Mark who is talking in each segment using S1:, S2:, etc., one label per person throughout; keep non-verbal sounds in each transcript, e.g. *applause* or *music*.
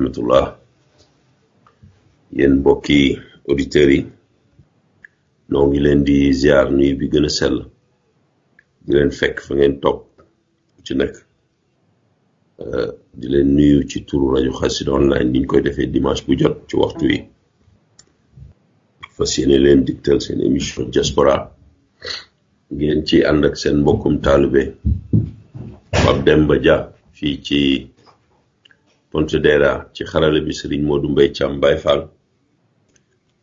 S1: rahmatullah yen bokki auditeurs yi noo ngi len di ziar nuy bi gëna sel di len fekk fa ngeen top ci euh di len nuyu ci turu radio khassid online niñ koy defé dimanche bu jot ci waxtu yi fasiyene len dictel sen sen émission diaspora ngeen ci ànd ak Demba ja fi ci Pontedera ci xarale bi sëriñ moo du Mbaye Thiam Baye Fall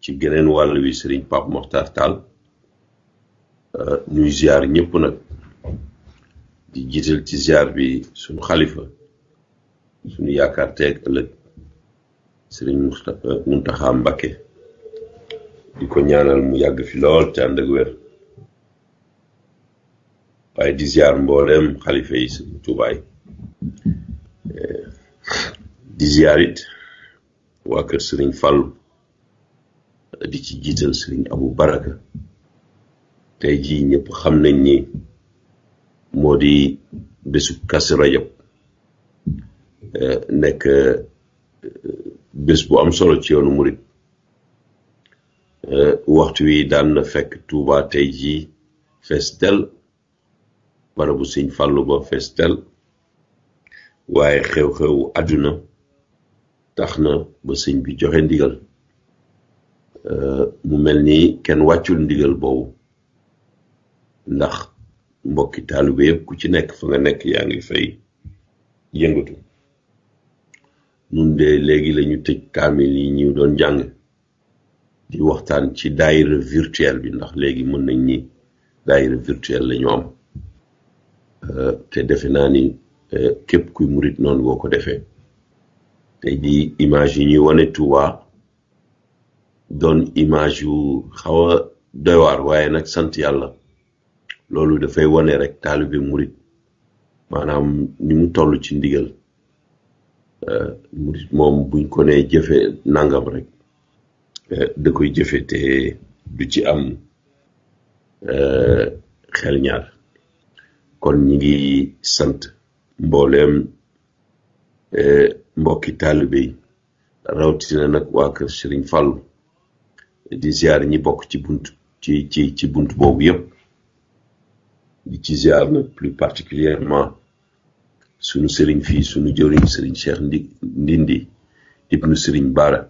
S1: ci geneen wàll wi sëriñ Pape Mokhtar Tall ñuy ziar ñëpp nag di jiital ci ziar bi suñu xalifa suñu yaakaar teeg ëllëg sëriñ Mountakha Mbacké di ko ñaanal mu yàgg fi lool te ànd ak wér waaye di ziar mbooleem xalifa yi sëriñ Tuubaay di ziarit waa kër sëriñ Fàllu di ci jiital sëriñ Abu Baraka tey jii ñépp xam nañ ni moo di bésu Kazu Rajab eh, nekk eh, bés bu am solo ci yoonu murit eh, waxtu wi daan na fekk Tuuba tey jii fees del barabu sëñ Fàllu ba fees waaye xew-xewu àdduna tax na ba sëñ bi joxe ndigal euh, mu mel ni kenn wàccul ndigal boobu ndax mbokki taalibe yëpp ku ci nekk fa nga nekk yaa ngi fay yëngatu nun de léegi lañu tëj kaamil yi ñu doon jàng di waxtaan ci daayira virtuelle bi ndax léegi mën nañ ni daayira virtuelle lañu am euh, te defe naa ni Euh, képp kuy murit noonu boo ko defee tey jii image yi ñuy wane Touba doon image yu xaw a doy waar waaye nag sant yàlla loolu dafay wane rek taalu taalibe murit maanaam ni mu toll ci ndigal euh, murit moom buñ ko nee jëfe nangam rek euh, da koy jëfe te du ci am xel ñaar kon ñi ngi sant mbooleem eh, mbokki taalibe yi rawatina nag waa kër Sëriñ fal di ziar ñi bokk ci bunt ci ci ci bunt boobu yëpp di ci ziar nag plus particulièrement sunu sëriñ fii sunu jëriñ sëriñ Cheikh ndi Ndindi ibnu sëriñ Baara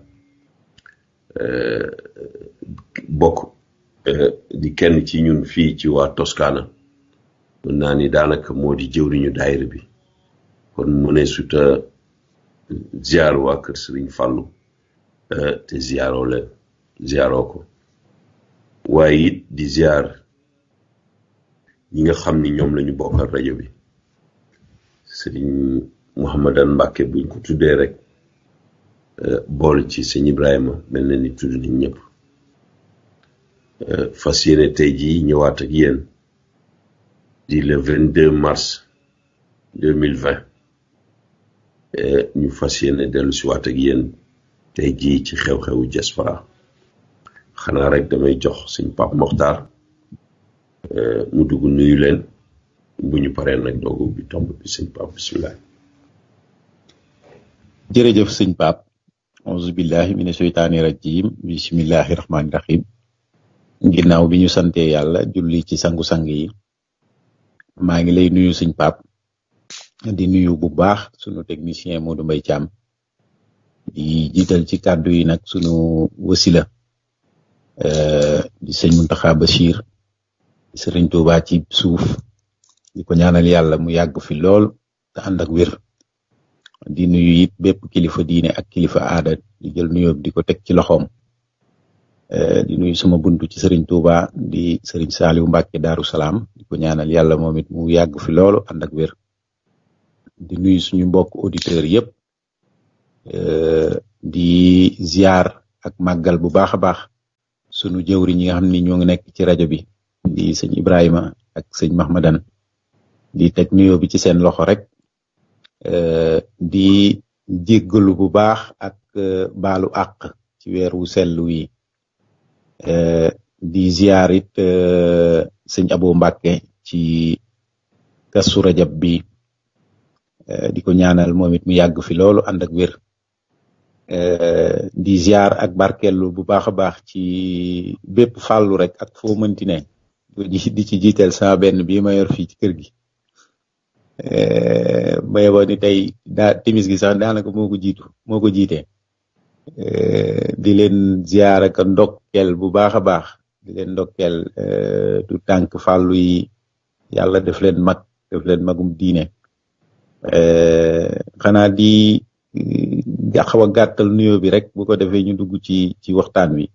S1: eh, bokk eh, di kenn ci ñun fii ci waa Toscana mun naa ni daanaka moo di jëwriñu daayira bi kon mune ne suta ziar waa kër Sëriñ Fàllu eh, te ziaroo la ko waaye it di ziar ñi nga xam ni ñoom lañu ñu rajo bi Sëriñ Mouhamadan Mbàkke buñ ko tuddee rek eh, bool ci sëñ Ibrahima mel na ni tudd ñëpp eh, fas yéene tey jii ñëwaat ak yéen di le 22 mars 2020 Eh, ñu fasiyene delu ci wat tegi ak yeen tay ji ci xew-xewu diaspora xana rek damay jox seigne pap Mokhtar eh, mu dugg nuyu len buñu paré nak dogu bi tomb bi pap bismillah jere
S2: jeuf seigne pap auzu billahi mina shaitani rajim bismillahir rahmanir rahim ginnaw bi ñu sante yalla julli ci sangu-sang yi ngi lay nuyu seigne pap di nuyu bu baax sunu technicien Modou Mbaye cham di jital ci kàddu yi nak sunu wasila euh, di sëñ Muntaxa Bachir di serigne Touba ci suuf di ko ñaanal yalla mu yàgg fi lool ta and ak wir di nuyu yit bépp kilifa diine ak kilifa aada di jël nuyu di ko teg ci euh di nuyu sama buntu ci Serigne Touba di Serigne Saliou Mbacke Darou Salam di ko ñaanal yalla momit mu yàgg fi lool and ak wir di nuyu suñu mbokk auditeur yépp euh, di ziar ak màggal bu baax baax sunu jëwri ñi nga xam ni ñoo ngi nekk ci rajo bi di sëñ ibrahima ak sëñ mahmadan di teg nuyoo bi ci seen loxo rek euh, di jéggalu bu baax ak euh, baalu àq ci weer wu sell wi di ziar it sëñ abo mbàkke ci kasu rajab Eh, di ko ñaanal moom it mu yàgg fi loolu ànd ak wér eh, di ziar ak barkeelu bu baax a baax ci bépp fàllu rek ak foo mënti ne di ci jiiteel sama benn bii ma yor fii ci kër gi bay eh, boo ni tey daa gi sax daanaka moo ko jiitu moo ko jiitee di leen ziar ak bu baax a baax di leen ndokkeel du tànk fàllu yi yàlla def leen mag leen magum diine Eh, xanaa di xaw a gàttal nuyoo bi rek bu ko defee ñu dugg ci ci waxtaan wi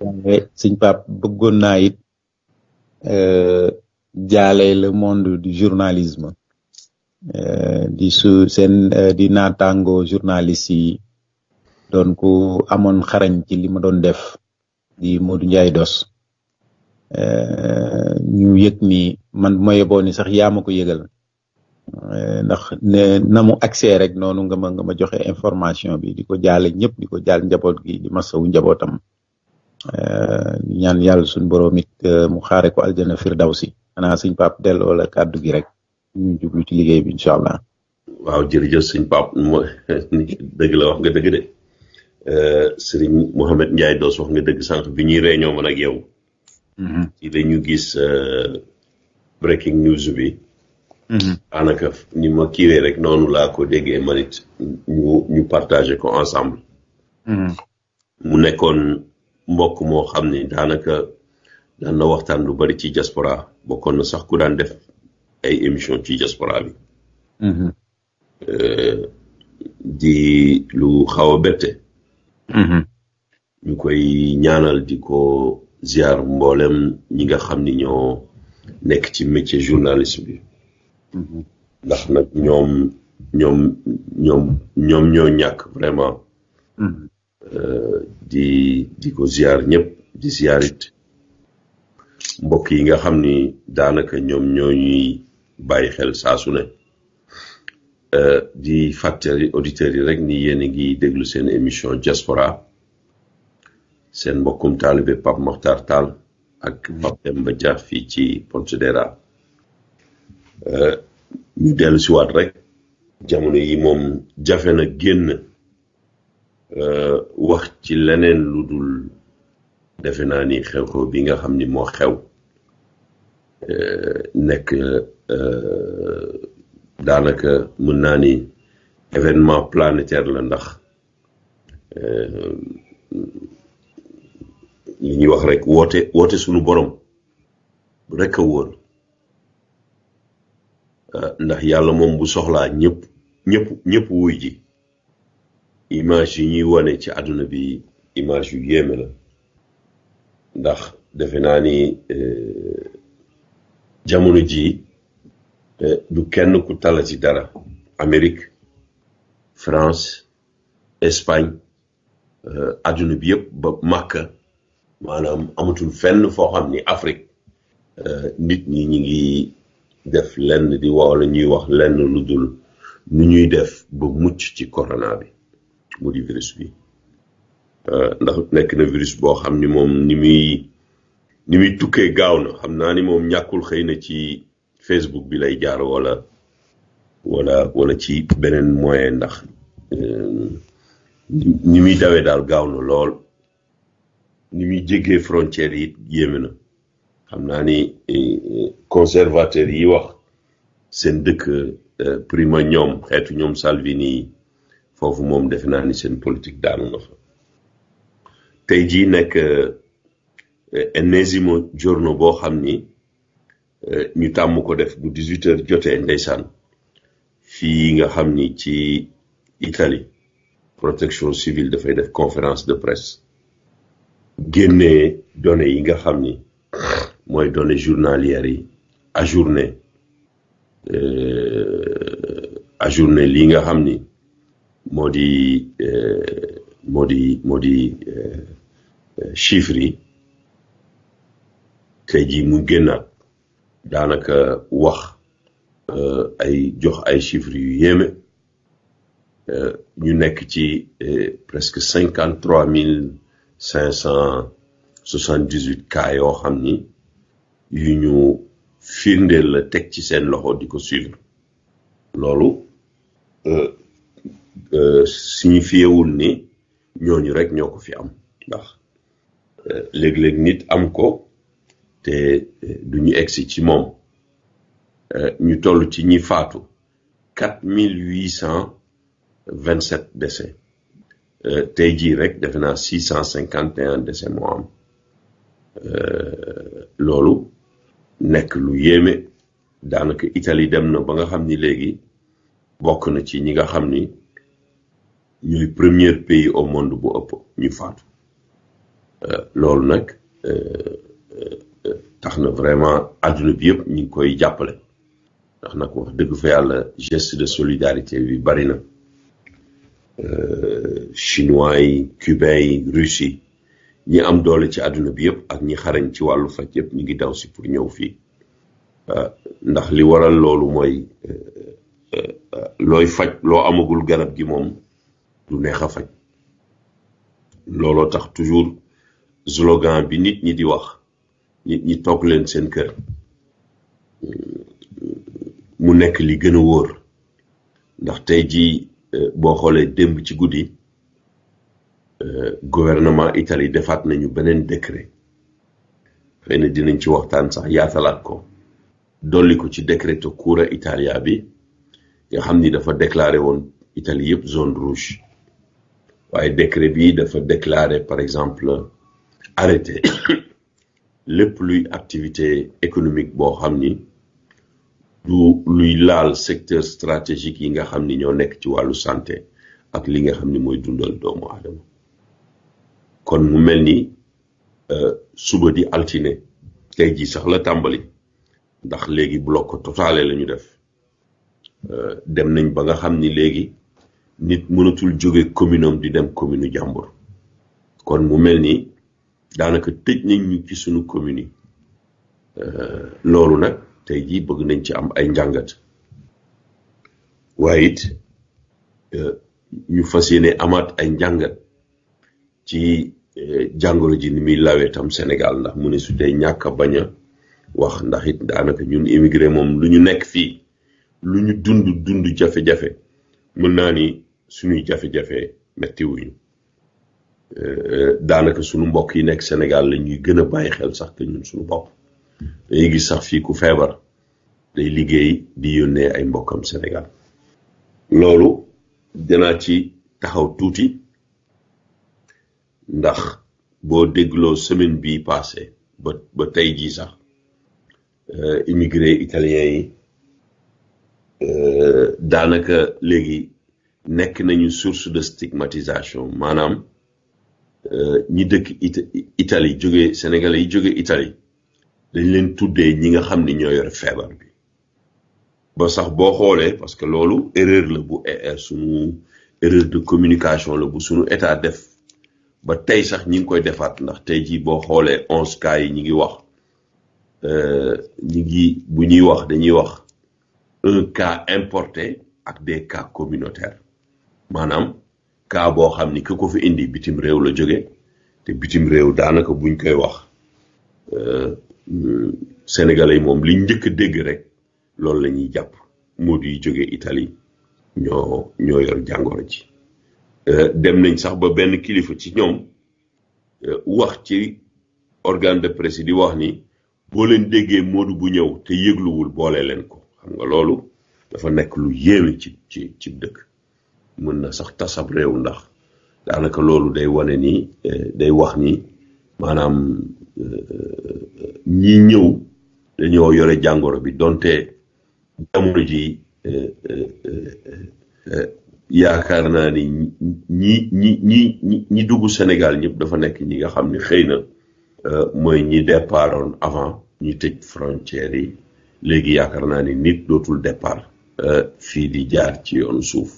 S2: waaye sëñ Pape bëggoon naa it eh, jaale le monde du journalisme eh, di su seen di naataango yi don ku amoon xarañ ci li ma doon def di Modou Ndiaye Dos ñu yëg ni man bu ma ni sax yaa ma ko yëgal Eh, ndax ne na mu accès rek noonu nga ma nga ma joxe information bi di ko jaale ñëpp di ko jaal njaboot gi di masawu njabootam eh, ñaan yàlla suñu borom it eh, mu xaare ko aljana firdawsi xanaa sëñ pap delloo wala kàddu gi rek
S1: ñu jublu ci allah. waaw jërëjëf sëñ pap mooy dëgg la wax nga dëgg de sëriñ Mouhamed Ndiaye Doos wax nga dëgg bi ñuy réunion man ak yow. Mm-hmm. ñu gis breaking news bi. Mhm. daanaka ni ma kiiwee rek noonu laa ko déggee manit ñu ñu partagé ko ensemble mhm. mu nekkoon mbokk moo xam ne daanaka daan na waxtaan lu bari ci diaspora bokkoon na sax ku daan def ay émission ci diaspora bi mhm. euh, di lu xaw a bette ñu koy ñaanal di ko ziar mboolem ñi nga xam ni ñoo nekk ci métier journaliste bi Mm-hmm. ndax nag ñoom ñoom ñoom ñoom ñoo ñàkk vraiment. Mm-hmm. Euh, di di ko ziar ñëpp di ziarit mbokk yi nga xam ni daanaka ñoom ñoo ñuy bàyyi xel saa su euh, di fàttali auditeurs yi rek ni yéen ngi déglu seen émission diaspora seen mbokkum taalibe Pape Mokhtar Tall ak Pape Demba Dia fii ci Pontedera. ñu del ci wat rek jamono yi mom jafe na génn euh wax ci leneen lu dul defe naa ni xew ko bi nga xamni mo xew euh nek euh daanaka mën na ni événement planétaire la ndax li ñi wax rek wote wote sunu borom rek a wóor Eh, ndax yàlla moom bu soxlaa ñëpp ñëpp ñëpp ji image yi ñuy wane ci àdduna bi image yu yéeme la ndax defe naa ni eh, jamono ji eh, du kenn ku ci dara Amérique France Espagne àdduna bi yëpp ba Màkka maanaam amatul fenn foo xam ni Afrique nit ñi ñi ngi def lenn di wax wala ñuy wax lenn lu dul nu ñuy def ba mucc ci corona bi mu di virus bi euh, ndax nekk na virus boo xam ni moom ni muy ni muy tukkee gaaw na xam naa ni moom ñàkkul xëy na ci Facebook bi lay jaar wala wala wala ci beneen moyen ndax euh, ni muy dawee daal gaaw na lool ni muy jege frontière yi yéeme na xam naa ni eh, eh, conservateur yi wax seen dëkk eh, prima ñoom xeetu ñoom Salvini yi foofu moom defe naa ni seen politique daanu na tey jii nekk enésimo giorno boo xam ni ñu tàmm ko def bu 18 heures jotee ndeysaan fii nga xam ni ci Italie protection civile dafay def conférence de presse génnee données yi nga xam ni moy données journalières yi ajourné euh, ajourné à nga li nga xamni di euh, modi modi euh, chiffres yi mu wax ay ay presque 53 578 yu ñu firndeel la teg ci seen loxo di ko suivre loolu euh, euh, signifiewul ni ñooñu rek ñoo ko fi am ndax euh, léeg-léeg nit am ko te du ñu egsi ci moom ñu toll ci ñi faatu quatre mille huit cent vingt sept décès tey jii rek defe naa six cent cinquante et un décès moo am loolu nekk lu yéeme daanaka Italie dem na ba nga xam ni léegi bokk na ci ñi nga xam ni ñooy premier pays au monde bu ëpp ñu faatu euh, loolu nag euh, euh, tax na vraiment àdduna bi yëpp ñu ngi koy jàppale ndax nag wax dëgg fa yàlla gest de solidarité bi bari na chinois yi cubains yi russi ñi am doole ci àdduna bi yëpp ak ñi xarañ ci wàllu faj yëpp ñu ngi daw si pour ñëw fii euh, ndax li waral loolu mooy euh, euh, looy faj loo amagul garab gi moom du neex faj looloo tax toujours slogan bi nit ñi di wax nit ñi toog leen seen kër mu nekk li gën a wóor ndax tey jii boo xoolee démb ci guddi. Euh, gouvernement Italie defaat nañu beneen décret xëy dinañ ci waxtaan sax yaatalaat ko dolli ko ci décreto Cura Italia bi nga xam ni dafa déclaré woon Italie yëpp zone rouge waaye décret bi dafa déclarer par exemple arrêté *coughs* lépp luy activité économique boo xam ni luy laal secteur stratégique yi nga xam ni ñoo nekk ci wàllu santé ak li nga xam ni mooy dundal doomu aadama kon mu melni euh suba di altine tay ji sax la tambali ndax légui bloc totalé lañu def euh dem nañ ba nga xamni ni nit mënatul joggé communeum di dem commune jambour kon mu melni ni tej nañ ñu ci suñu commune euh lolu nak tay ji bëgg nañ ci am ay njangat wayit euh ñu fasiyene amat ay njangat ci eh, jàngoro ji ni muy lawee tam Sénégal ndax mu ne su dee ñàkk a wax ndax it daanaka ñun immigré moom lu ñu nekk fii lu ñu dund dund jafe-jafe mën naa ni suñuy jafe-jafe méttiwuñu eh, daanaka sunu mbokk yi nekk Sénégal la ñuy gën a bàyyi xel sax que ñun suñu bopp dañuy gis sax fii ku feebar day liggéey di yónnee ay mbokkam Sénégal loolu dinaa ci taxaw tuuti ndax boo dégloo semaine bii passé ba ba tey jii sax euh, immigré italien yi euh, daanaka léegi nekk nañu source de stigmatisation maanaam euh, ñi dëkk itali jóge Sénégalais yi jóge itali dañ leen tuddee ñi nga xam ni ñoo yore feebar bi ba sax boo xoolee parce que loolu erreur la bu er suñu erreur de communication la bu suñu état def ba tey sax ñi ngi koy defaat ndax tey jii boo xoolee onze cas yi ñi ngi wax euh, ñi ngi bu ñuy wax dañuy wax un cas importé ak des cas communautaires maanaam kaa boo xam ni ki ko fi indi bitim réew la jóge te bitim réew daanaka buñ koy wax euh, sénégalais yi moom li njëkk a dégg rek loolu la ñuy jàpp moo yi jóge Italie ñoo ñoo yor jàngoro ji Euh, dem nañ sax ba benn kilifa ci ñoom euh, wax ci organ de presse di wax ni boo leen déggee Modou bu ñëw te yëgluwul boole leen ko xam nga loolu dafa nekk lu yéeme ci ci ci dëkk mën na sax tasab réew ndax daanaka loolu day wane ni euh, day wax ni maanaam ñi ñëw dañoo yore jàngoro bi donte jamono ji yaakaar naa ni ñi ñi ñi ñi dugg Sénégal ñëpp dafa nekk ñi nga xam ni xëy na euh, mooy ñi départoon avant ñu tëj frontières yi léegi yaakaar naa ni nit dootul départ euh, fii di jaar ci yoonu suuf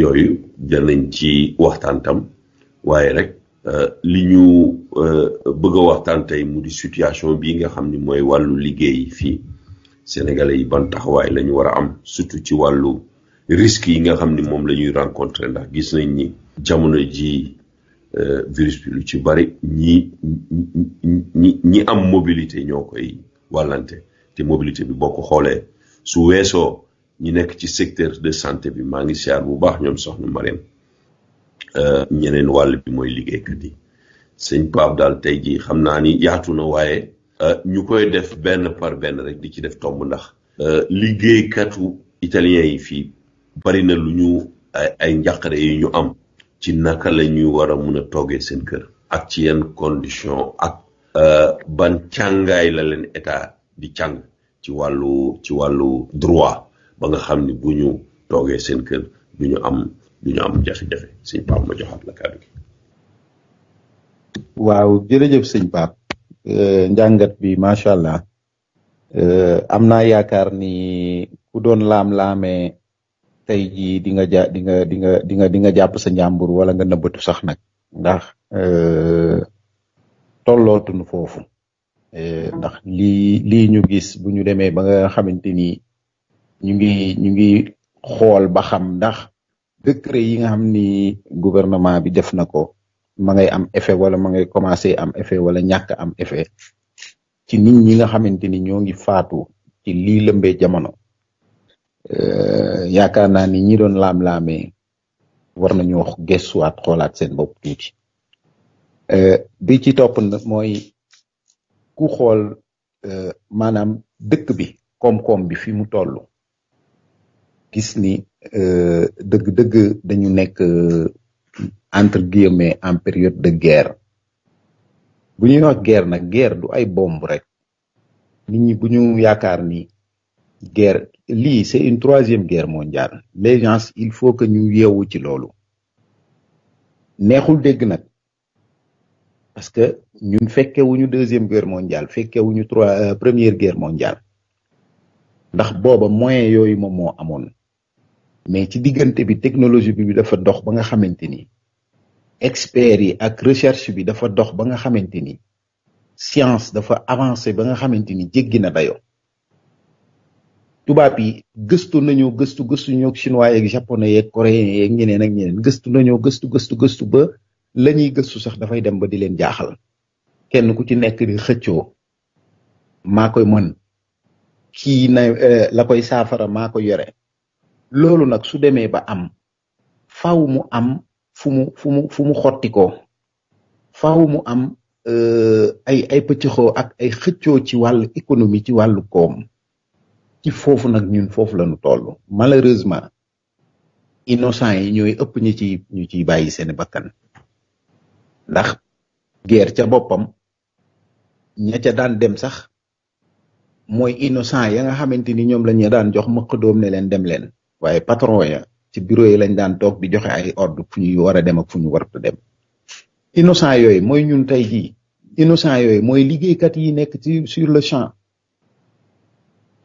S1: yooyu jël nañ ci waxtaan tam waaye rek euh, li ñu bëgg a waxtaan tey mu di situation bi nga xam ni mooy wàllu liggéey fii sénégale yi ban taxawaay la ñu war a am surtout ci wàllu risques yi nga xam ni moom la ñuy rencontrer ndax gis nañ ni jamono ji euh, virus bi lu ci bari ñi ñi ñi am mobilité ñoo koy wàllante te mobilité bi boo ko xoolee su weesoo ñi nekk ci secteur de santé bi maa ngi siyaar bu baax ñoom soxna Mariam euh, ñeneen wàll bi mooy liggéeykat yi sëñ Pape daal tey jii xam naa ni yaatu na waaye euh, ñu koy def benn par benn rek di ci def tomb ndax liggéeykatu italien yi fii bari na luñu ay njaqare yi ñu am ci naka la ñuy war a mun a seen kër ak ci condition ak euh, ban càngaay la leen état di càng ci wàllu ci wàllu droit ba nga xam ni bu ñu seen kër du am du am jafe-jafe sëñ paap ma joxaat la kaddu gi
S2: waaw jërëjëf sëñ paap euh, njàngat bi macha allah euh, am naa yaakaar ni ku doon laam-laamee tay ji di nga ja di nga di nga di nga di nga japp sa njàmbur wala nga nëbbatu sax nak ndax eh, fofu euh hmm. ndax li li ñu gis bu ñu démé ba nga xamanteni ni ñu ngi ñu ngi xol ba xam ndax décret yi nga xamni gouvernement bi def nako ma ngay am effet wala ma ngay commencer am effet wala ñak am effet ci nit ñi nga xamanteni ñoo ngi faatu ci li lembe jamono Euh, yaakaar naa ni ñi doon laam-laamee war nañu wax gëstuwaat xoolaat seen bopp tuuti euh, bi ci topp nag mooy ku xool e maanaam dëkk bi koom-koom bi fi mu toll gis ni dëgg dañu nekk entre guillemets en période de guerre bu ñuy wax guerre nag guerre du ay bomb rek nit ñi bu yaakaar ni guerre li c'est une troisième guerre mondiale les gens il faut que ñu yewu ci lolu neexul dégg nak parce que ñun fekkewuñu deuxième guerre mondiale wuñu trois euh, première guerre mondiale ndax boba moyen yooyu mo mo amone mais ci digënté bi technologie bi dafa dox ba nga xamanteni expert yi ak recherche bi dafa dox ba nga xamanteni science dafa avancer ba nga xamanteni jéggina jéggi dayo tubaab yi gëstu nañu gëstu gëstu ñoo chinois yeeg japonais yeeg coréens yeeg ñeneen ak ñeneen gëstu nañoo gëstu gëstu gëstu ba la gëstu sax dafay dem ba di leen jaaxal kenn ku ci nekk di xëccoo maa koy mën kii na euh, la koy saafara maa ko yore loolu nag su demee ba am faw mu am fu mu fu mu mu xotti ko faw am euh, ay ay pëccëxoo ak ay xëccoo ci wàllu économie ci wàllu koom ci foofu nag ñun foofu la ñu toll malheureusement innocent yi ñooy ëpp ñu ci ñu ciy bàyyi seeni bakkan ndax guerre ca boppam ña ca daan dem sax mooy innocent ya nga xamante ni ñoom la ñu daan jox mëq doom ne leen dem leen waaye patron ya ci bureau yi lañ daan toog di joxe ay ordre fu ñuy war a dem ak fu ñu warta dem innocent yooyu mooy ñun tey jii innocent yooyu mooy liggéeykat yi nekk ci sur le champ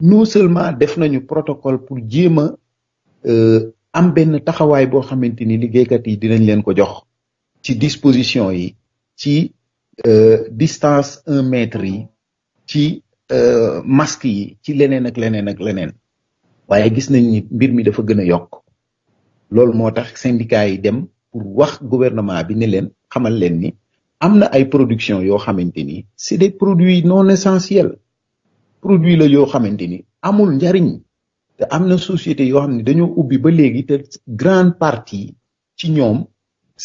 S2: non seulement def nañu protocole pour jéem euh am benn taxaway bo xamanteni ni kat yi dinañ len ko jox ci disposition yi ci euh, distance un mètre yi ci euh, masque yi ci lenen ak lenen ak lenen waye gis nañ ni mbir mi dafa gëna yok yokk motax syndicat yi dem pour wax gouvernement bi ne len xamal len ni amna ay production yo xamanteni ni c'est des produits non essentiels produit la yoo xamante ni amul njariñ te am na société yoo xam ne dañoo ubbi ba léegi te grande partie ci ñoom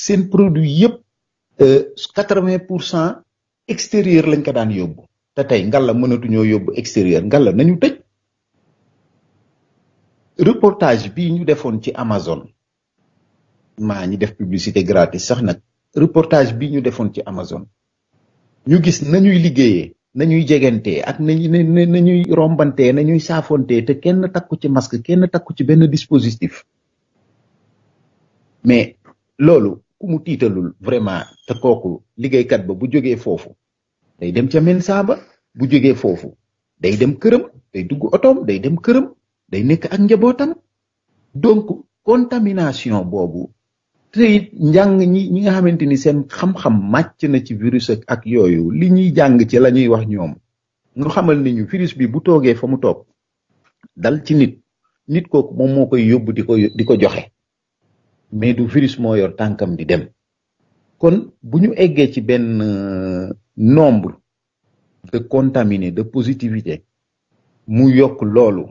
S2: seen produit yëpp euh, quatre-vingt pour cent extérieur lañ ko daan yóbbu te tey ngal la ngalla mënatuñoo yóbbu extérieur ngalla nañu tëj reportage bi ñu defoon ci Amazon maa ñi def publicité gratis sax nag reportage bi ñu defoon ci Amazon ñu gis nañuy liggéeyee na ñuy jegantee ak na na ñuy rombante na ñuy saafontee te kenn takku ci masque kenn takku ci benn dispositif mais loolu ku mu tiitalul vraiment te kooku liggéeykat ba bu jógee foofu day dem ca Mensa ba bu jógee foofu day dem këram day duggu otoom day dem këram day nekk ak njabootam donc contamination boobu te it njàng ñi ñi nga xamante ni seen xam-xam màcc na ci virus ak ak yooyu li ñuy jàng ci la ñuy wax ñoom ñu xamal ni ñu virus bi bu toogee fa mu toog dal ci nit nit kooku moom moo koy yóbbu di ko di ko joxe mais du virus moo yor tànkam di dem kon bu ñu eggee ci benn euh, nombre de contaminés de positivité mu yokk loolu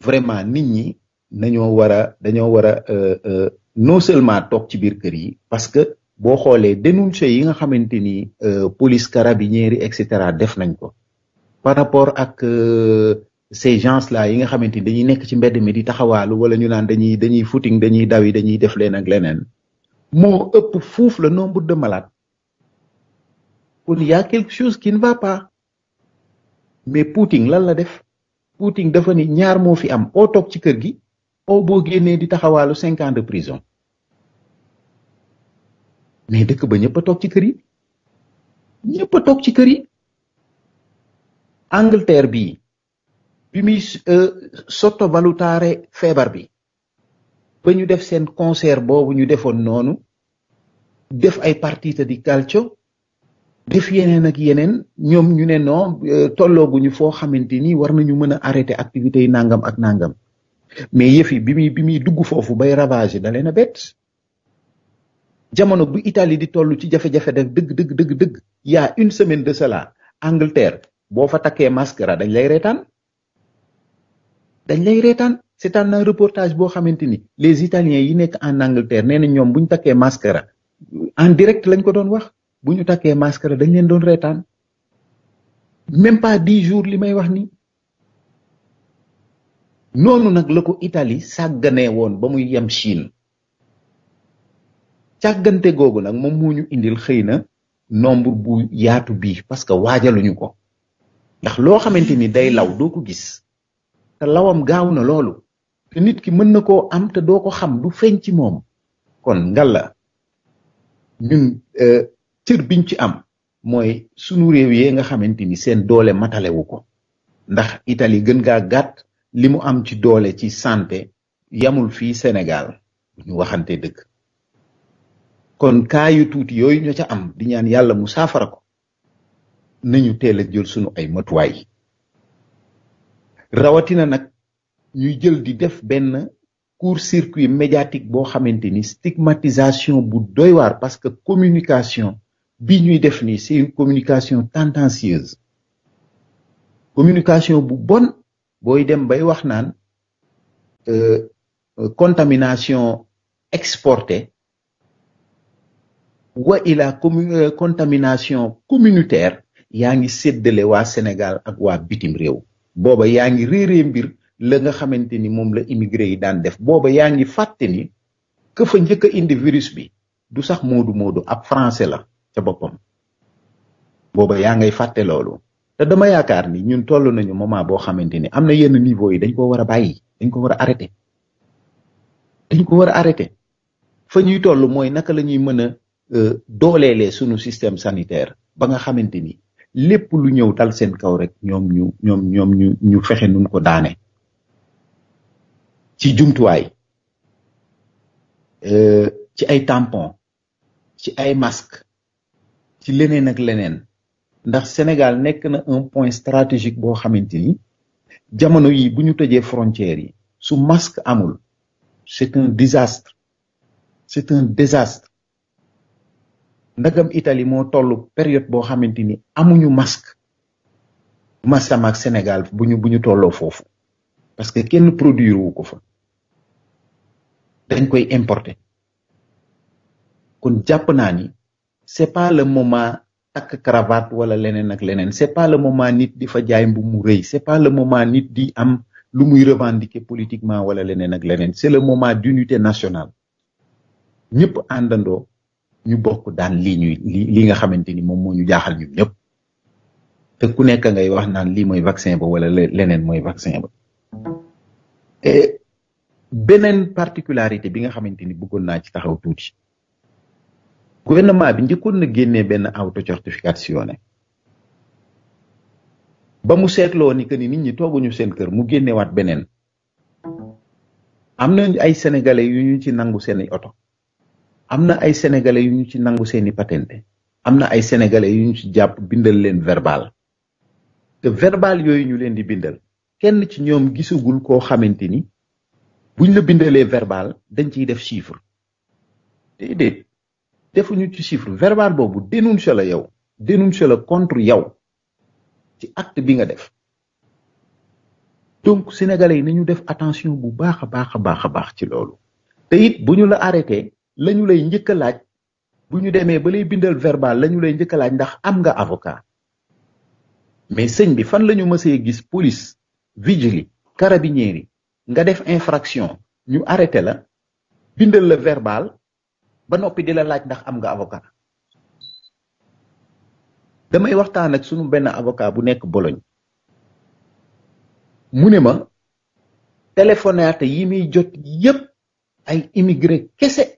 S2: vraiment nit ñi war a dañoo war a euh, euh, non seulement tok ci bir kër yi parce que boo xoolee dénoncé yi nga xamanteni euh, police carabinieri et cetera def nañ ko par rapport ak euh, ces gens là yi nga xamanteni dañuy nekk ci mbedd mi di taxawaalu wala ñu naan dañuy dañuy footing dañuy dawi dañuy def leen ak leneen mo ëpp fouf le nombre de malades kon y a quelque chose qui ne va pas mais Poutine lan la def Poutine dafa ni ñaar mo fi am au tok ci kër gi oo bo génné di taxawaalu cinq ans de prison mais dëkk ba ñëpp a toog ci kër yi
S3: ñëpp toog ci kër yi
S2: Angleterre bi bi muy eh, feebar bi ba ñu def seen concert boobu ñu defoon noonu def ay partita di calcio def yeneen ak yeneen ñoom ñu ne non eh, tollooguñu foo xamante ni war nañu mën a arrêté nangam ak nangam mais yëf yi bi muy bi muy dugg foofu bay ravager jamono bu italie di tollu ci jafé jafé dëgg deug deug deug deug ya une semaine de cela angleterre bo fa takkee mascara dañ lay rétane dañ lay rétane c'est un reportage bo xamanteni les italiens yi nek en angleterre néna ñom ñoom také masque ra en direct lañ ko doon wax buñu také masque ra dañ leen doon rétane même pas 10 jours limay wax ni nonu nak lako italie sagane won ba muy yem chine càggante googu nag moom moo ñu indil xëy na nombre bu yaatu bii parce que waajaluñu ko ndax loo xamante ni day law doo ko gis te lawam gaaw na loolu te nit ki mën na koo am te doo ko xam du feeñ ci moom kon ngalla ñun euh, cër biñ ci am mooy sunu réew yee nga xamante ni seen doole matalewu ko ndax Italie gën gaa gàtt li mu am ci doole ci santé yamul fii Sénégal ñu waxante dëkk kon kaa yu tuuti yooyu ñoo ca am di ñaan yàlla mu saafara ko nañu teel a jël sunu ay matuwaay rawatina nag ñuy jël di def benn court-circuit médiatique boo xamante ni stigmatisation bu doy waar parce que communication bi ñuy def nii c'est une communication tendancieuse communication bu bon booy dem bay wax naan euh, euh, contamination exportée wa ila commu euh, contamination communautaire yaa ngi séddale waa Sénégal ak waa bitim réew booba yaa ngi réeree mbir la nga xamante ni moom la immigré yi daan def booba yaa ngi fàtte ni que fa njëkk indi virus bi du sax moodu moodu ab français la ca boppam booba yaa ngay fàtte loolu te dama yaakaar ni ñun toll nañu moment boo xamante ni am na yenn niveau yi dañ ko war a bàyyi dañ ko war a arrêté dañ ko war a arrêté fa ñuy toll mooy naka la ñuy mën a Euh, dooleelee suñu système sanitaire ba nga xamante ni lépp lu ñëw dal seen kaw rek ñoom ñu ñoom ñoom ñu ñu fexe nuñ ko daane ci jumtuwaay euh, ci ay tampon ci ay masque ci leneen ak leneen ndax Sénégal nekk na un point stratégique boo xamante ni jamono yi bu ñu tëjee frontières yi su masque amul c'est un désastre c'est un désastre ndagam Italie moo toll période boo xamante ni amuñu masque masam ak Sénégal bu ñu bu tolloo foofu parce que kenn produire wu ko fa dañ koy importer kon jàpp naa ni c'est pas le moment takk cravate wala leneen ak leneen c'est pas le moment nit di fa jaay mbu mu rëy c'est pas moment nit di am lu muy revendiquer politiquement wala leneen ak leneen c'est le moment d'unité nationale ñëpp àndandoo. ñu bokk daan lii ñuy li nga xamante ni moom moo ñu jaaxal ñu ñëpp te ku nekk ngay wax naan lii mooy vaccin ba wala leneen mooy vaccin ba et beneen particularité bi nga xamante ni bëggoon naa ci taxaw tuuti gouvernement bi njëkkoon na génnee benn auto-certification ne ba mu seetloo ni que ni nit ñi tooguñu seen kër mu waat beneen am na ay sénégalais yu ñu ci nangu seen oto. am na ay sénégalais yu ñu ci nangu seeni patente am na ay sénégalais yu ñu ci jàpp bindal leen verbal te verbal yooyu ñu leen di bindal kenn ci ñoom gisagul koo xamante ni buñ la bindalee verbal dañ ciy def chiffre déedéet defuñu ci chiffre verbal boobu dénonce la yow dénonce la contre yow ci acte bi nga def donc sénégalais yi ñu def attention bu baax a baax a baax a baax ci loolu te it bu ñu la arrêté lañu lay njëkk laaj bu ñu ba lay bindal verbal lañu lay njëkk laaj ndax am nga avocat mais sëñ bi fan lañu mësé gis police vigili carabinieri nga def infraction ñu arrêté la bindal le verbal ba nopi dila la laaj ndax am nga avocat damay waxtaan ak suñu ben avocat bu nekk Bologne mune ma téléphonate yi mi jot yépp ay immigré kese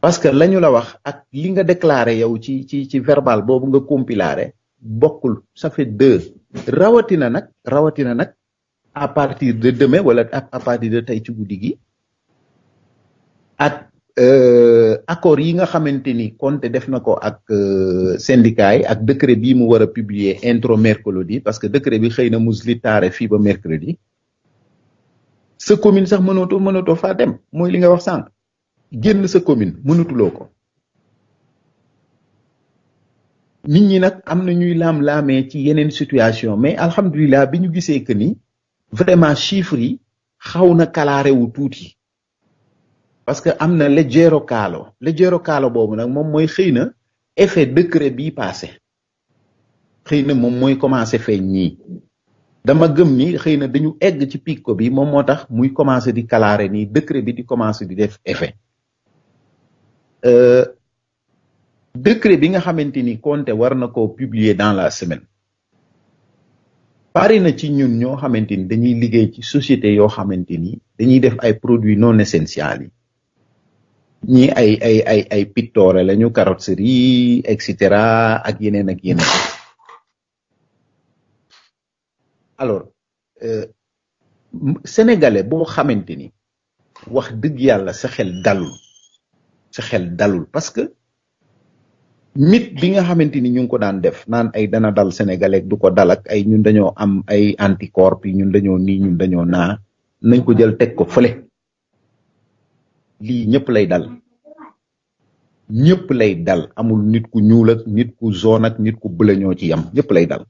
S2: parce que lañu la wax ak li nga déclaré yow ci ci ci verbal boobu nga compilaré bokkul ça fait deux rawatina nag rawatina nag à partir de demain wala à partir de tey ci guddi gi ak euh, accord yi nga xamante ni Conté def na ko ak euh, syndicat yi ak décret bii mu war a publier intro mercredi parce que décret bi xëy na musli taare fii ba mercredi sa commune sax mënootoo mënootoo faa dem mooy li wax sànq. génn sa commune mënatuloo ko nit ñi nag am na ñuy laam-laamee ci yeneen situation mais alhamdulilah bi ñu gisee que ni vraiment chiffre yi xaw na kalaare wu tuuti parce que am na leggero kaalo leggero kaalo boobu nag moom mooy xëy na effet décret bii passé xëy na moom mooy commencé feeñ nii dama gëm nii xëy na dañu egg ci pic bi moom moo tax muy commencé di kalaare nii décret bi di commencé di def effet Euh, décret bi nga xamante ni Conte war na ko publier dans la semaine bari na ci ñun ñoo xamante ni dañuy liggéey ci société yoo xamante ni dañuy def ay produits non essentiels yi ñii ay ay ay ay pictore lañu carrosserie et cetera ak yeneen ak yeneen alors euh, sénégalais boo xamante ni wax dëgg yàlla sa xel dalul sa xel dalul parce que mit bi nga xamante ni ñu ngi ko daan def naan ay dana dal sénégalais du ko dal ay ñun dañoo am ay anticorps yi ñun dañoo nii ñun dañoo naa nañ ko jël teg ko fële lii ñëpp lay dal ñëpp lay dal amul nit ku ñuul ak nit ku zone ak nit ku bële ñoo ci yam ñëpp lay dal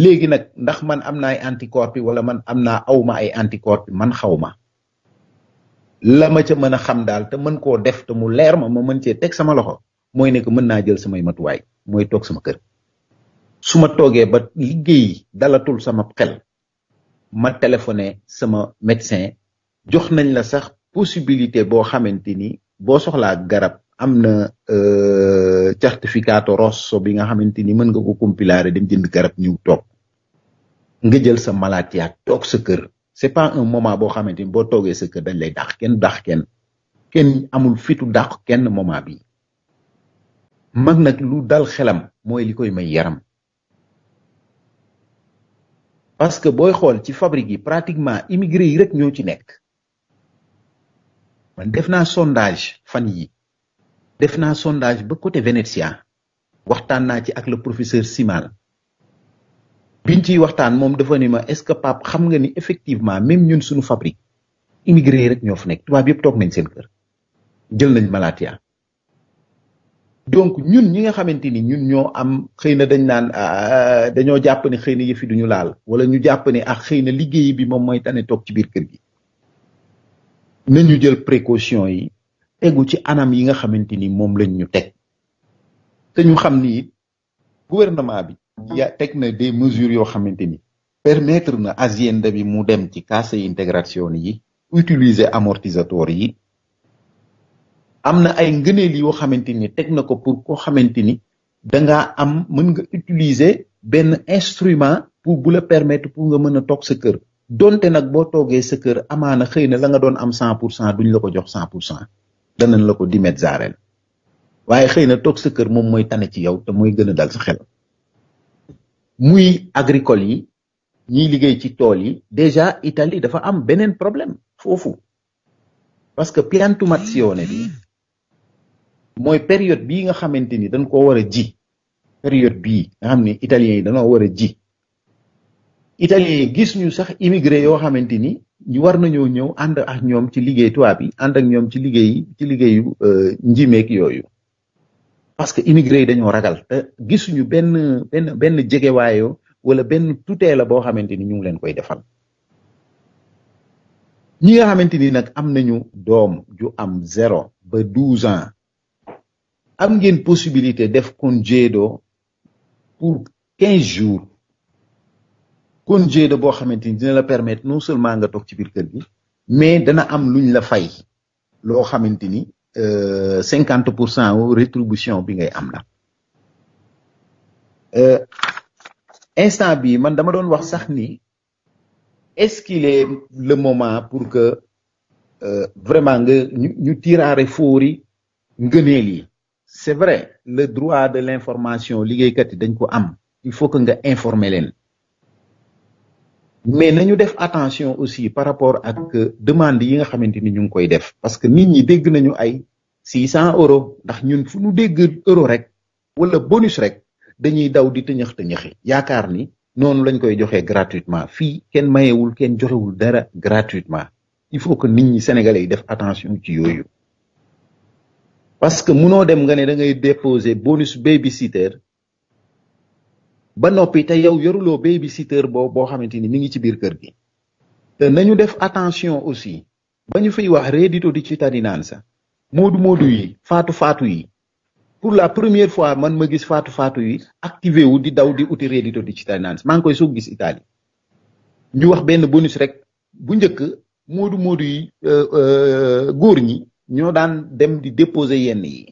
S2: léegi nag ndax man am na ay anticorps wala man am naa awma ay anticorps man xawma la ma ca mëna xam dal te mën ko def te mu leer ma ma mën ci tek sama loxo moy ne ko mën naa jël samay way moy tok sama kër suma ma ba liggéey dalatul sama xel ma téléphoné sama médecin jox nañ la sax possibilité bo xamanteni bo soxla garab amna euh certificat rosso bi nga xamanteni mën nga ko compiler dem jënd garab ñu tok nga jël sa malade ya tok sa kër c'est pas un moment bo xamanteni bo boo ce que dañ lay dakh ken dakh ken ken amul fitu dakh ken moment bi mag nak lu dal xelam moy likoy may yaram parce que boy xol ci fabrique yi pratiquement immigré yi rek ñoo ci nek man defna sondage fan yi defna sondage ba côté Vénétien waxtaan na ci ak le professeur Simal biñ ciy waxtaan moom dafa ni ma est ce que pap xam nga ni effectivement même ñun suñu fabrique immigré rek ñoo fa nekk tubaab yëpp toog nañ seen kër jël nañ malatia donc ñun ñi nga xamante ni ñun ñoo am xëy na dañ naan ah, ah, dañoo jàpp ne xëy na yëfi duñu laal wala ñu jàpp ne ah xëy na liggéey bi moom mooy tane toog ci biir kër gi nañu jël précaution yi tegu ci anam yi nga xamante ni moom lañ ñu teg te ñu xam ni gouvernement bi ya teg na des mesures yoo xamante ni permettre na agenda bi mu dem ci casse intégration yi utiliser amortisateurs yi am na ay ngëneel yoo xamante ni teg na ko pour koo xamante ni da nga am mën nga utiliser benn instrument pour bu la permettre pour nga mën a toog sa kër donte nag boo toogee sa kër amaana xëy na la nga doon am cent pour cent duñ la ko jox cent cent danañ la ko dimet zaareel waaye xëy na toog sa kër moom mooy tane ci yow te mooy gën a dal sa xel muy agricole yi ñiy liggéey ci tool yi déjà Italie dafa am beneen problème foofu parce que piantumazione bi mooy période bi nga xamante ni dañ koo war a ji période bii nga xam ni yi dañoo war a ji italiens yi gis ñu sax immigré yoo xamante ni ñu war nañoo ñëw ànd ak ñoom ci liggéey tubaab yi ànd ak ñoom ci liggéey ci liggéeyu euh, njimeek yooyu parce que immigré dañu ragal te gisunu ben ben ben djégué wayo wala ben tutee la boo xamante ñu ngi leen koy defal ñi nga xamanteni nak am nañu dom ju am 0 ba 12 ans am ngeen possibilité def congedo pour 15 jours congedo boo bo xamanteni dina la permettre non seulement nga tok ci bir kër bi mais dana am luñ la fay lo xamanteni 50% euh, aux cent rétribution bi ngay am la euh, instant bi man dama don wax sax ni est-ce qu'il est le moment pour que euh, vraiment nga ñu ñu fori fóori ngëneel c'est vrai le droit de l'information liggéeykat yi dañ ko am il faut que nga informer leen mais nañu def attention aussi par rapport ak demande yi nga xamanteni ñu koy def parce que nit ñi dégg nañu ay 600 euro, ndax ñun fu ñu dégg euro rek wala bonus rek dañuy daw di tëñëx tëñëxi yaakar ni nonu lañ koy joxé gratuitement fii kenn mayewul kenn joxewul dara gratuitement il faut que nit ñi sénégalais yi def attention ci yoyu parce que mëno dem nga né da ngay déposer bonus babysitter ba noppi te yow yoruloo babysitter boobu boo xamante ni mi ngi ci biir kër gi te nañu def attention aussi ba ñu fiy wax reddito di ci cittadinanza moodu moodu yi faatu faatu yi pour la première fois man ma gis faatu faatu yi activé wu di daw di uti reddito di ci maa ngi koy soo gis Italie ñu wax benn bonus rek bu njëkk moodu moodu yi euh, euh, góor ñi ñoo daan dem di déposer yenn yi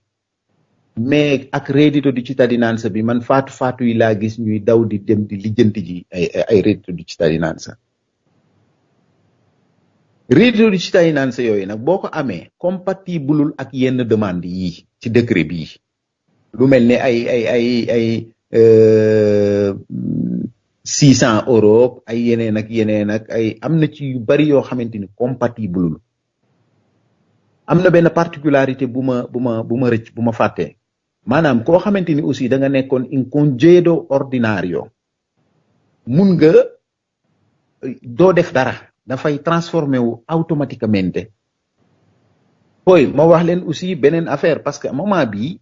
S2: mais ak reddito di cittadinanza bi man faatu faatu yi laa gis ñuy daw di dem di lijjanti ji ay ay du di cittadinanza reddito di cittadinanza yooyu nag boo ko amee compatibleul ak yenn demande yi ci décret bii lu mel ne ay ay ay ay euh, six cent euros ay yeneen ak yeneen ak ay am na ci yu bari yoo xamante ni compatibleul am na benn particularité bu ma bu ma bu ma rëcc bu ma fàttee manam ko xamanteni usi aussi da nga nekkon un congedo ordinario mun nga do def dara fay transformer wu automatiquement koy ma wax len aussi benen affaire parce que moment bi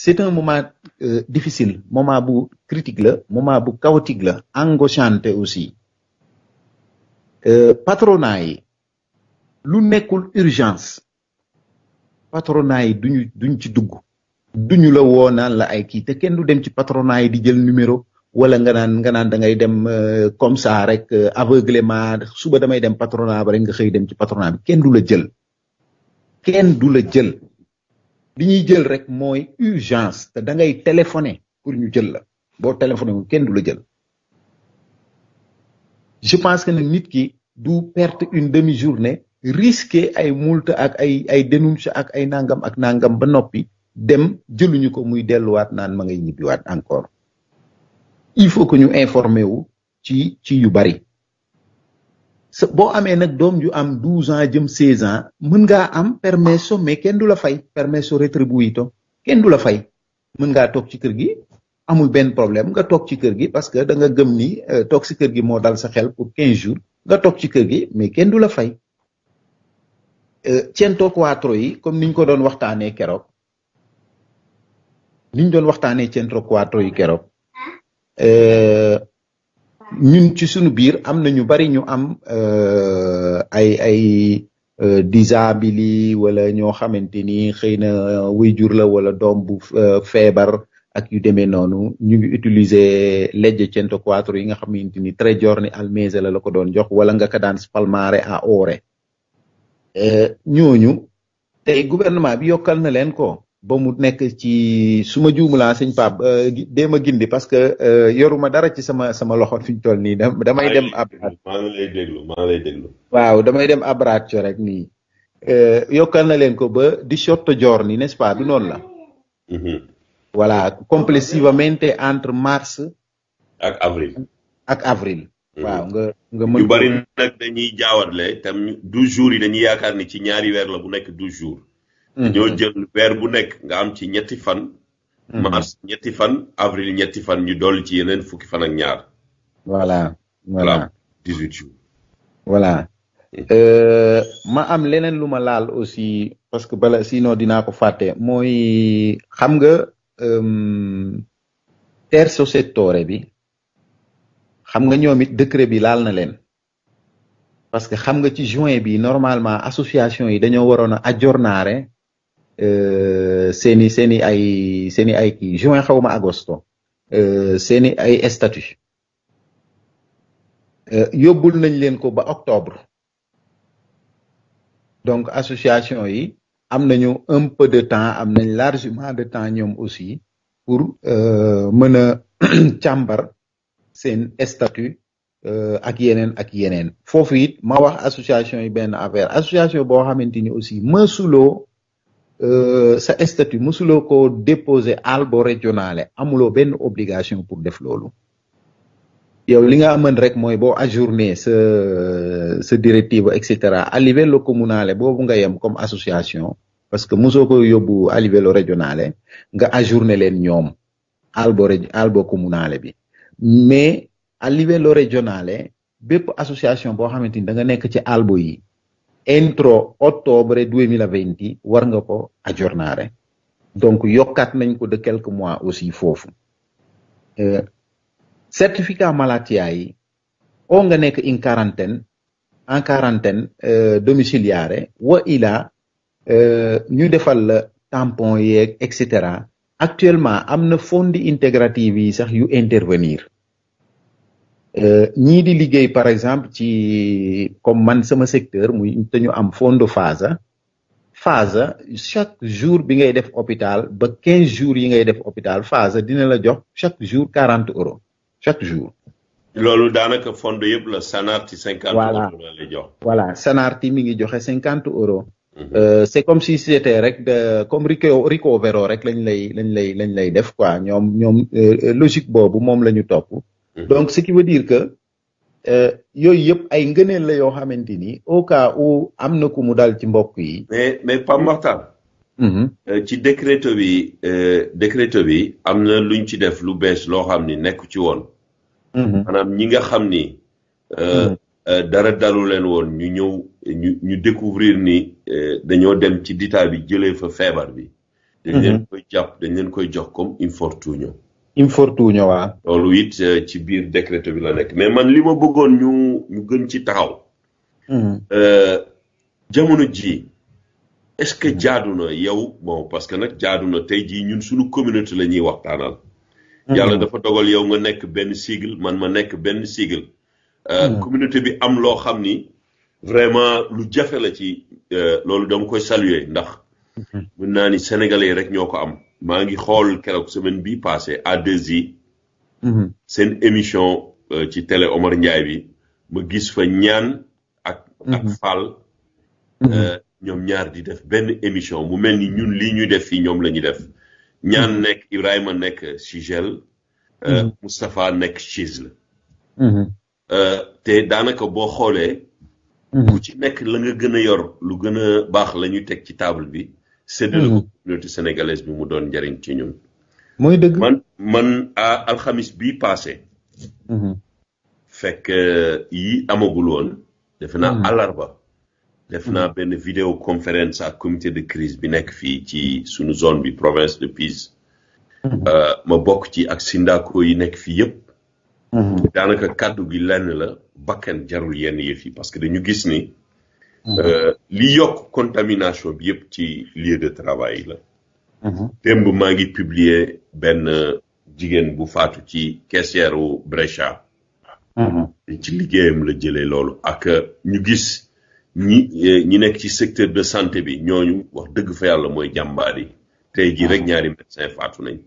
S2: c'est un moment euh, difficile moment bu critique la moment bu chaotique la angoissante aussi euh, patronat yi lu nekkul urgence patronat yi duñu duñ ci dugg duñu la wo naan la ay kii te kenn du dem ci patronat yi di jël numéro wala nga naan nga naan da ngay dem euh, comme ça rek euh, aveuglement suba damay dem patronat ba rek nga xëy dem ci patronat bi kenn du la jël kenn du la jël li ñuy jël rek mooy urgence te da ngay téléphoner pour ñu jël la boo téléphoné wu kenn du la jël je pense que nag nit ki du perte une demi journée risquer ay multe ak ay ay dénonce ak ay nangam ak nangam ba noppi dem jëluñu ko muy delluwaat naan ma ngay ñibbiwaat encore il faut que ñu informer wu ci ci yu bari sa boo amee nag doom ju am douze ans jëm seize ans mën ngaa am permesso mais kenn du la fay permesso retribuito kenn du la fay mën ngaa toog ci kër gi amul benn problème nga toog ci kër gi parce que da nga gëm ni euh, toog ci kër gi moo dal sa xel pour quinze jours nga toog ci kër gi mais kenn du la fay cento euh, quattro yi comme niñ ko doon waxtaanee keroog liñ doon waxtaanee centro quattro yi keroog ah. euh, ñun ci suñu biir am na ñu bari ñu am euh, ay ay euh, disabili wala ñoo xamante ni xëy na waajur la wala doom bu feebar ak yu demee noonu ñu ngi utiliser legge cento quattro yi nga xamante ni Tregiorni Almese la la ko doon jox wala nga ko daan Spalmare a Ore ñooñu tey gouvernement bi yokkal na leen ko ba mu nekk ci suma ma juumulaa ah, sëñ Pape euh, dee ma gindi parce que euh, yoruma dara ci sama sama loxo fi ñu toll nii damay dem
S1: ab maa ngi lay
S2: waaw damay dem abraat rek nii euh, yokkal na leen ko ba di sotto giorni n'est-ce pas du noonu la mm-hmm. voilà complessivamente entre mars ak avril ak avril mm-hmm. waaw nga nga mën
S1: yu bari nag dañuy jaawatle tam douze jours yi dañuy yaakaar ni ci ñaari weer la bu nekk douze jours Mm-hmm. ñoo jël weer bu nekk nga am ci ñetti fan. Mm-hmm. mars ñetti fan avril ñetti fan ñu dool ci yeneen fukki fan ak ñaar.
S2: voilà voilà dix jours. voilà mm-hmm. euh, ma am leneen lu ma laal aussi parce que bala sinon dinaa ko fàtte mooy xam nga euh, terzo settore bi xam nga ñoom it décret bi laal na leen. parce que xam nga ci juin bi normalement association yi dañoo waroon a aggiornare seen euh, seni seen ay seni ay ki juin xawma agosto euh, seen aï ay statut euh, yobul nañ len ko ba octobre donc association yi am un peu de temps am largement de temps ñom aussi pour euh mëna *clears throat* càmbar sen statut ak yenen ak yenen qui it ma wax association yi ben affaire association bo xamanteni aussi aussi sulo ça euh, sa statut musulo ko déposer albo régionale amulo ben obligation pour def lolu yow li nga mën rek moy bo ajourné ce ce directive et cetera a le comunale bobu nga yam comme association parce que mosoo ko yóbbu a livello régionale nga ajourné len ñom albo albo communale bi mais a niveau régionale bépp association bo xamante da nga nekk ci albo yi entro ottobre 2020 war nga ko aggiornare donc yokkaat nañ ko de quelques mois aussi foofu euh, certificat malatia yi o nga nekk in quarantaine en quarantaine euh, domiciliaire wa ila euh, ñu defal la tampon yeeg et cetera actuellement am na fondi intégrative yi sax yu intervenir Euh, ñii di liggéey par exemple ci comme man sama secteur muy te ñu am fond de phase phase chaque jour bi ngay def hôpital ba quinze jours yi ngay def hôpital phase dina la jox chaque jour quarante euros chaque jour.
S1: loolu daanaka fond yëpp la Sanarti cinquante euros la lay jox.
S2: voilà mi ngi joxe cinquante euros. Mhm. Euh, c'est comme si c'était rek de comme Rico rek lañ lay lañ lay lañ lay def quoi ñoom ñoom euh, logique boobu moom la ñu topp. Mhm. donc ce qui veut dire que euh, yooyu yëpp ay ngëneel la yoo xamante ni au cas am na ku mu dal ci mbokk yi.
S1: mais mais Pape Makhtar. Mhm. Euh, ci décréto bi euh, décréto bi am na luñ ci def lu bees loo xam ni nekku ci woon. Mhm. maanaam ñi nga xam ni. dara dalu leen woon ñu ñëw ñu ñu découvrir ni dañoo dem ci dita bi jëlee fa feebar bi. dañ leen koy jàpp dañ leen koy jox comme infortunio infortunio waa. loolu it euh, ci biir décret bi la nekk mais man li ma bëggoon ñu ñu gën ci taxaw. Mm-hmm. Euh, jamono ji est-ce que jaadu na yow bon parce que nag jaadu na tey jii ñun suñu communauté la ñuy waxtaanal.
S4: Mm-hmm.
S1: yàlla dafa dogal yow nga nekk benn sigle man ma nekk benn sigle. Euh, mm-hmm. communauté bi am loo xam ni vraiment lu jafe la ci loolu dama koy saluer ndax. mën naa ni sénégalais rek ñoo ko am. mangi xol kérok semaine bi passé à deux yi mhm. seen émission euh, ci télé Omar Ndiaye bi ma gis fa ñaan ak mhm. ak Fall mhm. euh, ñom ñaar di def ben émission mu melni ñun li ñu def fi ñom lañu def ñaan nek Ibrahima nek Chigel euh, Moustapha nekk Chisle te danaka bo xolé ku ci nek la nga gëna yor lu gëna bax lañu tek ci table bi c'est ko communauté sénégalaise bi mu doon njariñ ci ñun. mooy dëgg man man a alxamis bi paase. Mhm. fekk euh, yi amagul woon. def naa àllarba. Mhm. def mhm. naa benn vidéo conférence ak comité de crise bi nekk fii ci suñu zone bi province de Pise. Euh, ma bokk ci ak sindako yi nekk fii yëpp. daanaka kàddu bi lenn la bakkan jarul yenn yëf yi parce que dañu gis ni. Euh, li yokk contamination bi yëpp ci lieu de travail la. Mhm. démb maa ngi publier benn jigéen bu faatu ci caissière u mhm. ci liggéeyam la jëlee loolu ak euh, ñu gis ñi euh, ñi nekk ci secteur de santé bi ñooñu wax dëgg fa yàlla mooy jàmbaar yi. tey jii rek mhm. ñaari médecin faatu nañ.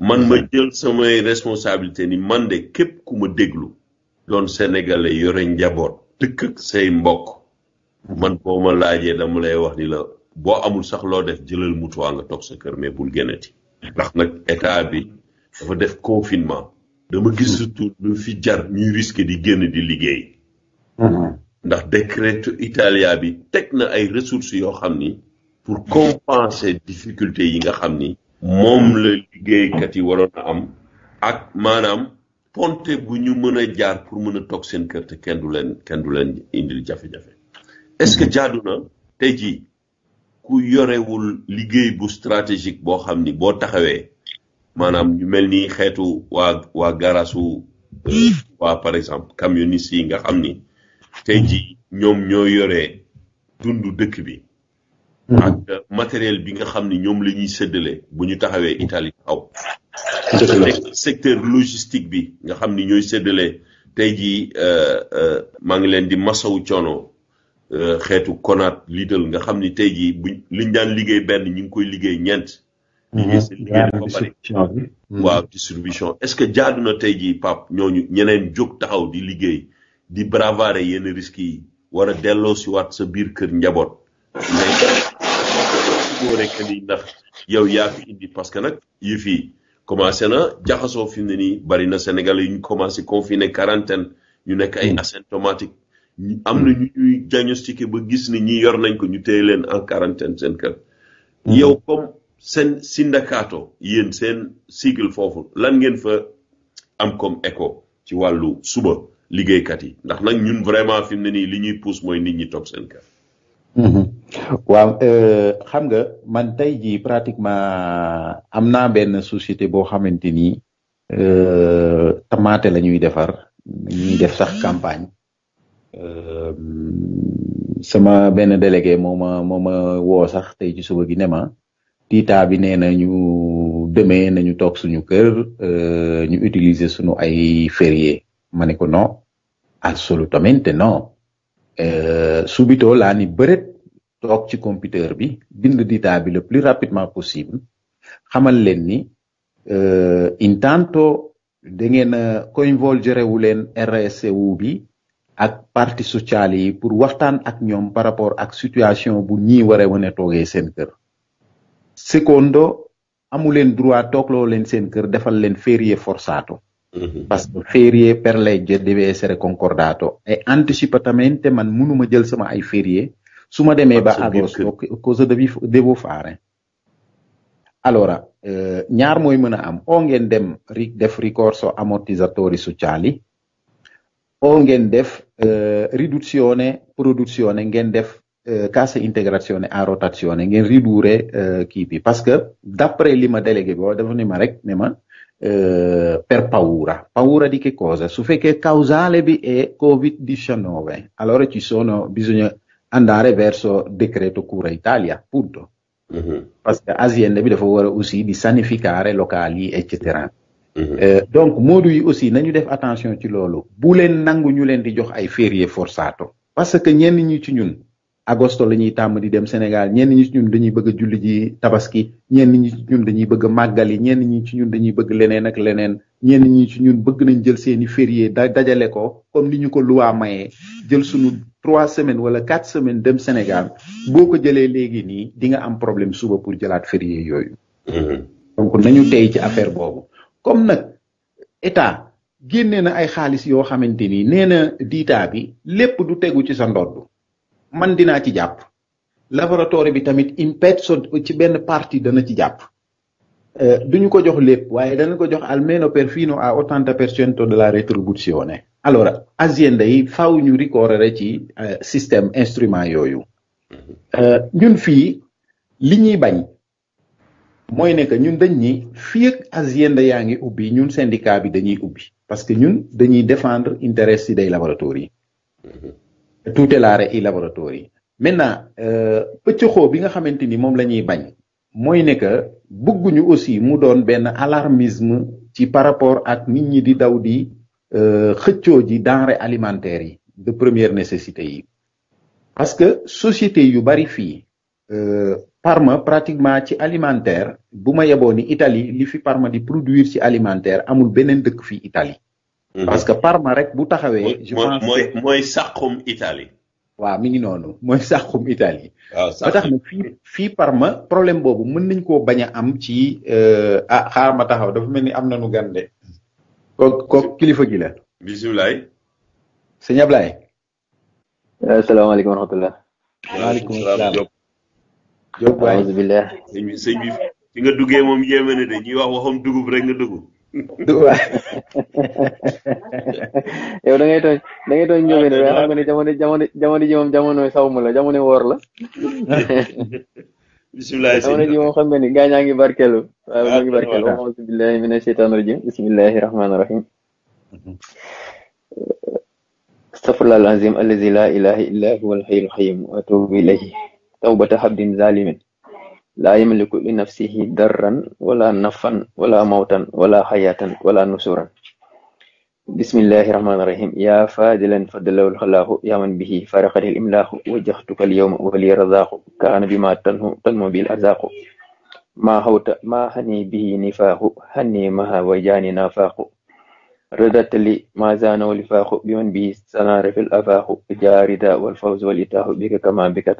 S1: man ma jël samay responsabilité ni man de képp ku ma déglu. doon sénégalais yore njaboot dëkk ak say mbokk. man boo ma laajee dama lay wax ni la boo amul sax loo def jëlal mutuwa nga toog sa kër mais bul génnati ndax nag état bi dafa def confinement dama gis surtout lu fi jar ñuy risque di génn di liggéey mhm. ndax décret italia bi teg na ay ressources yoo xam ni pour compenser difficulté yi nga xam ni moom la liggéeykat yi waroon a am ak maanaam ponte bu ñu mën a jaar pour mën a toog seen kër te kenn du leen kenn du leen indil jafe-jafe est-ce que jaadu na tey jii ku yorewul liggéey bu stratégique boo xam ni boo taxawee maanaam ñu mel ni xeetu waa waa garasu waa par exemple camionnistes yi nga xam ni tey jii ñoom ñoo yore dundu dëkk bi hmm. ak matériel bi nga xam ni ñoom la ñuy séddale bu ñu taxawee Italie taxaw secteur logistique bi nga xam ni ñooy séddale tey jii euh, euh, maa ngi leen di masawu coono Euh, xeetu konaat lidal nga xam ni tey jii buñ liñ daan liggéey benn ñu ngi koy liggéey ñeent mhm. mhm. waaw distribution est ce que jaadu na tey jii pap ñooñu ñeneen jóg taxaw di liggéey di bravare yenn risque yi war a delloo si waat sa biir kër njaboot mais que ni ndax yow yaa fi indi parce que nag yëf yi commencé na jaxasoo fi mu ne nii bari na sénégalais yu ñu commencé confiné quarantaine ñu nekk ay mhm. asymptomatique am na ñu ñuy diagnostiqué ba gis ni ñi yor nañ ko ñu téye leen en quarantaine seen kër hmm. yow comme seen syndicato yéen seen sigle foofu lan ngeen fa am comme écho ci wàllu suba liggéeykat yi ndax nag ñun vraiment fi mu ne nii li ñuy pousse mooy nit ñi toog seen kër
S2: hmm. waaw euh, xam nga man tey ji pratiquement am naa société boo xamante ni euh, tamaate la ñuy defar ñuy def sax campagne Euh, sama benn délégué moo ma moo woo sax tey ci suba gi ne ma tiitaa bi nee na ñu demee nañu toog suñu kër euh, ñu utiliser suñu ay férié ma ne ko non absolutamente non euh, subito laa ni bëret toog ci computer bi bind diitaa bi le plus rapidement possible xamal leen ni intanto da ngeen a leen RSU e bi ak parti sociale yi pour waxtaan ak ñoom par rapport ak situation bu ñii waree wane toogee seen kër secondo amu leen droit toogloo leen seen kër defal leen ferie forzato mm-hmm. parce que ferie per legge deve essere concordato e anticipatamente man mënuma jël sama ay ferie su ma demee ba agosto cosa devi devo fare allora eh, ñaar mooy mën a am o ngeen dem def ricorso ammortizzatori sociali o ngeen def euh, riduzione produzione ngeen def euh, cassa integrazione a rotazione ngeen ridurre euh, kii Perché parce que d'après li ma délégué bi wax eh, per paura paura di che cosa su fekkee causale bi è covid-19 allora ci sono bisogna andare verso decreto cura Italia punto mm -hmm. parce aziende bi dafa war di sanificare locali eccetera e donc moodu yi aussi nañu def attention ci loolu bu leen nangu ñu leen di jox ay férié forçato parce que ñenn ñi ci ñun agosto la ñuy tàmm di dem Sénégal ñenn ñi ci ñun dañuy bëgg a julli ji tabaski ñenn ñi ci ñun dañuy bëgg a màggali ñenn ñi ci ñun dañuy bëgg leneen ak leneen ñenn ñi ci ñun bëgg nañ jël seeni férié da dajale ko comme ni ñu ko luwaa mayee jël sunu trois semaines wala quatre semaines dem Sénégal boo ko jëlee léegi nii di nga am problème suba pour jëlaat férié yooyu mhm. donc nañu tey ci affaire boobu comme nag état génne na ay xaalis yoo xamante ni nee na diitaa bi lépp du tegu ci sa ndodd man dinaa ci jàpp laboratoire bi tamit impet so ci benn partie dana ci jàpp euh, duñu ko jox lépp waaye dana ko jox almeno perfino a 80 per cento della retribuzione allora azienda yi faw ñu ricorrere ci euh, système instrument yooyu mm-hmm. euh, ñun fii li ñuy bañ moy nek que ñun dañ ni fi ak azienda yaangi ubi ñun syndicat bi dañuy ubi parce que ñun dañuy défendre intérêt si day laboratoires yi mm-hmm. tutelare i laboratoires yi maintenant euh, pëccëxoo bi nga xamanteni mom lañuy bañ moy ne que bëgguñu aussi mu doon ben alarmisme ci par rapport ak nit ñi di daw di euh, xëccio ji denrée alimentaire yi de première nécessité yi parce que société yu bari euh parma pratiquement ci alimentaire buma yaboni yeboo li fi parma di produire ci alimentaire amul benendek deuk fi italie mhm. parce que parma rek bu taxawé je pense moy
S1: moy sàqum italie
S2: wa mi ngi noonu moy sàqum italie ba tax fi fi parma problème bobu meun nañ ko baña a am ci euh, ah xaar ma taxaw dafa melni am nanu ko ko kilifa gi la
S3: assalamu alaykum wa rahmatullah
S1: warahmatullah alaykum assalam
S3: alhamdulilah
S1: sëñ bi fi nga duggee moom yéeme na de wax waxam dugub rek nga dugg
S3: yow da ngay tooñ da ngay tooñ ñoom ne xam nga ne jamono jamono jamono ji moom jamono sawmu la jamono woor la bismillah jamono ji moom xam nga ni gaañaa ngi barkeelu waaw ngi barkeelu auzu billahi mina sheytaan rajim bismillahi rahmaani rahim mhm. astafirullah alazim allazi la ilaha illa huwa alhayyul qayyum wa atubu ilayhi توبة عبد ظالم لا يملك لنفسه درا ولا نفا ولا موتا ولا حياة ولا نسورا بسم الله الرحمن الرحيم يا فاضلا فضل الخلاق يا من به فرق الإملاق وجهتك اليوم ولي رزاق كان بما تنمو, تنمو بالأرزاق ما هوت ما هني به نفاه هني مها وجاني نافاق ردت لي ما زان والفاخ بمن به سنار في الأفاخ جاء رداء والفوز والإتاح بك كما بك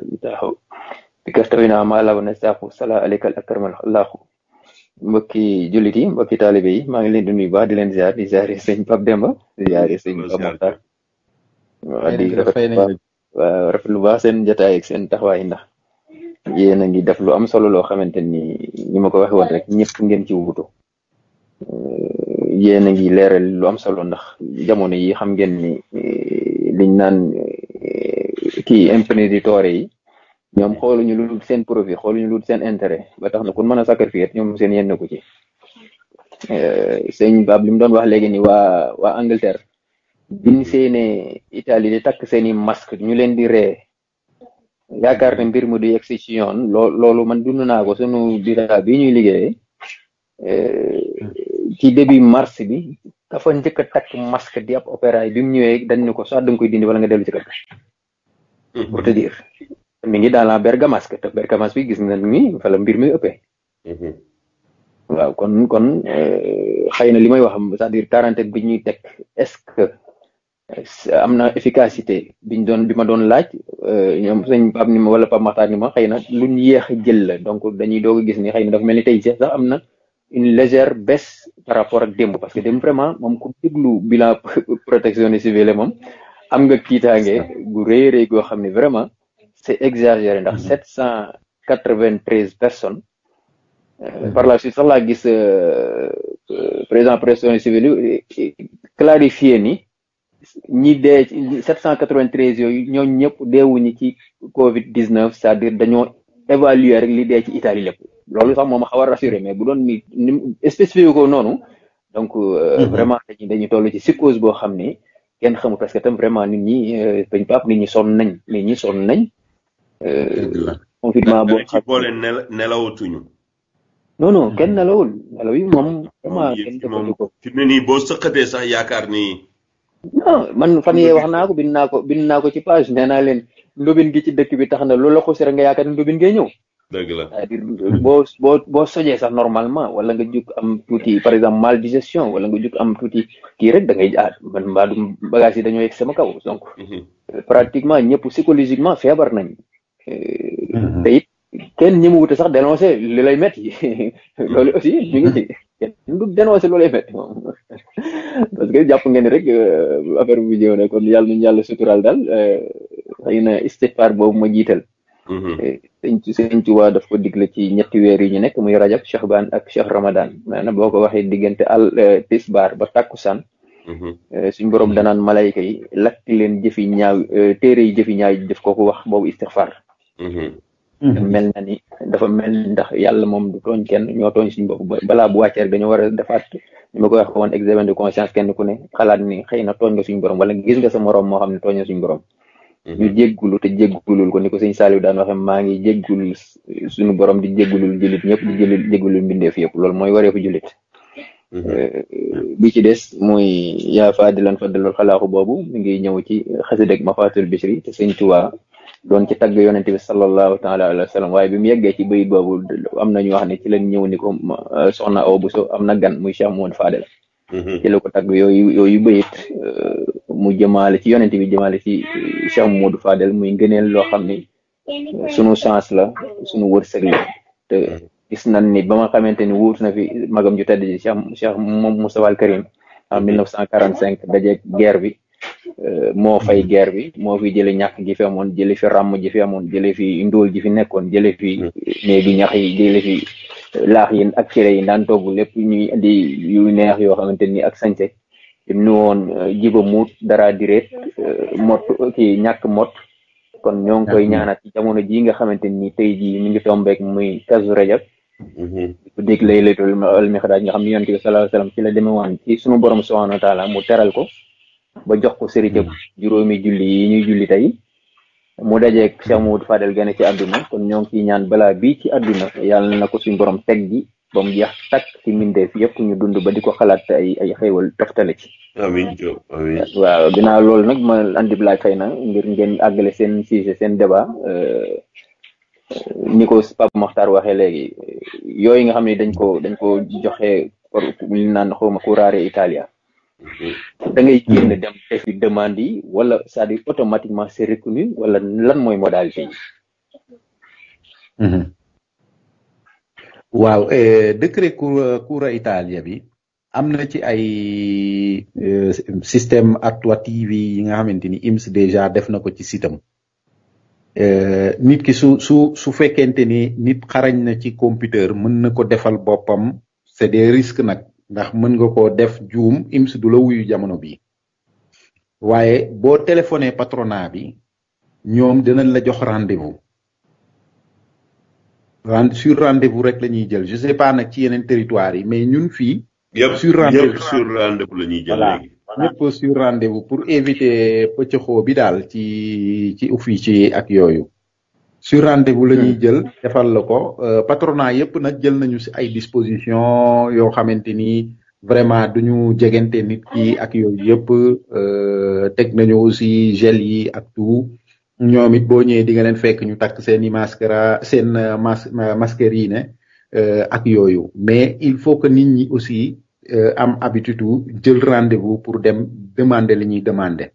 S3: maa ngi leen di baax di leen ziar di ziare lu baax seen jotaay ak seen a ngi def lu am solo loo xamante ni ñi ma ko waxee woon rek ngeen ci wuutu yéen a ngi leeral lu am solo ndax jamono yi xam ngeen ni eh, liñ naan eh, kii imprenditori yi ñoom xooluñu lu seen profit xooluñu lu dul seen intérêt ba tax na kun mën a sacrifier ñoom seen yenn ko ci eh, sëñ Bab li mu doon wax léegi ni waa waa Angleterre biñ seene Italie di takk seeni masque ñu leen di ree yaakaar ne mbir mu du yegg si ci yoon loolu man dund naa ko sunu dira ñuy liggéey Eh, ci début mars bi dafa njëkk a takk masque di ab opéra yi bi mu ñëwee dañ ñu ko soit da koy dindi wala nga dellu ci kër ga mhm. pour te dire mi ngi dans la bergamasque te bergamasque bi gis nañ ni fa la mbir mi ëppee mhm. waaw kon kon eh, xëy na li may wax c'est-à-dire quarantaine bi ñuy teg est-ce que eh, am na efficacité biñ doon bi ma doon laaj ñoom sëñ bab ni ma wala pa Makhtar ni ma xëy na luñ yéex jël la donc dañuy doog a gis ni xëy na dafa mel ni tey sax am na une légère baisse par rapport ak démb parce que démb vraiment moom ku déglu bilan *laughs* protection civile moom am nga kiitaange gu rëy rëy goo xam ne vraiment c'est exagéré ndax mm-hmm. sept cent quatre-vingt-treize personnes euh, mm-hmm. par la suite sax laa gis euh, euh, président protection civile yi clarifié ni ñi dee sept cent quatre-vingt-treize yooyu ñëpp deewuñu ci covid dix-neuf c'est-à-dire dañoo évaluer rek li dee ci Italie lépp loolu sax moom xaw a rassuré mais bu doon mi ni spécifié ko noonu donc euh, mhm. vraiment dañuy dañuy toll ci psychose boo xam ne kenn xamu parce que tam vraiment nit ñi dañ euh, paap nit ñi sonn nañ nit ñi sonn nañ euh, confinement boo xam
S1: boole nelawatuñu
S3: non kenn mhm. nelawul nelaw yi moom vraiment kenn
S1: defatu ko fi mu ne boo sëqatee sax yaakaar ni
S3: non man fan yee wax naa ko bind
S1: naa ko bind naa ko ci page
S3: nee naa leen ndobin gi ci dëkk bi tax na loolu la xusi rek nga yaakaar ni ndobin ngay ñëw
S1: dëgg la cest euh,
S3: boo boo boo sojee sax normalement wala nga juk am tuuti par exemple mal digestion wala nga jug am touti kii rek da ngay ah man mbaadu bagage yi dañoo yegg sama kaw donc mhm. euh, pratiquement ñëpp psychologiquement feebar nañ mhm. euh, te it kenn ñi mu wute sax dénoncé li lay métti mhm. loolu aussi ñu ngi ci *laughs* kenn du dénoncé loolu lay métti moom *laughs* parce que jàpp ngeen rek affaire bu ñëw ne kon yàlla nañu yàlla suturaal daal xëy na istigfaar boobu ma jiital Mm-hmm. Eh, sëñ Tuubaa def ko digle ci ñetti weer yi ñu nekk muy rajab shahbaan ak cheikh ramadan maanaam boo ko waxee diggante al eh, baar ba tàkkusaan mm-hmm. eh, suñ borom danaan malayka yi lakk leen jëfi ñaaw téere yi jëfi ñaaw def ko ko wax boobu istixfaar mm-hmm. mel na ni dafa mel ndax yàlla moom du tooñ kenn ñoo tooñ suñ bopp balaa bu wàcceer dañoo war a defaat ñu ma koy wax woon examen de conscience kenn ku ne xalaat ni xëy na tooñ nga suñ borom wala gis nga sa moroom moo xam ne tooñ nga suñ borom ñu mhm. jéggulu te jéggulul ko ni ko sëñ Saliou daan waxe maa ngi jéggulul suñu borom di jéggulul jullit ñëpp di jëlul jéggulul mbindeef yëpp loolu mooy wareefu jullit mhm. euh, bi ci des mooy yaa fadilan fadalul xalaaxu boobu mi ngi ñëw ci xasideg mafatul bishri te sin Tuubaa doon ci tagg yonente bi sallallahu taala alayhi wa sallam waaye bi mu yeggee ci bëy boobu am na ñu wax ne ci lañ ñëw ni ko euh, soxna aw bu so am na gan muy Cheikh Mouhamed Fadel Mhm. jële ko tagg yooyu yooyu bayit euh, mu jëmaale ci yonent bi jëmaale ci Cheikh fa Fadel muy ngëneel loo xam ni
S4: euh, sunu
S3: chance la sunu wërsëg la te mhm. gis nañ ni ba nga xamante ni wuutu na fi magam ju tedd ji Cheikh mu Moustapha al Karim en mhm. mille neuf cent quarante cinq dajeeg guerre bi euh, moo fay guerre bi moo fi jële ñàkk gi fi amoon jële fi ràmm ji fi amoon jële fi ndóol ji fi nekkoon jële fi néegi ñax yi jële fi laax yi ak cere yi daan togg lépp ñuy indi yu neex yoo xamante ni ak sañse nu woon euh, jiba muut dara direet euh, mot kii ñàkk moot kon ñoo ngi koy ñaanal ci jamono ji nga xamante ni tey jii mi ngi tombeek muy kazu rajab mm-hmm. bu dégg lay laytul almixraaj nga xam ne yonent bi sallallahu alayhi wasallam ci la demee woon ci sunu borom subhanahu wa taala mu teral ko ba jox ko sëriñ mm-hmm. juróomi julli yi ñuy julli tey mu dajeeg Cheikh Mouhamadou Fadel Guèye ci àdduna kon ñoo ngi ciy ñaan balaa bii ci àdduna yàlla na ko suñu borom teg ji ba mu jeex takk ci mbindeef yëpp ñu dund ba di ko xalaat ay ay xéewal toftale ci. amiin amiin waaw ginnaaw loolu nag ma andi laaj xëy na ngir ngeen àggale seen sujet seen débat ni ko Pape Makhtar waxee léegi yooyu nga xam ne dañ ko dañ ko joxe pour li naan xaw ma kuraare Italia. da ngay génn dem defi demande yi wala c'est-à-dire automatiquement c'est reconnu wala
S2: lan mooy modalité yi. Mhm. waaw eh, décret Cour Italia bi am na ci ay eh, système actuative yi nga xamante ni IMS déjà def na ko ci sitam eh, nit ki su su su fekkente ni nit xarañ na ci computer mën na ko defal boppam c'est des risques nag. ndax mën nga ko def juum IMS du la wuyu jamono bi waaye boo téléphoné patronat bi ñoom dinañ la jox rendez-vous sur rendez-vous rek lañuy jël je sais pas nag ci yeneen territoire yi mais ñun fii. sur rendez-vous sur
S1: rendez-vous la ñuy jël léegi.
S2: ñëpp sur rendez-vous pour éviter pëccëxoo bi daal ci ci ci ak yooyu. sur rendez-vous la ñuy hmm. jël defal la ko euh, patronat yëpp nag jël nañu si ay dispositions yoo xamante ni vraiment du duñu jegante nit ki ak yooyu yëpp euh, teg nañu aussi gel yi ak ñoom it boo ñëwee di nga leen fekk ñu takk seen i mascara seen euh, mas masques yi ne ak yooyu mais il faut que nit ñi aussi am habitude jël rendez-vous pour dem demander li ñuy demander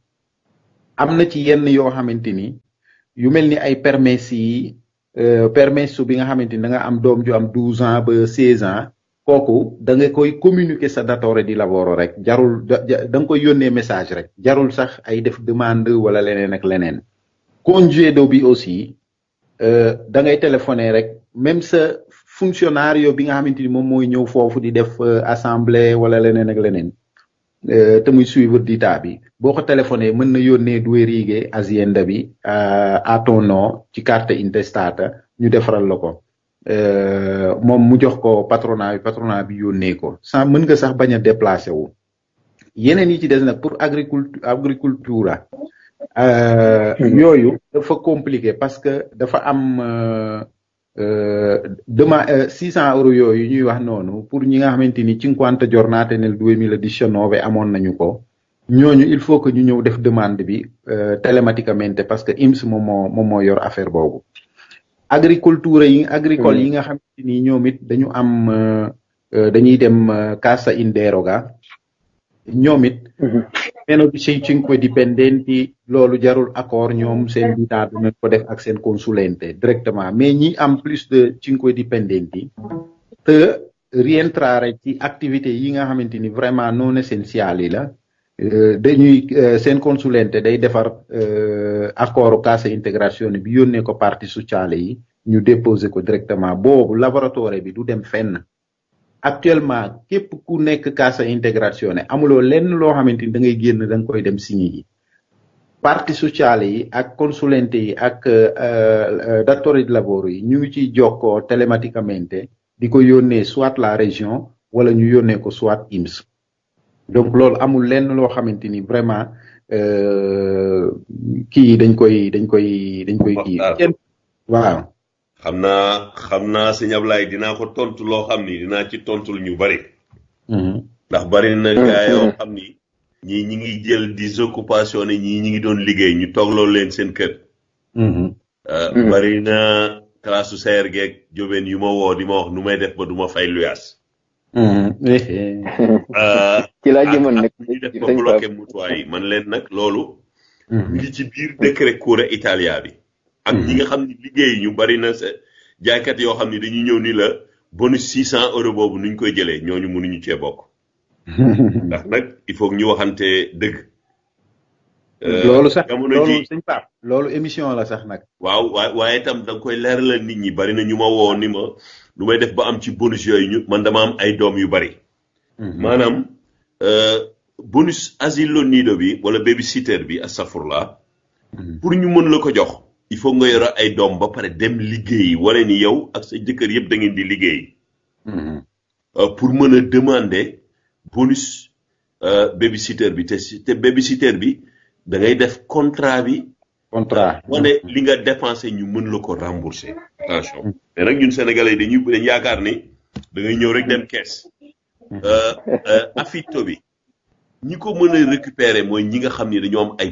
S2: am na ci yenn yoo xamante ni yu mel ni ay permis yi euh, permis su bi nga xamante ni da nga am doom ju am douze ans ba seize ans kooku da nga koy communiquer sa datore di lavoro rek jarul da nga koy yónnee message rek jarul sax ay def demande wala leneen ak leneen congedo bi aussi euh, da ngay téléphoner rek même sa fonctionnaire bi nga xamante ni moom mooy ñëw foofu di def euh, assemblée wala leneen ak leneen Euh, te muy suivre dita bi boo ko téléphoné mën na yónnee due righe azienda bi euh, à ton ci carte intestata ñu defaral la ko euh, moom mu jox ko patronat bi patronat bi yónnee ko sans mën nga sax bañ a déplacé wu yeneen yi ci des nag pour agriculture agricultura hmm. yooyu dafa compliqué parce que dafa am Euh, dema euh, six cent euro yooyu ñuy wax noonu pour ñi nga xamante ni cinquanta giornate nel duemila diciannove amoon nañu ko ñooñu il faut que ñu ñëw def demande bi euh, télématiquement parce que IMS moom moo moom moo yor affaire boobu agriculture yi agricole yi nga xamante ni ñoom it dañu am dañuy dem Cassa in Deroga ñoom meno di sei cinque dipendenti loolu jarul accord ñoom seen bitaa dinañ def ak seen consulente directement mais ñi en plus de cinque dipendenti te rientrare ci activité yi nga xamante ni vraiment non essentielle yi la euh, dañuy euh, seen consulente day defar euh, accord cassa integrazione bi yónnee ko parti sociale yi ñu déposé ko directement boobu laboratoire bi du dem fenn actuellement képp ku nekk Casa Integrazione amuloo lenn loo xamante ni da ngay génn da koy dem signé yi parti sociale yi ak consulente yi ak euh, euh, datori di lavoro yi ñu ngi ciy jokkoo telematicamente di ko yónnee soit la région wala ñu yónnee ko soit IMSS donc loolu amul lenn loo xamante ni vraiment euh, kii dañ koy dañ koy
S1: dañ koy kii waaw xam naa xam naa si Ablaye dinaa ko tontu loo xam ni dinaa ci tontul ñu bari. Mm-hmm. ndax bari na mm-hmm. gaa xam ni. ñi ñi ngi jël des ne ñii ñi ngi doon liggéey ñu toogloo leen seen kër. Mm-hmm. Euh, bari na classe su seer geeg jóbeen yu ma woo di ma wax nu may def ba du ma fay luyaas.
S4: *laughs*
S1: Euh, ci laa jëmoon nag ñu def ba bloqué mutuwaay man leen nag loolu. ngi ci biir décret Cour Italia bi. ak ñi hmm. nga xam ne liggéey ñu bari na sa jaaykat yoo xam ne dañuy ñëw nii la bonus six cent euros boobu nuñ koy jëlee ñooñu mënuñu cee bokk. Hmm. ndax nag il faut ñu waxante dëgg. Euh, loolu sax loolu
S2: sëñ loolu émission la sax
S1: nag. waaw waaye itam da nga koy leeralal nit ñi bari na ñu ma woo ni ma lu may def ba am ci bonus yooyu ñu man dama am ay doom yu bari. Hmm. maanaam euh, bonus asile nido bi wala babysitter bi astafurla. pour ñu mën la ko jox. il faut que ay des ba pare dem liggéey yow ak sa mm-hmm. euh, pour demander un demander bonus euh, babysitter bi te si babysitter bi da ngay contrat contrat le rembourser. attention mais mm-hmm. ñun sénégalais dañuy yaakaar Vous da ngay ñëw rek dem caisse. Mm-hmm. Euh, affitto récupérer ñi nga des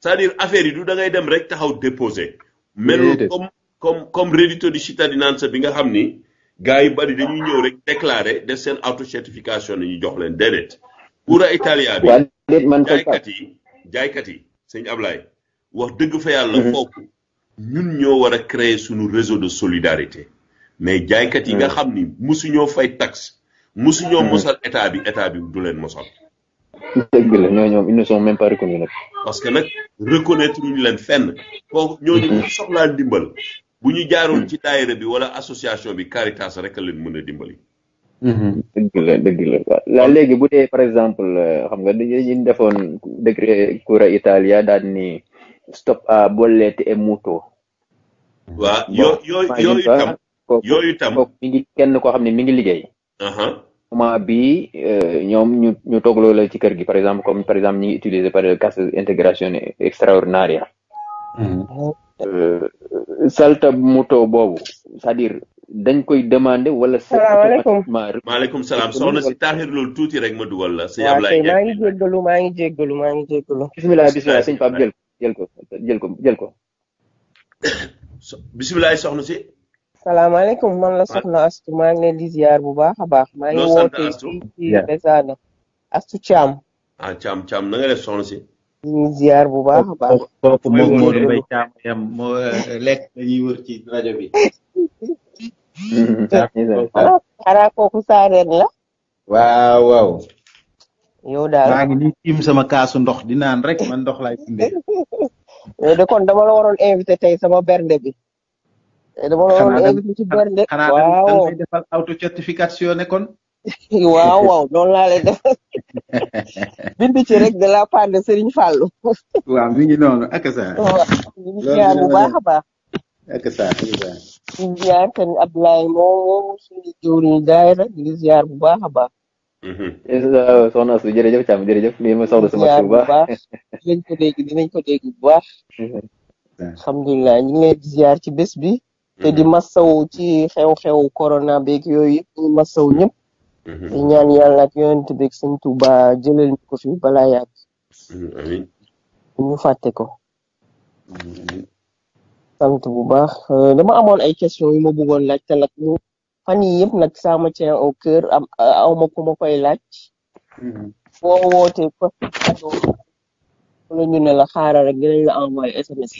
S1: c'est-à-dire yi du dangay dem rek taxaw déposé. melul comme comme comme reddito di cittadinanza bi nga xam ni gars yi bari dañuy ñëw rek déclaré def seen auto certification yi ñu jox leen déedéet. Pura Italia bi jaaykat yi jaaykat yi sëñ Ablaye wax dëgg fa yàlla. Mhm. foofu ñun ñoo war a créer suñu réseau de solidarité. mais jaaykat yi nga mhm. xam ni mosu ñoo fay taxe. mosu ñoo mhm. mosal état bi état bi du leen mosal. dëgg la ñoo ñoom ils ne sont même parce que nag reconnaître leen fenn. kooku ñooñu mm-hmm. bu soxlaa dimbal. bu ñu jaarul mm-hmm. ci daayira bi wala association bi Caritas rek a leen mën a dimbali.
S5: Mm-hmm. dëgg
S3: léegi bu dee par exemple euh, xam nga dañuy defoon décret Cura Italia daal ni stop à bollete e mutuo.
S4: waaw yoo yoo yooyu
S3: yooyu tam. mi kenn koo xam ne mi ngi liggéey. moment bi euh, ñoom ñu ñu toogloo la ci kër gi par exemple comme par exemple ñu ngi utiliser par exemple casse intégration extraordinaire mm-hmm. euh, salta moto boobu c'est-à-dire dañ koy demander wala. salaamaaleykum maaleykum salaam soxna si
S1: taaxir loolu tuuti rek ma dugal maa
S6: ngi jéggalu maa ngi jéggalu maa ngi jéggalu. bisimilah bisimilah sëñ Pape jël
S1: jël ko jël ko jël ko. *coughs* bisimilah soxna si.
S6: salaamaaleykum man la soxna astu maa ngi leen di ziar bu baax baax maa ngi woote ci astu cham,
S1: ah cham cham na nga def soxna si
S6: ñu ziar bu baax a baax kooku mo moo di bay
S1: Thiam yam mo lekk dañuy wër ci rajo bi
S6: kooku saareen la
S2: waaw waaw yow daal maa ngi sama kaasu ndox di naan rek man ndox laay
S6: dundee kon dama la waroon invité tey sama bernde bi dama doon invité ci bernde waaw xanaa dañ
S2: defal auto certification ne kon.
S6: *laughs* waaw waaw noonu laa lay def
S2: *laughs*
S6: bind ci rek de la part de Serigne Fallou. *laughs*
S2: waaw mi ngi noonu
S6: bu baax a baax.
S2: ak saa ak saa.
S6: ñu ngi bu baax a baax.
S2: Mm-hmm.
S3: soxna Asou jërëjëf Thiam jërëjëf lii ma soxla sama tur bu baax
S6: ko dégg dinañ ko dégg bu baax. alhamdulilah ñu ngi lay ziar ci bés bi. te di mm-hmm. masawu ci xew-xew corona beeg yooyu yëpp ñu masawu ñëpp. Mm-hmm. di ñaan yàlla ak yonent beeg sëñ Tuuba jëlal ñu ko fi balaa yàgg.
S4: Mm-hmm.
S6: fàtte ko. sant bu baax euh, dama amoon ay question yu ma bëggoon laaj te nag ñu fan yii yëpp nag ça me au cœur am euh, aw ma ku ma koy laaj. boo wootee ko la ñu ne la xaaral rek dinañ la SMS.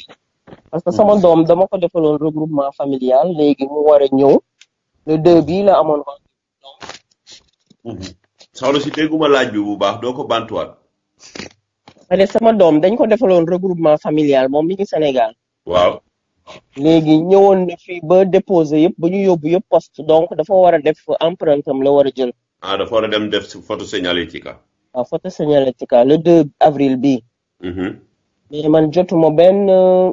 S6: parce que sama doom dama ko defaloon regroupement familial léegi mu war a ñëw le deux bii la amoon rendez-vous.
S1: Mhm. bu baax doo ko bantuwaat.
S6: ma sama doom dañ ko defaloon regroupement familial moom mi ngi Sénégal. waaw. léegi ñëwoon na ba déposé yëpp ba ñu yóbbu yëpp poste donc dafa war a def empreinte am la war a jël.
S1: ah dafa war a dem def photo signalétique. waaw
S6: ah, photo le 2 avril bii. Mhm. mais man jotuma benn.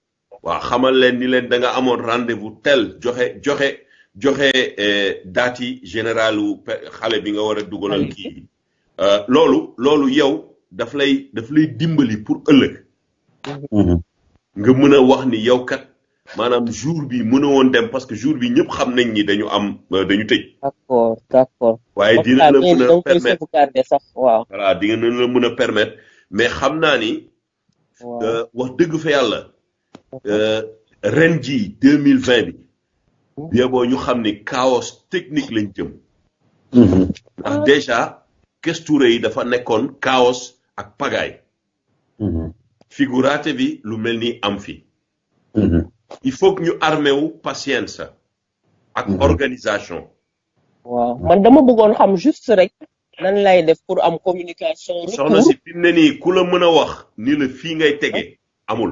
S1: waa xamal leen ni leen da nga amoon rendez-vous tel joxe joxe joxe daati généralu xale bi nga war a dugalal kii bi loolu loolu yow daf lay daf lay dimbali pour ëllëg nga mën a wax ni yow kat maanaam jour bi mënu woon dem parce que jour bi ñëpp xam nañ ni dañu am dañu tëj
S6: d'accord d'accord
S1: waaye dina la mën a permettre sax waaw voilà dina la mën a permettre mais xam naa ni wax dëgg fa yàlla Euh, ren ji deux mille vingt bi. yeboo ñu xam ni chaos technique lañ jëm. Mhm. ndax déjà Kes Touré yi dafa nekkoon chaos ak pagaille. Mhm. figurate bi lu mel ni am fi. Mhm. il faut ñu armé wu patience. ak organisation. waaw
S6: man dama bëggoon xam juste rek. nan lay def pour am communication.
S1: soxna si fi ne nii ku la mën a wax ni la fii ngay tege amul.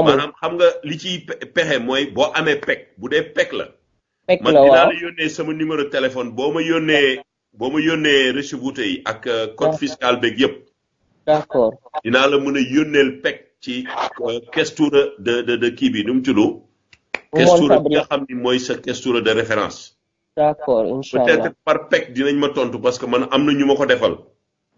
S1: maanaam xam nga li ciy pexe mooy boo amee pek bu dee pek la.
S4: pek man dinaa la
S1: yónnee sama numéro téléphone boo ma yónnee boo ma yónnee reçu wuute yi ak euh, code fiscal beeg yëpp. d'accord dinaa la mën a yónneel pek ci euh, questura de de de kii bi nu mu tudd. questura bi nga xam ni mooy sa questura de référence.
S6: d'accord incha allah peut-être
S1: par pek dinañ ma tontu parce que man am na ñu ma ko defal.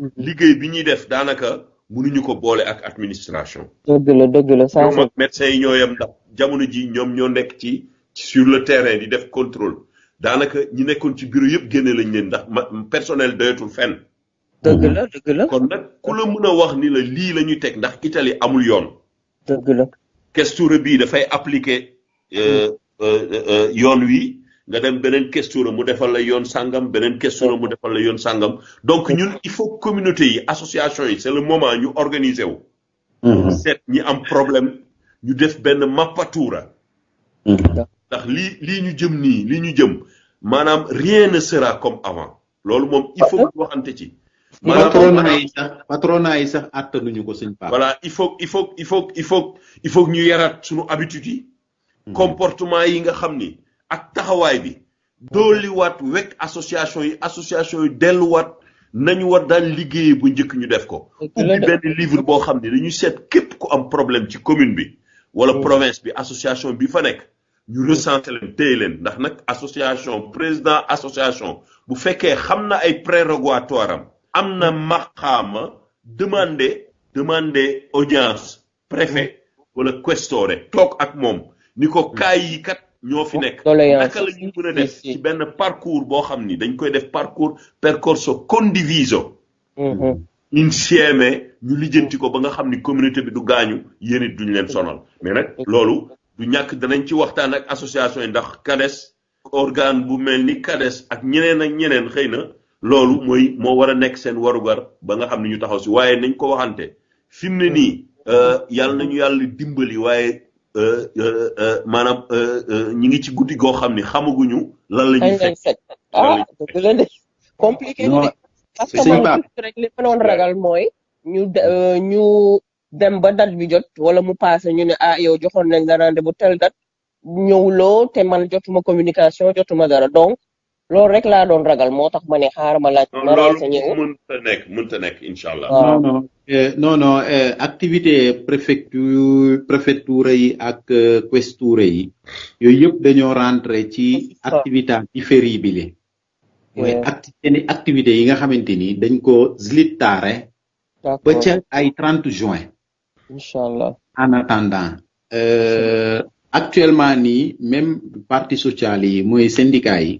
S1: Mhm. liggéey bi ñuy def daanaka mënuñu ko boole ak administration.
S6: dëgg la dëgg la saa ñoom ak
S1: médecins yi ñoo ndax jamono ji ñoom ñoo nekk ci sur le terrain di def contrôle daanaka ñi nekkoon ci bureau yëpp génne lañ leen ndax personnel doyatul fenn. dëgg la mhm. dëgg la kon nag ku la mën a wax ni la lii la ñuy teg ndax Italie amul yoon. dëgg la questure bii dafay appliquer euh, mhm. euh, euh, yoon wi. nga dem beneen questura mu defal la yoon sangam beneen questura mu defal la yoon sangam donc ñun il faut communauté yi association yi c'est le moment ñu organiser wu mm-hmm. seet ñi am problème ñu def benn mappatura mm-hmm. ndax lii lii ñu jëm nii lii ñu jëm maanaam rien ne sera comme avant loolu moom il faut ñu waxante ci patronat yi sax patronat yi sax attanuñu ko suñ paa voilà il faut il faut il faut il faut il faut ñu yaraat suñu habitude yi mm-hmm. comportement yi nga xam ni ak taxaway bi wat association yi association yi wat nañu war daan liggéey bu njëkk ñu def ko ubbi benn livre boo xam ne dañuy seet képp ku am problème ci commune bi wala mm. province bi association bi fa nekk ñu mm. recensé leen téye leen ndax nag association président association bu fekkee xam na ay prérogatoire am am mm. demander demander audience préfet wala questore toog ak moom ni ko yi kat ñoo fi nekk naka la ñu mën a def ci benn parcours boo xam ni dañ koy def parcours percorso condiviso mm-hmm. insieme ñu lijjanti ko ba nga xam ni communauté bi du gaañu yéen it duñ leen sonal mais nag loolu du ñàkk danañ ci waxtaan ak association yi ndax kades organe bu mel ni kades ak ñeneen ak ñeneen xëy na loolu mooy moo war a nekk seen warugar ba nga xam ni ñu taxaw si waaye nañ ko waxante fi mu ne nii euh, yàlla nañu dimbali waaye Euh, euh, euh, maanaam ñi ngi ci guddi goo xam ne xamaguñu lan la ñuy fekk. ah
S6: dëgg la de compliqué na de.
S1: parce que
S6: rek li ma doon ragal mooy ñu ñu dem ba date bi jot wala mu passé ñu ne ah yow joxoon nañ la rendez-vous bu tel date ñëwuloo te man jotuma communication jotuma dara donc. loolu rek laa doon ragal moo tax ma ne xaaral ma laaj. ma renseigné wu
S1: mënta nekk mënta nekk allah.
S2: non non euh, euh, activité préfecture préfecture yi ak euh, questure yi yooyu yëpp dañoo rentré ci activité différibile mooy acti activité yi nga xamante ni dañ ko zlittare ba ca ay trente juin. incha allah en attendant. actuellement nii même parti social yi mooy syndicat yi.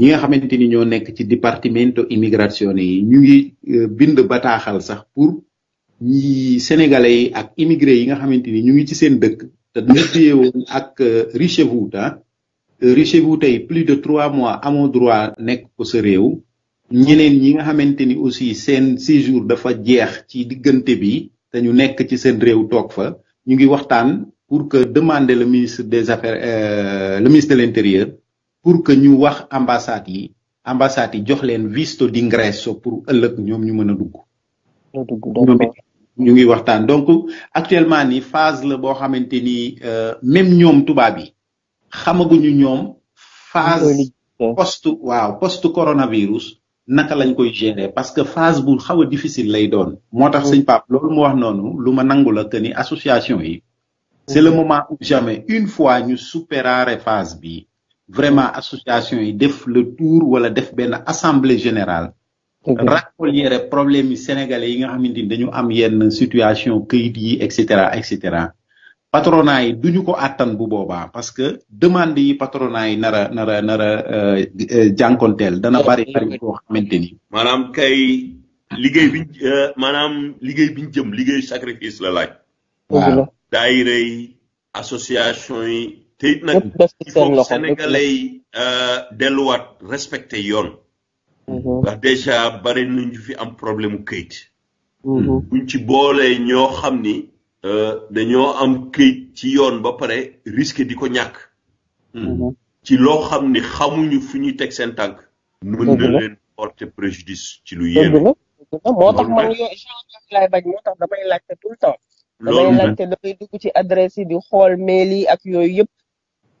S2: ñi nga xamanteni ñoo nekk ci département immigration yi ñu ngi euh, bind bataaxal sax pour ñi sénégalais ak immigré yi nga xamanteni ñu ngi ci seen dëkk te dañu ak richevou ta richevou plus de trois mois amo droit nekk ko sa réew ñeneen ñi nga xamanteni aussi seen séjour dafa jeex ci diggante bi te ñu nekk ci seen réew toog fa ñu ngi waxtaan pour que demander le ministre des affaires euh, le ministre de l'intérieur pour que ñu wax ambassade, yi yi jox pour ñu donc actuellement ni phase la euh, même ñoom tubaab xamaguñu phase post post coronavirus. naka lañ koy parce que phase bu difficile lay doon. moo association c'est le moment où jamais une fois nous phase vraiment association yi def le tour wala def benn assemblée générale rappeler problème problèmes sénégalais yi nga xamante ni dañu am yenn situation këyit yi et cetera et cetera patronat yi duñu ko attan bu boobaa parce que demande yi patronat yi nara nara nara a euh, euh, jànkonteel dana bari bari koo xamante ni
S1: maanaam kay liggéey biñ euh, maanaam liggéey biñ jëm liggéey sacrifice la laaj daayira association yi te it nag
S5: il faut que sénégalais
S1: yi euh, delluwaat respecte yoon mm-hmm. ndax dèjà bari nañu fi am problème mu këyit mm-hmm. buñ ci boolee ñoo xam ni euh, dañoo am këyit ci yoon ba pare risque di ko ñàkk mm-hmm. ci loo xam ni xamuñu fu ñuy teg seen tànk mën na leen porter préjudice ci lu yéeme moo tax man ak yooyu yëpp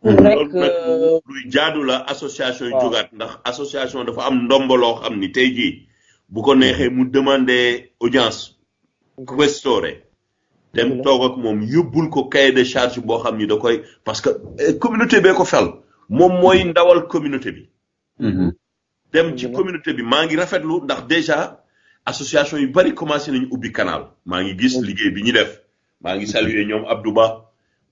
S1: Mm. Lui euh, jadou la asosyasyon yon jogat Asosyasyon yon defa am don bolor Am niteji Boko ne ke mou demande Odyans Kwe store Tem tog ak moun You boul ko kaye de chas Yon bo ak am yon do kwe Paske kominote eh, be ko fel Moun mwen mm-hmm. yon dawal kominote bi Tem di kominote bi Mangi rafet lou Asosyasyon yon bari komasyon yon oubi kanal Mangi gis lige yon bini def Mangi salye yon abdouba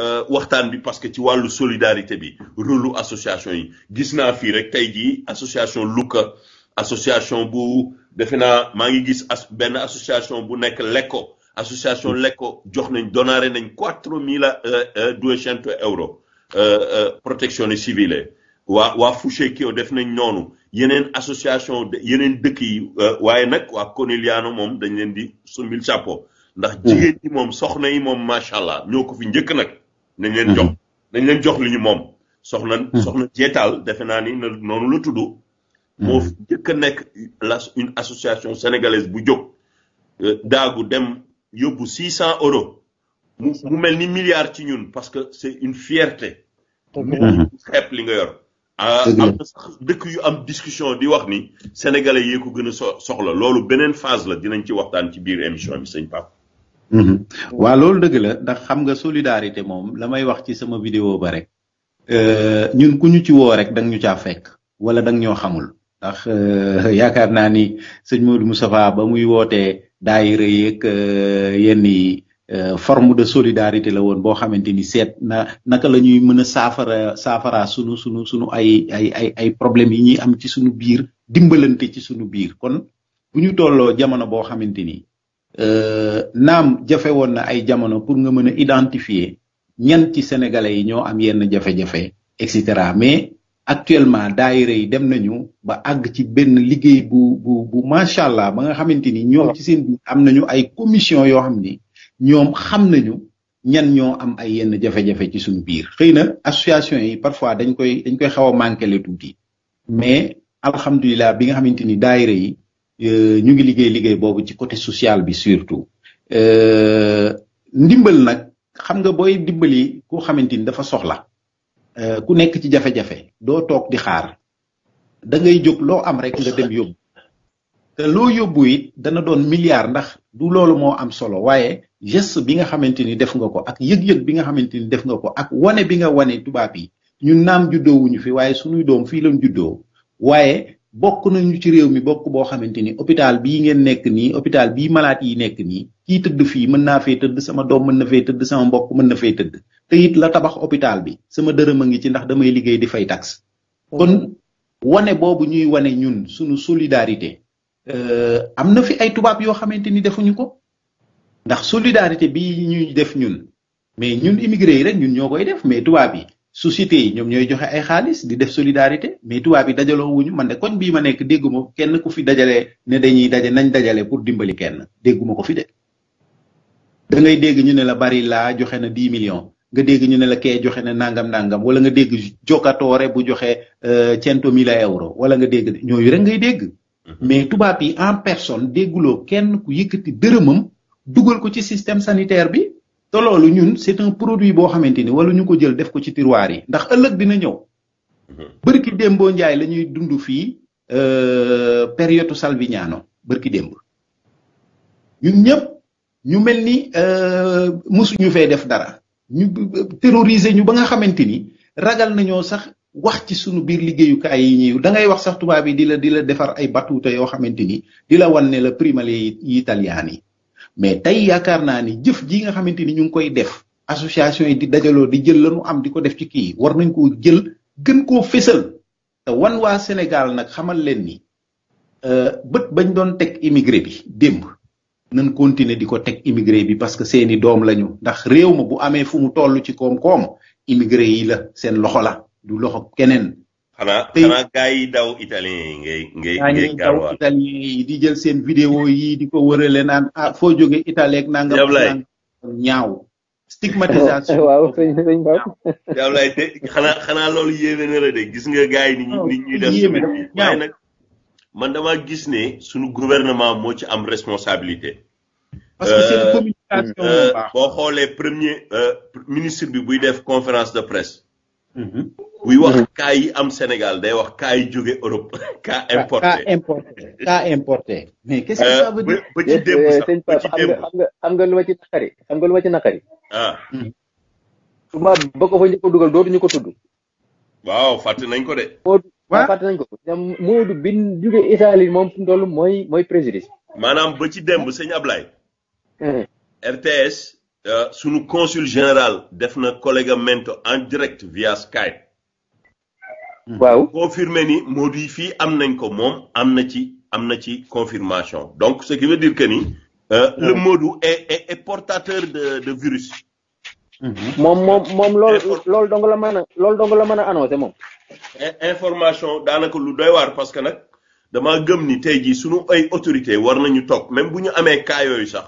S1: Euh, parce que vois la solidarité bi rôle association yi gis rek association Luka association bou, defe naa association bu association jox nañ euh, euh, euro protection civile waa waa def nañ association yeneen dëkk yi waaye nag waa coniliano moom dañ di nañ leen jox nañ jox soxna a une association sénégalaise bu jóg. Euh, daagu euros. mu mu parce que c'est une fierté. xeeb li nga yor. Ah, am sax dëkk yu am discussion di wax ni sénégalais ko soxla phase la ci waxtaan ci biir émission bi Mhm. waa loolu dëgg la ndax xam nga solidarité moom la may wax ci sama
S2: vidéo ba rek euh, ñun ku ñu ci woo rek dang ñu caa fekk wala dang ñoo xamul ndax euh, *laughs* yaakaar naa ni sëñ Modou Moustapha ba muy wootee daayira yeeg euh, yenn yi forme de solidarité la woon boo xamante ni seet na naka la ñuy mën a saafara saafara sunu sunu sunu ay ay ay ay problèmes yi ñuy am ci sunu biir dimbalante ci sunu biir kon bu ñu tolloo jamono boo xamante ni Euh, naam jafe woon na ay jamono pour nga mëna identifier ñan ci sénégalais yi ñoo am yenn jafé jafé etc mais actuellement daayira yi dem nañu ba ag ci benn liggéey bu bu bu macha allah ba nga xamanteni ni ñoom ci seen biir am nañu ay commission yoo xam ni ñoom xam nañu ñan ñoo am ay yenn jafe-jafe ci suñu biir xëy na association yi parfois dañ koy dañ koy xaw a manqué le tuuti mais alhamdulilah bi nga xamanteni ni daayira yi Euh, ñu ngi liggéey liggéey boobu ci côté social bi surtout euh, ndimbal nag xam nga booy dimbali koo xamante ni dafa soxla euh, ku nekk ci jafe-jafe doo toog di xaar da ngay jóg loo am rek nga dem yóbbu te loo yóbbu it dana doon milliard ndax du loolu moo am solo waaye geste bi nga xamante ni def nga ko ak yëg-yëg bi nga xamante ni def nga ko ak wane bi nga wane tubaab yi ñun naam juddoowuñu fi waaye sunuy doom fii lañ juddoo waaye bokk nañu ci réew mi bokk boo xamante ni hôpital bii ngeen nekk nii hôpital bii malaat yi nekk nii kii tëdd fii mën naa fee tëdd sama doom mën na fee tëdd sama mbokk mën na fee tëdd te it la tabax hôpital bi sama dërëm a ngi ci ndax damay liggéey di fay tax oh. kon wane boobu ñuy wane ñun suñu solidarité euh, am na fi ay tubaab yoo xamante ni defuñu ko ndax solidarité bi ñuy def ñun mais ñun immigré yi rek ñun ñoo koy def mais tubaab yi société yi ñoom ñooy joxe ay xaalis di def solidarité mais tubaab yi dajaloo wuñu man de koñ bii ma nekk dégguma kenn ku fi dajale ne dañuy daje nañ dajale pour dimbali kenn dégguma ko fi de. da ngay dégg ñu ne la bari laa joxe na dix millions nga dégg ñu ne la kee joxe na nangam nangam wala nga dégg jokkatoore bu joxe euh, cento mille euros wala nga dégg ñooyu rek ngay dégg. Mm-hmm. mais tubaab yi en personne dégguloo kenn ku yikk yëkkati dërëmam dugal ko ci système sanitaire bi. te loolu ñun c'est un produit boo xamante ni wala ñu ko jël def ko ci tiroir yi ndax ëllëg dina ñëw mm-hmm. bërki démboo njaay la ñuy dund fii euh, période salvignano bërki démb ñun ñëpp ñu mel ni euh, mosuñu fee def dara ñu terroriser ñu ba nga xamante ni ragal nañoo sax wax ci sunu biir liggéeyukaay yi ñëw da ngay wax sax tubaab yi di la di defar ay batuuta yoo xamante ni di la wan ne la primale yi mais tey yaakaar naa ni jëf ji nga xamante ni ñu ngi koy def association yi di dajaloo di jël lañu am di ko def ci kii war nañ koo jël gën koo fésal te wan waa Sénégal nag xamal leen ni euh, bët bañ doon teg immigré bi démb nañ continuer di ko teg immigré bi parce que seeni doom lañu ndax réew ma bu amee fu mu toll ci koom-koom yii la seen loxo la du loxo keneen xanaa xanaa gars yi daw italien ngay ngay ngay gaawaat italien yi di jël seen vidéo yi di ko wërale naan ah foo jóge italien nangam nangam ñaaw stigmatisation *laughs* waaw sëñ sëñ Ba.
S1: yow lay te xanaa xanaa loolu yéeme na la de gis nga gars yi ni ñuy ñuy def semaine bi waaye man dama gis ne suñu gouvernement moo ci am responsabilité.
S4: parce que c'est euh, communication
S1: euh, boo xoolee premier euh, ministre bi buy def conférence de presse buy mhm. wax mhm. kay am Sénégal day wax kay yi Europe *laughs* ka
S2: importé ka importé ka importé. mais qu'est-ce que euh, ça veut dire ba ci démb sa ba ci xam
S3: nga lu ma ci naqari xam nga lu ma ci nakari ah. Hmm. suma ba ko fa njëkk duggal dugal dootuñu ko tudd.
S1: waaw faté nañ ko dé
S3: Moodu faté nañ ko ñoom Moodu bi jóge Italie moom fi moy toll mooy ba
S1: ci démb sëñ Ablaye. Eh. RTS. Euh, sunu consul général def na mento en direct via Skype. Hmm. waaw confirmé ni Modou fii am nañ ko moom am na ci am na ci confirmation donc ce qui veut dire que ni. Euh, hmm. le modu est est portateur de de virus. Hmm. moom moom moom loolu
S3: loolu dong la mën a loolu dong la mën a annoncé moom.
S1: information daanaka lu doy waar parce que nag dama gëm ni tey jii sunu ay autorité war nañu toog même bu ñu amee cas yooyu sax.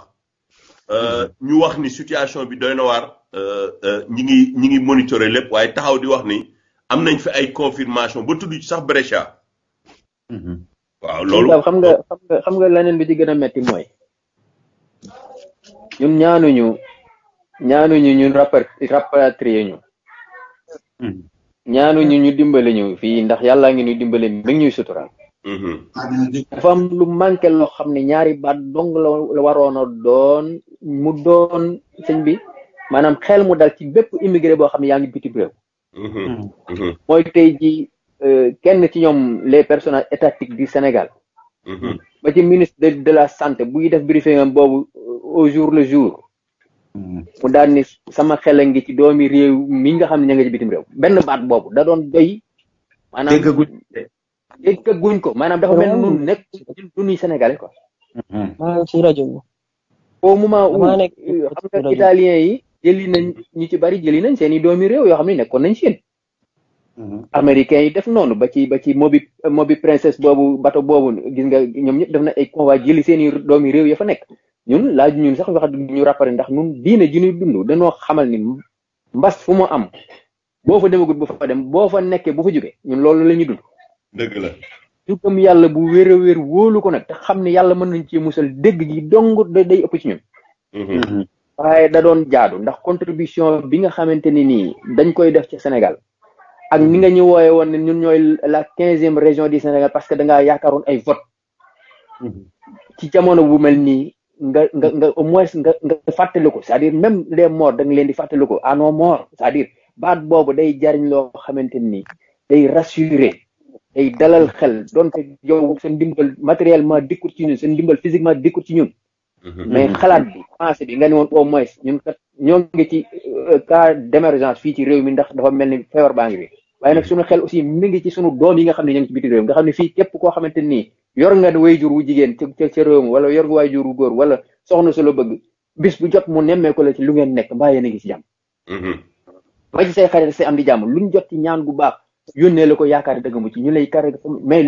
S1: Euh, ñu wax ni situation bi doy na waar euh, euh, ñi ngi ñi ngi monitorer lépp waaye taxaw di wax ni am nañ fi ay confirmation ba tudd sax Brescia.
S3: Mhm. waaw loolu xam nga xam nga xam nga leneen bi ci gën a metti mooy ñun ñaanuñu ñaanuñu ñun rapatrier ñu mhm. ñaanuñu ñu ñu dimbali ñu fii ndax yàllaa ngi ñuy dimbali mi ngi ñuy sutural
S4: dafa mm-hmm.
S3: fam lu manke lo xamni ñaari baat dong la waroon a doon mu doon señ bi manam xel mu dal ci bepp immigré bo xamni yaangi yaa rew hmm
S4: réew mm-hmm. Mm. Mm-hmm.
S3: mooy tey ji euh, kenn ci ñom les personnages étatiques du Sénégal ba ci ministre de de la santé buy def briefing am bobu euh, au jour le jour mm. mu dal ni sama xel a ngi ci doomi rew mi nga xamni ñanga ci bitim rew benn baat bobu da doon doy manam déggaguñ ko maanaam dafa mel nun nekk dunuy sénégalais quoi eh, hmm. maanaam si rajo au moment où eh,
S4: xam nga italien
S3: yi jëli nañ bari jëli nañ seeni doomi réew yoo xam ne nekkoon nañ seen hmm. américain yi def noonu ba ci mobi mobi eh, princesse boobu bato boobu gis nga ñoom ñëpp def na ay convoi jëli seeni doomi réew ya fa nekk ñun laaj ñun sax wax ñu rappare ndax ñun diine ji ñuy dund dañoo xamal ni mbas fu mu am boo fa demagut bu fa dem boo fa nekkee bu fa jógee ñun loolu la dëgg la. yàlla bu wér a wér wóolu ko nag te xam ne yàlla mën nañ ci musal dégg gi dong day ëpp ci ñun. Mm-hmm. Mm-hmm. waaye da doon jaadu ndax contribution bi nga xamante ni nii dañ koy def ci Sénégal ak ni nga ñu wooye woon ne ñun ñooy la quinzième région du Sénégal parce que da ngaa ay vote mm-hmm. ci jamono bu mel nii nga nga nga au moins nga nga fàttali ko cest dire même les morts da nga leen di fàttali ko à nos morts c'est-à-dire baat boobu day jariñ loo xamante ni day rassurer. day dalal xel donte yow seen ndimbal matériellement dikkut ci ñun seen ndimbal physiquement dikkut ci ñun.
S4: Mhm. mais mhm. xalaat
S3: bi pensée bi nga ne woon au moins ñun kat ñoo ngi ci ka euh, cas d'émergence fii ci réew mi ndax dafa mel ni feebar baa ngi waaye nag sunu xel aussi mi ngi ci sunu doom yi nga xam ne ñoo ngi ci biti réew mi nga xam ne fii képp koo xamante nii yor nga wayjur wu jigéen ca ca réew mi wala yor nga wayjur wu góor wala soxna su la bëgg bis bu jot mu nemmee ko la ci lu ngeen nekk mbaa yéen ngi ci jàmm. Mhm. ba ci ñaan gu baax yónnee la ko yaakaar dëgg mu ci ñu lay carré mais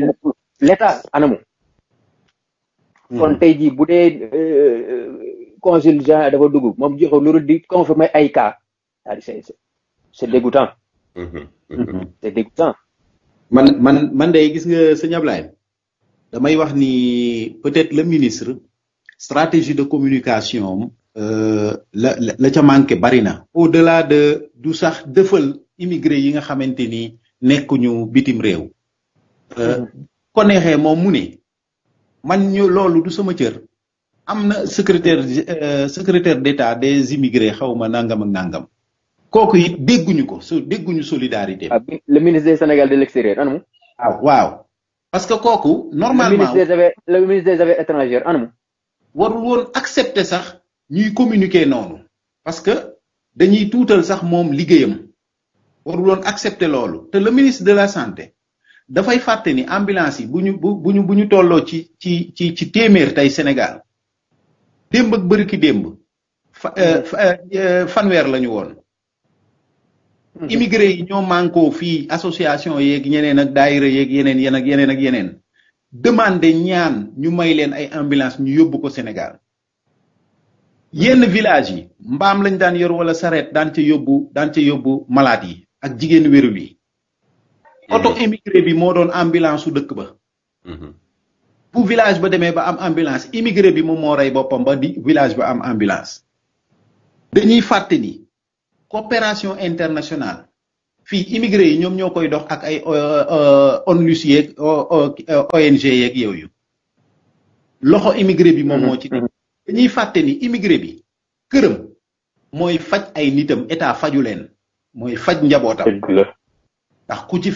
S3: l'état anamu hmm. kon tey jii bu dee euh, euh, consul gen dafa dugg moom joxe lu di confirmer ay cas daal c'est
S2: c'est dégoûtant hmm. Hmm. c'est dégoûtant man man man day gis nga sëñ Ablaye damay wax ni peut-être le ministre stratégie de communication euh, la la ca manqué bari na au delà de du sax dëfal immigré yi nga xamante ni nekkuñu bitim réew. Euh, hmm. ko neexee moom mu ne man ñu loolu du sama cër am na secrétaire euh, secrétaire d'État des immigrés xaw ma nangam ak nangam kooku it dégguñu ko su dégguñu solidarité. ah le ministre des Sénégal de l'extérieur anamu. Ah, waaw parce que kooku. normalement
S3: le ministre des affaires étrangères anamu.
S2: warul woon accepter sax ñuy communiquer noonu parce que dañuy tuutal sax moom liggéeyam. warulon accepter lolu te le ministre de la santé fay faté ni ambulance yi buñu buñu buñu tolo ci ci ci ci téeméer Sénégal demb ak bëri ki demb euh, mm-hmm. euh, euh, fanwer lañu won mm-hmm. immigré yi ñoo manko fi association yeeg ñeneen ak daayira yeeg yeneen yeneen ak yeneen ak yeneen demandé ñaan ñu may leen ay ambulance ñu yobbu ko Sénégal. Mm-hmm. yenn village yi mbam lañ daan yor wala saret daan ci yobbu daan ci yobbu malade ak jigen wëru bi auto immigré bi mo doon ambulance su dëkk ba mm-hmm. bu village ba démé ba am ambulance immigré bi mo mo ray bopam ba di village ba am ambulance dañuy faté ni coopération internationale fi immigré ñom ñokoy dox ak ay euh, euh, onlus yeeg ong yow yu loxo immigré bi moom mo ci mm-hmm. dañuy faté ni immigré bi kërëm moy faj ay nitam état moy faj njabotam ndax ku ci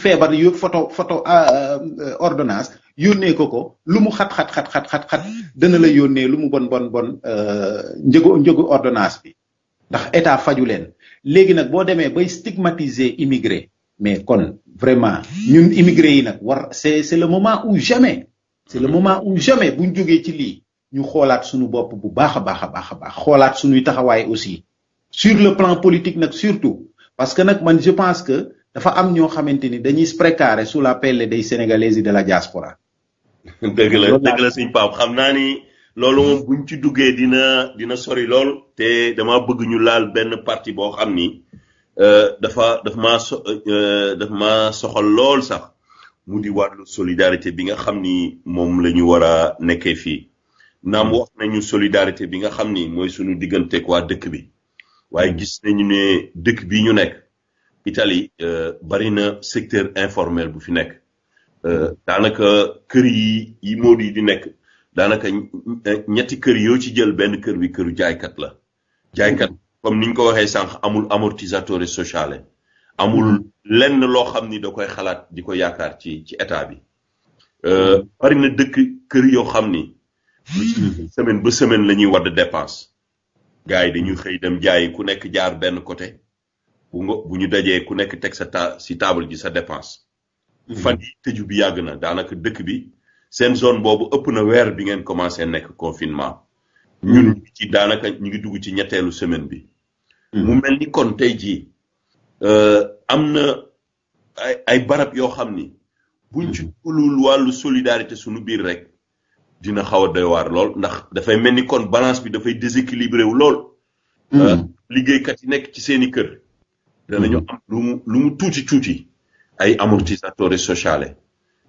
S2: photo photo ah, euh, euh, ordonnance il bon bon bon euh, ordonnance bi ndax faju bo bay stigmatiser mais kon vraiment ñun immigré yi c'est le moment où jamais c'est le moment où jamais buñ ci ñu suñu bu aussi sur le plan politique surtout parce que nag man je pense que dafa am ñoo xamante ni dañuy se su la pelle des sénégalais yi de la diaspora.
S1: *laughs* dëgg la dëgg suñu Pape xam naa ni loolu moom ñu ci duggee dina dina sori lool. te dama bëgg ñu laal benn partie boo xam ni euh, dafa dafa maa so euh, euh, dafa maa soxal lool sax mu di wàllu solidarité bi nga xam ni moom la ñu war a nekkee fii naam hmm. wax nañu solidarité bi nga xam ni mooy suñu digganteeg waa dëkk bi. waaye hmm. gis nañu ne dëkk bi ñu nekk Italie euh, bari na secteur informel bu fi nekk euh, hmm. daanaka kër yi yi mood yi di nekk daanaka ñetti kër yoo ci jël benn kër bi këru jaaykat la jaaykat comme niñ ko waxee sànq amul amortizzatore sociale amul hmm. lenn loo xam ni da koy xalaat di ko yaakaar ci ci état bi euh, bari na dëkk kër yoo xam ni semaine ba semaine la ñuy wadd dépense gaay dañuy xëy dem jaay ku nekk jaar benn côté bu nga bu ñu dajee ku nekk teg sa ta si table ji sa dépense mhm. fan yi tëju bi yàgg na daanaka dëkk bi seen zone boobu ëpp na weer bi ngeen commencé nekk confinement mhm. ñun ci daanaka ñu ngi dugg ci ñetteelu semaine bi mhm. mu mel ni kon tey jii euh, am na ay ay barab yoo xam ni buñ ci wàllu solidarité sunu biir rek dina xaw a doy waar lool ndax dafay mel ni kon balance bi dafay déséquilibré wu lool. Hmm. Euh, liggéeykat yi nekk ci seeni kër. danañu hmm. am lu mu lu mu tuuti tuuti ay amortisateur sociale.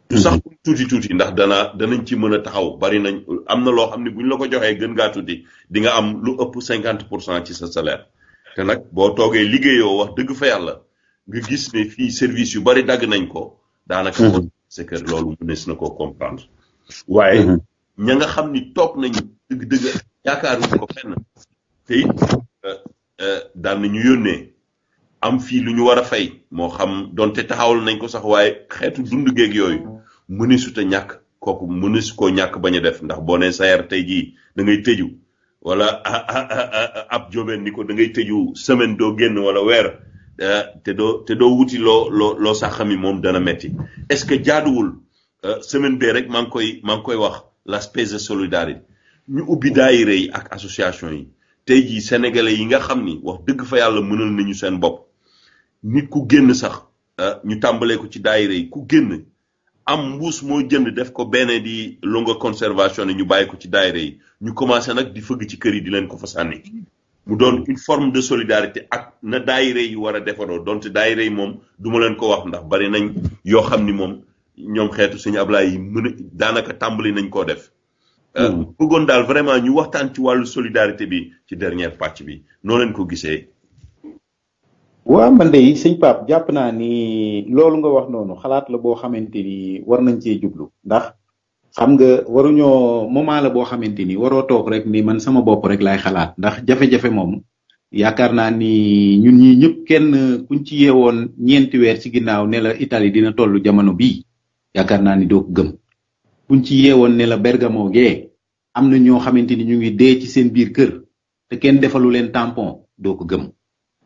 S1: du hmm. sax lu mu tuuti tuuti ndax dana danañ ci mën a taxaw bari nañ am na loo xam ne buñ la ko joxee gën ngaa tuuti di nga am lu ëpp 50 pour cent ci sa salaire. te nag boo toogee liggéeyoo wax dëgg fa yàlla nga gis ne fii service yu bari dagg nañ ko. daanaka c'est que loolu mënees na ko comprendre. waaye ña nga xam ni toog nañu dëgg dëgg yaakaaruñ ko fenn te it euh, euh, daan nañu yónnee am fii lu ñu war a fay moo xam donte taxawal nañ ko sax waaye xeetu dund geeg yooyu mëneesut ñak ñàkk kooku mënees koo ñàkk bañ a def ndax boo nee sayer tey jii da ngay tëju wala *laughs* ah, ah, ah, ab jobeen ni ko da ngay tëju semaine doo génn wala wer euh, te doo te doo wuti loo loo loo saxami moom dana metti est ce que jaaduwul semaine bee rek maa koy maa koy wax la space de solidarité ñu ubbi daayira yi ak association yi tey jii sénégalais yi nga xam ni wax dëgg fa yàlla mënal nañu seen bopp nit ku génn sax ah, ñu tàmbalee ko ci daayira yi ku génn am mbuus moo jënd def ko benn di longue conservation ne ñu bàyyi ko ci daayira yi ñu commencé nag di fëgg ci kër yi di leen ko fa sànni mu doon une forme de solidarité ak na daayira yi war a defaroo donte daayira yi moom duma leen ko wax ndax bari nañ yoo xam ni moom ñom xéetu suñu ablaay yi mën daanaka tàmbali nañ ko def euh, hmm. bëggoon daal vraiment ñu waxtaan ci wàllu solidarité bi ci dernière pàcc bi noo leen ko gisee
S2: waa man de sëñ pap jàpp naa ni loolu nga wax noonu xalaat la boo xamante ni war nañ cee jublu ndax xam nga waruñoo moment la boo xamante ni waroo toog rek ni man sama bopp rek lay xalaat ndax jafe-jafe moom yaakaar naa ni ñun ñi ñëpp kenn kuñ ci yewoon ñeenti weer ci ginnaaw ne la italie dina toll jamono bii yaakaar naa ni doo ko gëm buñ ci yeewoon ne la bergamo gee am na ñoo xamante ni ñu ngi dee ci seen biir kër te kenn defalu leen tampon doo ko gëm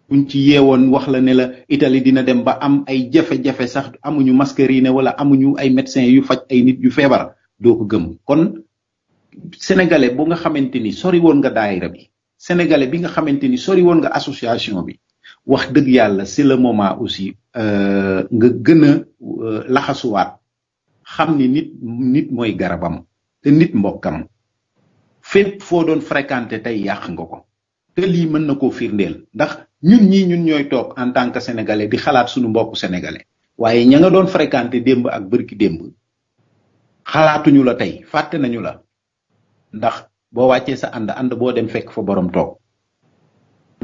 S2: buñ ci yeewoon wax la ne la Italie dina dem ba am ay jafe-jafe sax amuñu mascarine wala amuñu ay médecin yu faj ay nit yu feebar doo ko gëm kon sénégalais bo nga xamante ni sori woon nga daayira bi sénégalais bi nga xamante ni sori woon nga association bi wax dëgg yàlla si le moment aussi euh, nga gën a euh, laxasuwaat xam ni nit nit moy garabam te nit mbokam fepp fo doon fréquenter tay yak nga ko te li meun nako firndel ndax ñun ñi ñun ñoy tok en tant que sénégalais di xalaat suñu mbokk sénégalais waye ña nga doon fréquenter demb ak bërki démb xalaatuñu la tay faté nañu la ndax bo wacce sa and and bo dem fekk fa borom tok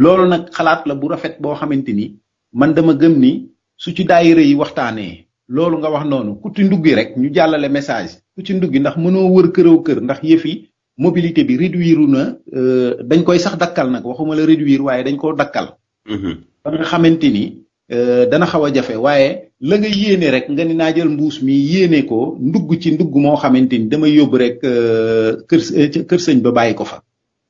S2: lolu nak xalaat la bu rafet bo xamanteni man dama gëm ni su ci daayira yi waxtane loolu nga wax noonu kuti ci nduggi rek ñu jàllale message ku ci nduggi ndax mënoo wër këraw kër ndax yëf yi mobilité bi réduire na euh, dañ koy sax dakkal nag waxuma la réduire waaye dañ koo dakkal. Mm-hmm. ba nga xamante ni euh, dana xaw a jafe waaye la nga yéene rek nga ni naa jël mbuus mi yéene ko ndugg ci ndugg moo xamante ni damay yóbbu rek euh, kër kër sëñ ba bàyyi ko fa.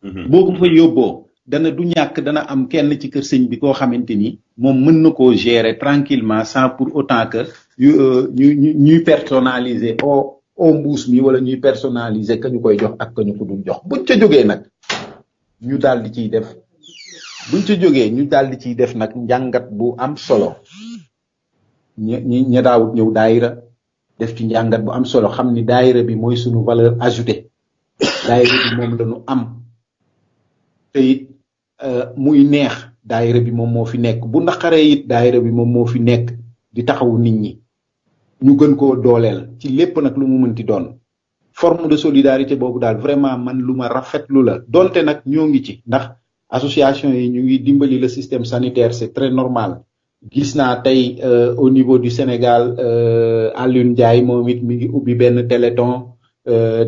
S2: Mm-hmm. boo ko fa yóbboo. dana du ñàkk dana am kenn ci kër sëñ bi koo xamante ni moom mën na koo gérer tranquillement sans pour autant que ñu euh, ñu ñuy personnaliser o o mbuus mi wala ñu personnaliser ka ñu koy jox ak ka ñu ko dul jox buñ ca jogee nag ñu daal di ciy def buñ ca jógee ñu daal di ciy def nag njàngat bu am solo ña ña daawut ñëw daayira def ci njàngat bu am solo xam ni daayira bi mooy sunu valeur ajouté daayira bi moom la ñu am te Euh, muy neex daayira bi moom moo fi nekk bu naqaree it daayira bi moom moo fi nekk di taxawu nit ñi ñu gën ko dooleel ci lépp nag lu mu mënti doon forme de solidarité boobu daal vraiment man lu ma rafetlu la donte nag ñoo ngi ci ndax association yi ñu ngi dimbali le système sanitaire c'est très normal gis naa tey euh, au niveau du Sénégal euh, Alioune Ndiaye moom it mi ngi ubbi benn téléthon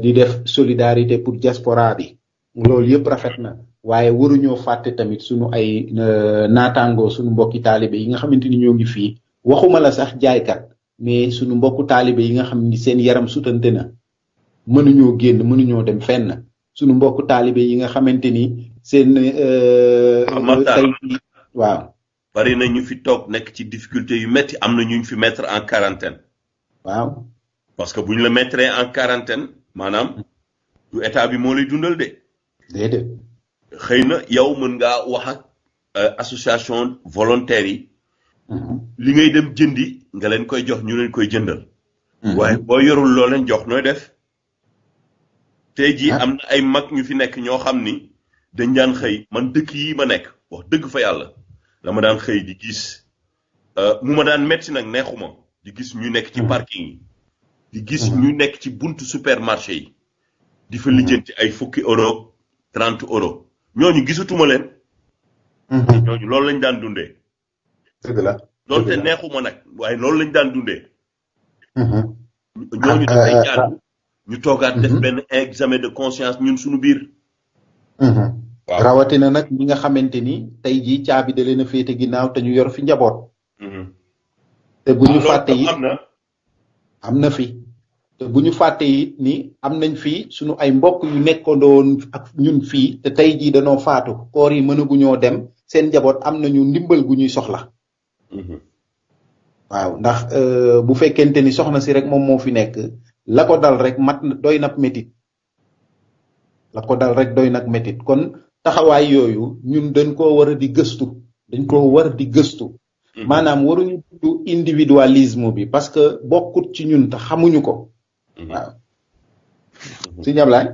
S2: di def solidarité pour diaspora bi loolu yëpp rafet na waaye waruñoo fàtte tamit sunu ay euh, naataangoo sunu mbokki taalibe yi nga xamante ni ñoo ngi fii waxuma la sax jaaykat mais sunu mbokku taalibe yi nga xam ni seen yaram sutante na mënuñoo génn mënuñoo dem fenn sunu mbokku taalibe yi nga xamante ni seen. say euh,
S1: waaw. na ñu fi toog nekk ci difficulté yu métti am na ñu fi mettre en quarantaine waaw. parce que bu ñu la mettre en quarantaine maanaam du état bi moo lay dundal de. déedéet. xëy na yow mën ngaa wax ak euh, association volontaire yi mhm. li ngay dem jëndi nga leen koy jox ñu leen koy jëndal mhm. waaye boo yorul loo leen jox nooy def tey jii ah. am na ay mag ñu fi nekk ñoo xam ni dañ daan xëy man dëkk yi ma nekk wax dëgg fa yàlla la ma daan xëy di gis euh, mu ma daan metti nag neexuma di gis ñu nekk ci mhm. parking yi di gis ñu nekk ci buntu supermarché yi di fa lijjanti ay fukki euro 30 euro ñooñu gisatuma leen. Mhm. ñooñu loolu lañ daan dundee. dëgg la doonte neexuma nag waaye loolu lañ daan dundee. Mhm. ñooñu ah, dafay ah, jaadu ah. ñu toogaat def mhm. benn examen de conscience ñun suñu biir. waaw
S2: rawatina nag ñi nga xamante ni tey jii caabi da leen a féete ginnaaw te yor fi njaboot. te bu ñu fàtte yi na am na fi. te bu ñu fàtte it ni am nañ fi suñu ay mbokk yu nekkandoon ak ñun fii te tey jii danoo faatu koor yi mënaguñoo dem seen njaboot am nañu ndimbal gu ñuy soxla mhm. waaw ndax euh, bu fekkente ni soxna si rek moom moo fi nekk la ko dal rek mat doy nag métit la ko dal rek doy nag métit kon taxawaay yooyu ñun dañ koo war a di gëstu dañ ko war di gëstu mhm. maanaam waruñu tudd individualisme bi parce que bokkut ci ñun te xamuñu ko Mhm. waaw sëñ Ablaye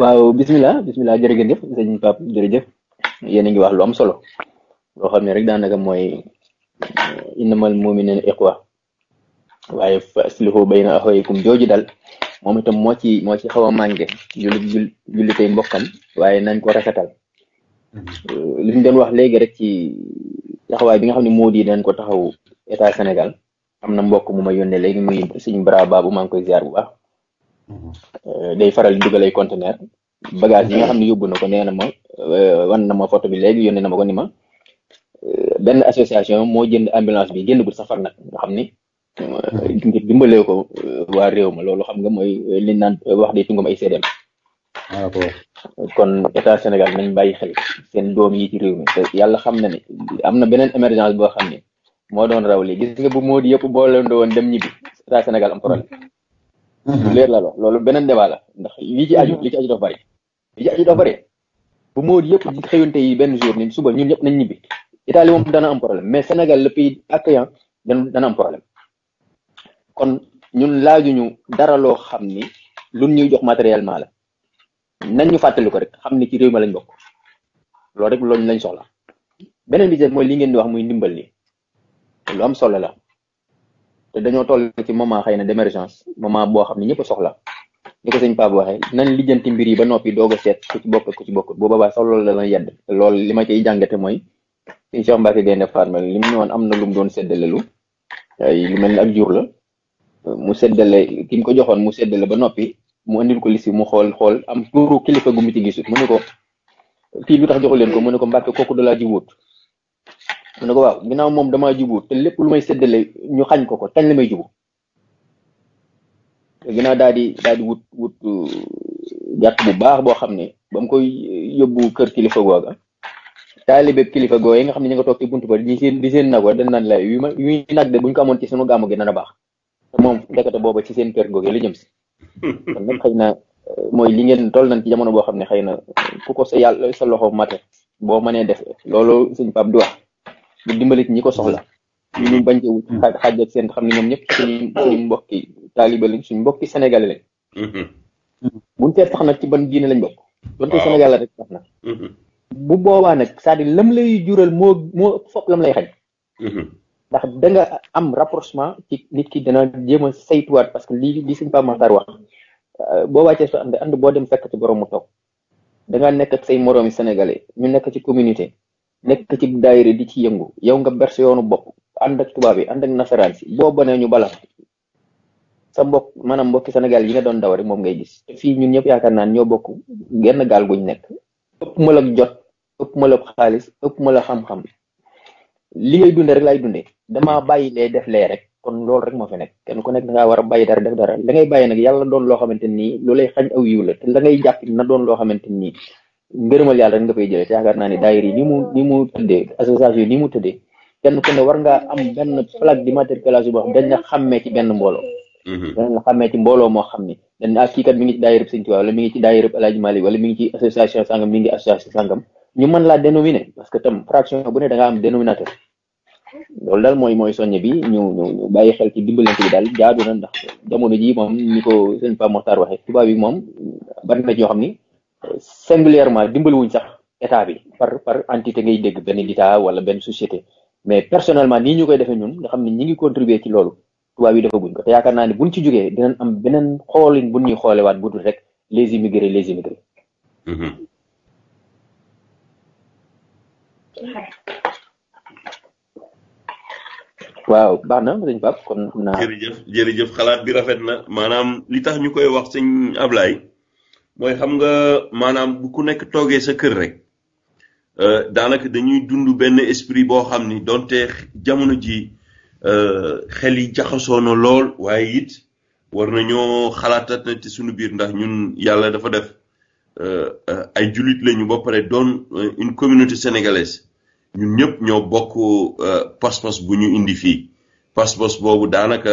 S2: waaw
S3: bisimilah bisimilah jërëjëf sëñ Pape jërëjëf yéen a ngi wax lu am solo loo xam ne rek daanaka mooy eh, innamal mu'minina ikhwa waaye faslihu bayna axawaykum jooju dal moom itam moo ci moo ci xaw a manqué jullit jullitay mbokkam waaye nañ ko rafetal mhm. eh, liñ ñu wax léegi rek ci taxawaay bi nga xam ne moo di dañ ko taxaw état Sénégal xam na mbokk mu ma yónnee léegi muy suñu bara baabu maa ngi koy ziar bu baax. Mhm. day faral di dugal ay bagage yi nga xam ne yóbbu na ko nee na ma euh, wan na ma photo bi léegi yónnee na ma ko ni ma euh, benn association moo jënd ambulance bi jënd gul safar nag nga xam ni
S1: mhm. ngir
S3: dimbalee ko euh, waa réew ma loolu xam nga mooy li naan wax day tungam ay seedeem ah, kon état Sénégal nañ bàyyi xel seen doom yi réew mi te yàlla xam na ne am na beneen émergence boo xam ne moo doon raw li gis nga bu Modou yëpp boole woon dem ñibbi état Sénégal am problème. Mm-hmm. leer la loolu beneen débat la ndax lii ci aju lii ci aju dafa bëri. lii ci aju dafa bëri bu Modou yëpp di xëyante yi benn jour ni suba ñun ñëpp nañ ñibbi Italie moom dana am problème mais Sénégal le pays accueillant dana am problème kon ñun ñu dara loo xam ni lu ñuy jox matériellement la nañ ñu fàttali ko rek xam ni ci réew mi lañ bokk loolu rek loolu lañ soxla beneen bi ci mooy li ngeen di wax muy ndimbal nii. lu am solo la te dañoo toll ci moment xëy na d'émergence moment boo xam ne ñëpp soxla ni ko sëñ Pape waxee nañ lijjanti mbir yi ba noppi doog a seet ku ci bokk ku ci bokk bu boobaa sax loolu la la yedd loolu li ma ciy jàngate mooy Cheikh Mbacke li mu ñëwoon am na lu mu doon séddale lu ay lu mel ni ak jur la mu séddale kim ko joxoon mu séddale ba noppi mu andil ko lisi mu xool xool am turu kilifa gu mu ci gisut mu ne ko fii lu tax joxu leen ko mu ne ko Mbacke kooku da laa ji wut mu ko waaw ginnaaw moom damaa jubu te lépp lu may séddale ñu xañ ko ko tañ la may jubu te ginnaaw daal di daal wut wut uh, jàtt bu baax boo xam ne ba koy uh, yóbbu kër kilifa googa taalibe kilifa googa yi nga xam ne ñu nga toog ci buntu ba di seen di seen nagoo dañ naan la nag de buñ ko amoon ci sunu gàmmu gi a baax te moom ndekete booba ci seen kër googe la jëm si *laughs* kon nag xëy na uh, mooy li ngeen toll ci jamono boo xam ne xëy na ku ko sa yàlla sa loxo mate boo mënee def loolu suñ pap di wax di dimbalik ñi ko soxla ñu bañ ci wut hmm. xajj ak seen xamni ñom ñep ñëpp suñu mbokki taaliba lañ suñu mbokki sénégalais lañ hmm buñ té tax nak ci ban diiné lañ bokk donte sénégal la rek
S4: tax hmm
S3: bu boobaa nak sa di lam lay jural mo mo fop lam lay
S4: hmm
S3: ndax da nga am rapprochement ci nit ki dana jéem a wat parce que lii li pa pamatar wax euh, boo wàccee so ànd and bo dem fekk ci borom mu tok da nga nek ak say morom sénégalais ñu nek ci communauté nekk ci daayira di ci yëngu yow nga berse yoonu bokk ànd ak tubaab yi ànd ak nasaraan si boo bonee ñu bala sa mbok maanaam mbokki senegal yi nga doon daw moom ngay gis fii ñun ñëpp yaakaar naan ñoo bokk genn gaal guñ nekk ëpp ma jot ëpp ma la xaalis ëpp ma la xam-xam li ngay dunde rek laay dunde damaa bàyyi lee def lee rek kon loolu rek moo fi nekk kenn ku nekk da ngaa a bàyyi dara def dara la ngay bàyyi nag yàlla doon loo xamante nii lu lay xañ aw yiw na doon loo xamante nii ngërëmal yàlla rek nga fay jëlee te yaakaar naa ne daayira yi ni mu ni mu tëddee association yi ni mu tëddee kenn ku ne war am benn plaque d'immatriculation boo xam dañ la xàmmee ci benn mbooloo mhm. dañ la xàmmee ci mbooloo moo xam ne dañ ne ak ah, mi ngi ci daayirëb Sëñ wala mi ngi ci daayirëb El Hadj Malick wala mi ngi ci association sangam mi ngi association sangam ñu mën laa dénominer parce que tam fraction bu ne da am dénominateur loolu mooy mooy soññe bi ñu ñu ñu bàyyi xel ci dimbalante daal jaadu na ndax jamono ji moom ni ko sëñ Pa Moxtaar waxee tubaab moom bari ni singulièrement wuñ sax état bi par par entité ngay dégg ben état wala ben société mais personnellement ni ñu koy défé ñun nga xamni ñi ngi contribuer ci lolu tuba tubaab dafa buñ ko te yaakaar naa ne buñ ci juggé dinañ am benen xoolin bu ñuy xoolewaat bu dul rek les immigrés les immigrés. Mm-hmm. waaw baax na sëñ Pape kon xam naa. jërëjëf
S1: jërëjëf xalaat bi rafet na maanaam li tax ñu koy wax sëñ Ablaye. mooy xam nga maanaam bu ku nekk toogee sa kër rek euh, daanaka dañuy dund benn esprit boo xam ni donte jamono ji euh, xel yi jaxasoo na lool waaye it war nañoo xalaatat na ci suñu biir ndax ñun yàlla dafa def euh, ay julit lañu ba pare doon une communauté sénégalaise ñun ñëpp ñoo bokk pas-pas bu ñu indi fii pas boobu daanaka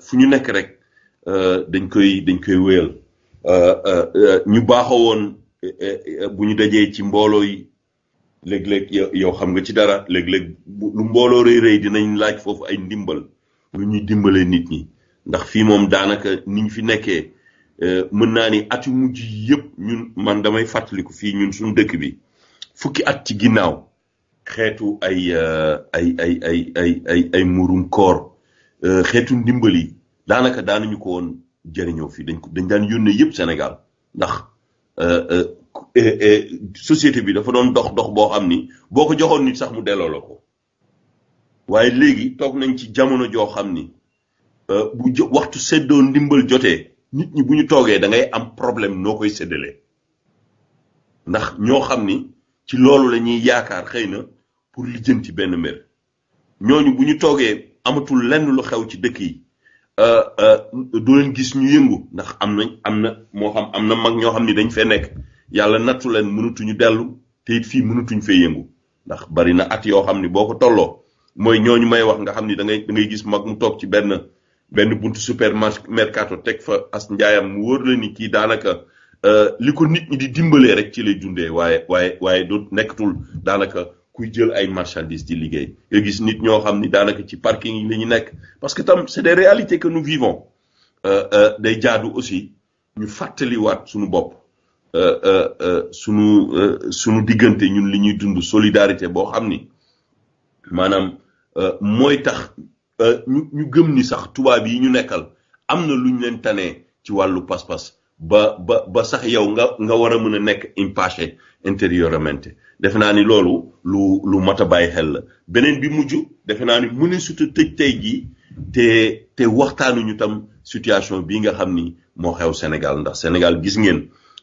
S1: fu ñu nekk rek dañ koy dañ koy wéyal. Euh, euh, euh, ñu baaxoo woon eh, eh, eh, bu ñu dajee ci mbooloo yi léeg-léeg yow xam nga ci dara léeg-léeg lu mbooloo rey rëy dinañ laaj foofu ay ndimbal lu ñuy dimbalee nit ñi ndax fii moom daanaka ni ñu fi nekkee mën naa ni ati mujj yëpp ñun man damay fàttaliku fii ñun suñu dëkk bi fukki at ci ginnaaw xeetu ay ay ay ay ay ay ay murum koor xeetu ndimbal yi daanaka daanuñu ko woon. jëriñoo fi dañ ko dañ daan yónnee yëpp senegal ndax euh, euh, eh, eh, société bi dafa doon dox dox boo xam ni boo ko joxoon nit sax mu delloo la ko waaye léegi toog nañ ci jamono joo xam ni euh, bu waxtu séddoo ndimbal jotee nit ñi bu ñu toogee da ngay am problème noo koy séddalee ndax ñoo xam ni ci loolu lañuy yaakaar xëy na pour lijjanti benn mbir ñooñu bu ñu toogee amatul lenn lu xew ci dëkk yi. Euh, euh, doo leen gis ñu yëngu ndax am nañ am na moo xam am na mag ñoo xam ni dañ fee nekk yàlla nattu leen mënatuñu dellu te it fii mënatuñ fee yëngu ndax bari na at yoo xam ni boo ko tolloo mooy ñoo ñu may wax nga xam ni da ngay da gis mag mu toog ci benn benn buntu supermercato teg fa as njaayam mu wóor la ni kii daanaka euh, li ko nit ñi di dimbalee rek ci lay dundee waaye waaye waaye du nekkatul daanaka. kuy jël ay marchandises di liggéey nga gis nit ñoo xam ni daanaka ci parking yi la ñu nekk parce que tam c'est des réalités que nous vivons euh, euh, day jaadu aussi ñu fàttaliwaat suñu bopp euh, euh, euh, sunu suñu diggante ñun li ñuy dund solidarité boo xam ni maanaam mooy tax ñu ñu gëm ni sax tubaab yi ñu nekkal am na lu ñu leen tanee ci wàllu pas-pas ba ba ba sax yow nga nga war a mën a nekk impaché intérieurementé defe naa ni loolu lu lu mat a bàyyi xel la beneen bi mujj defe naa ni mënuñ surtout tëj tey jii te te waxtaanuñu tam situation bii nga xam ni moo xew Sénégal ndax Sénégal gis ngeen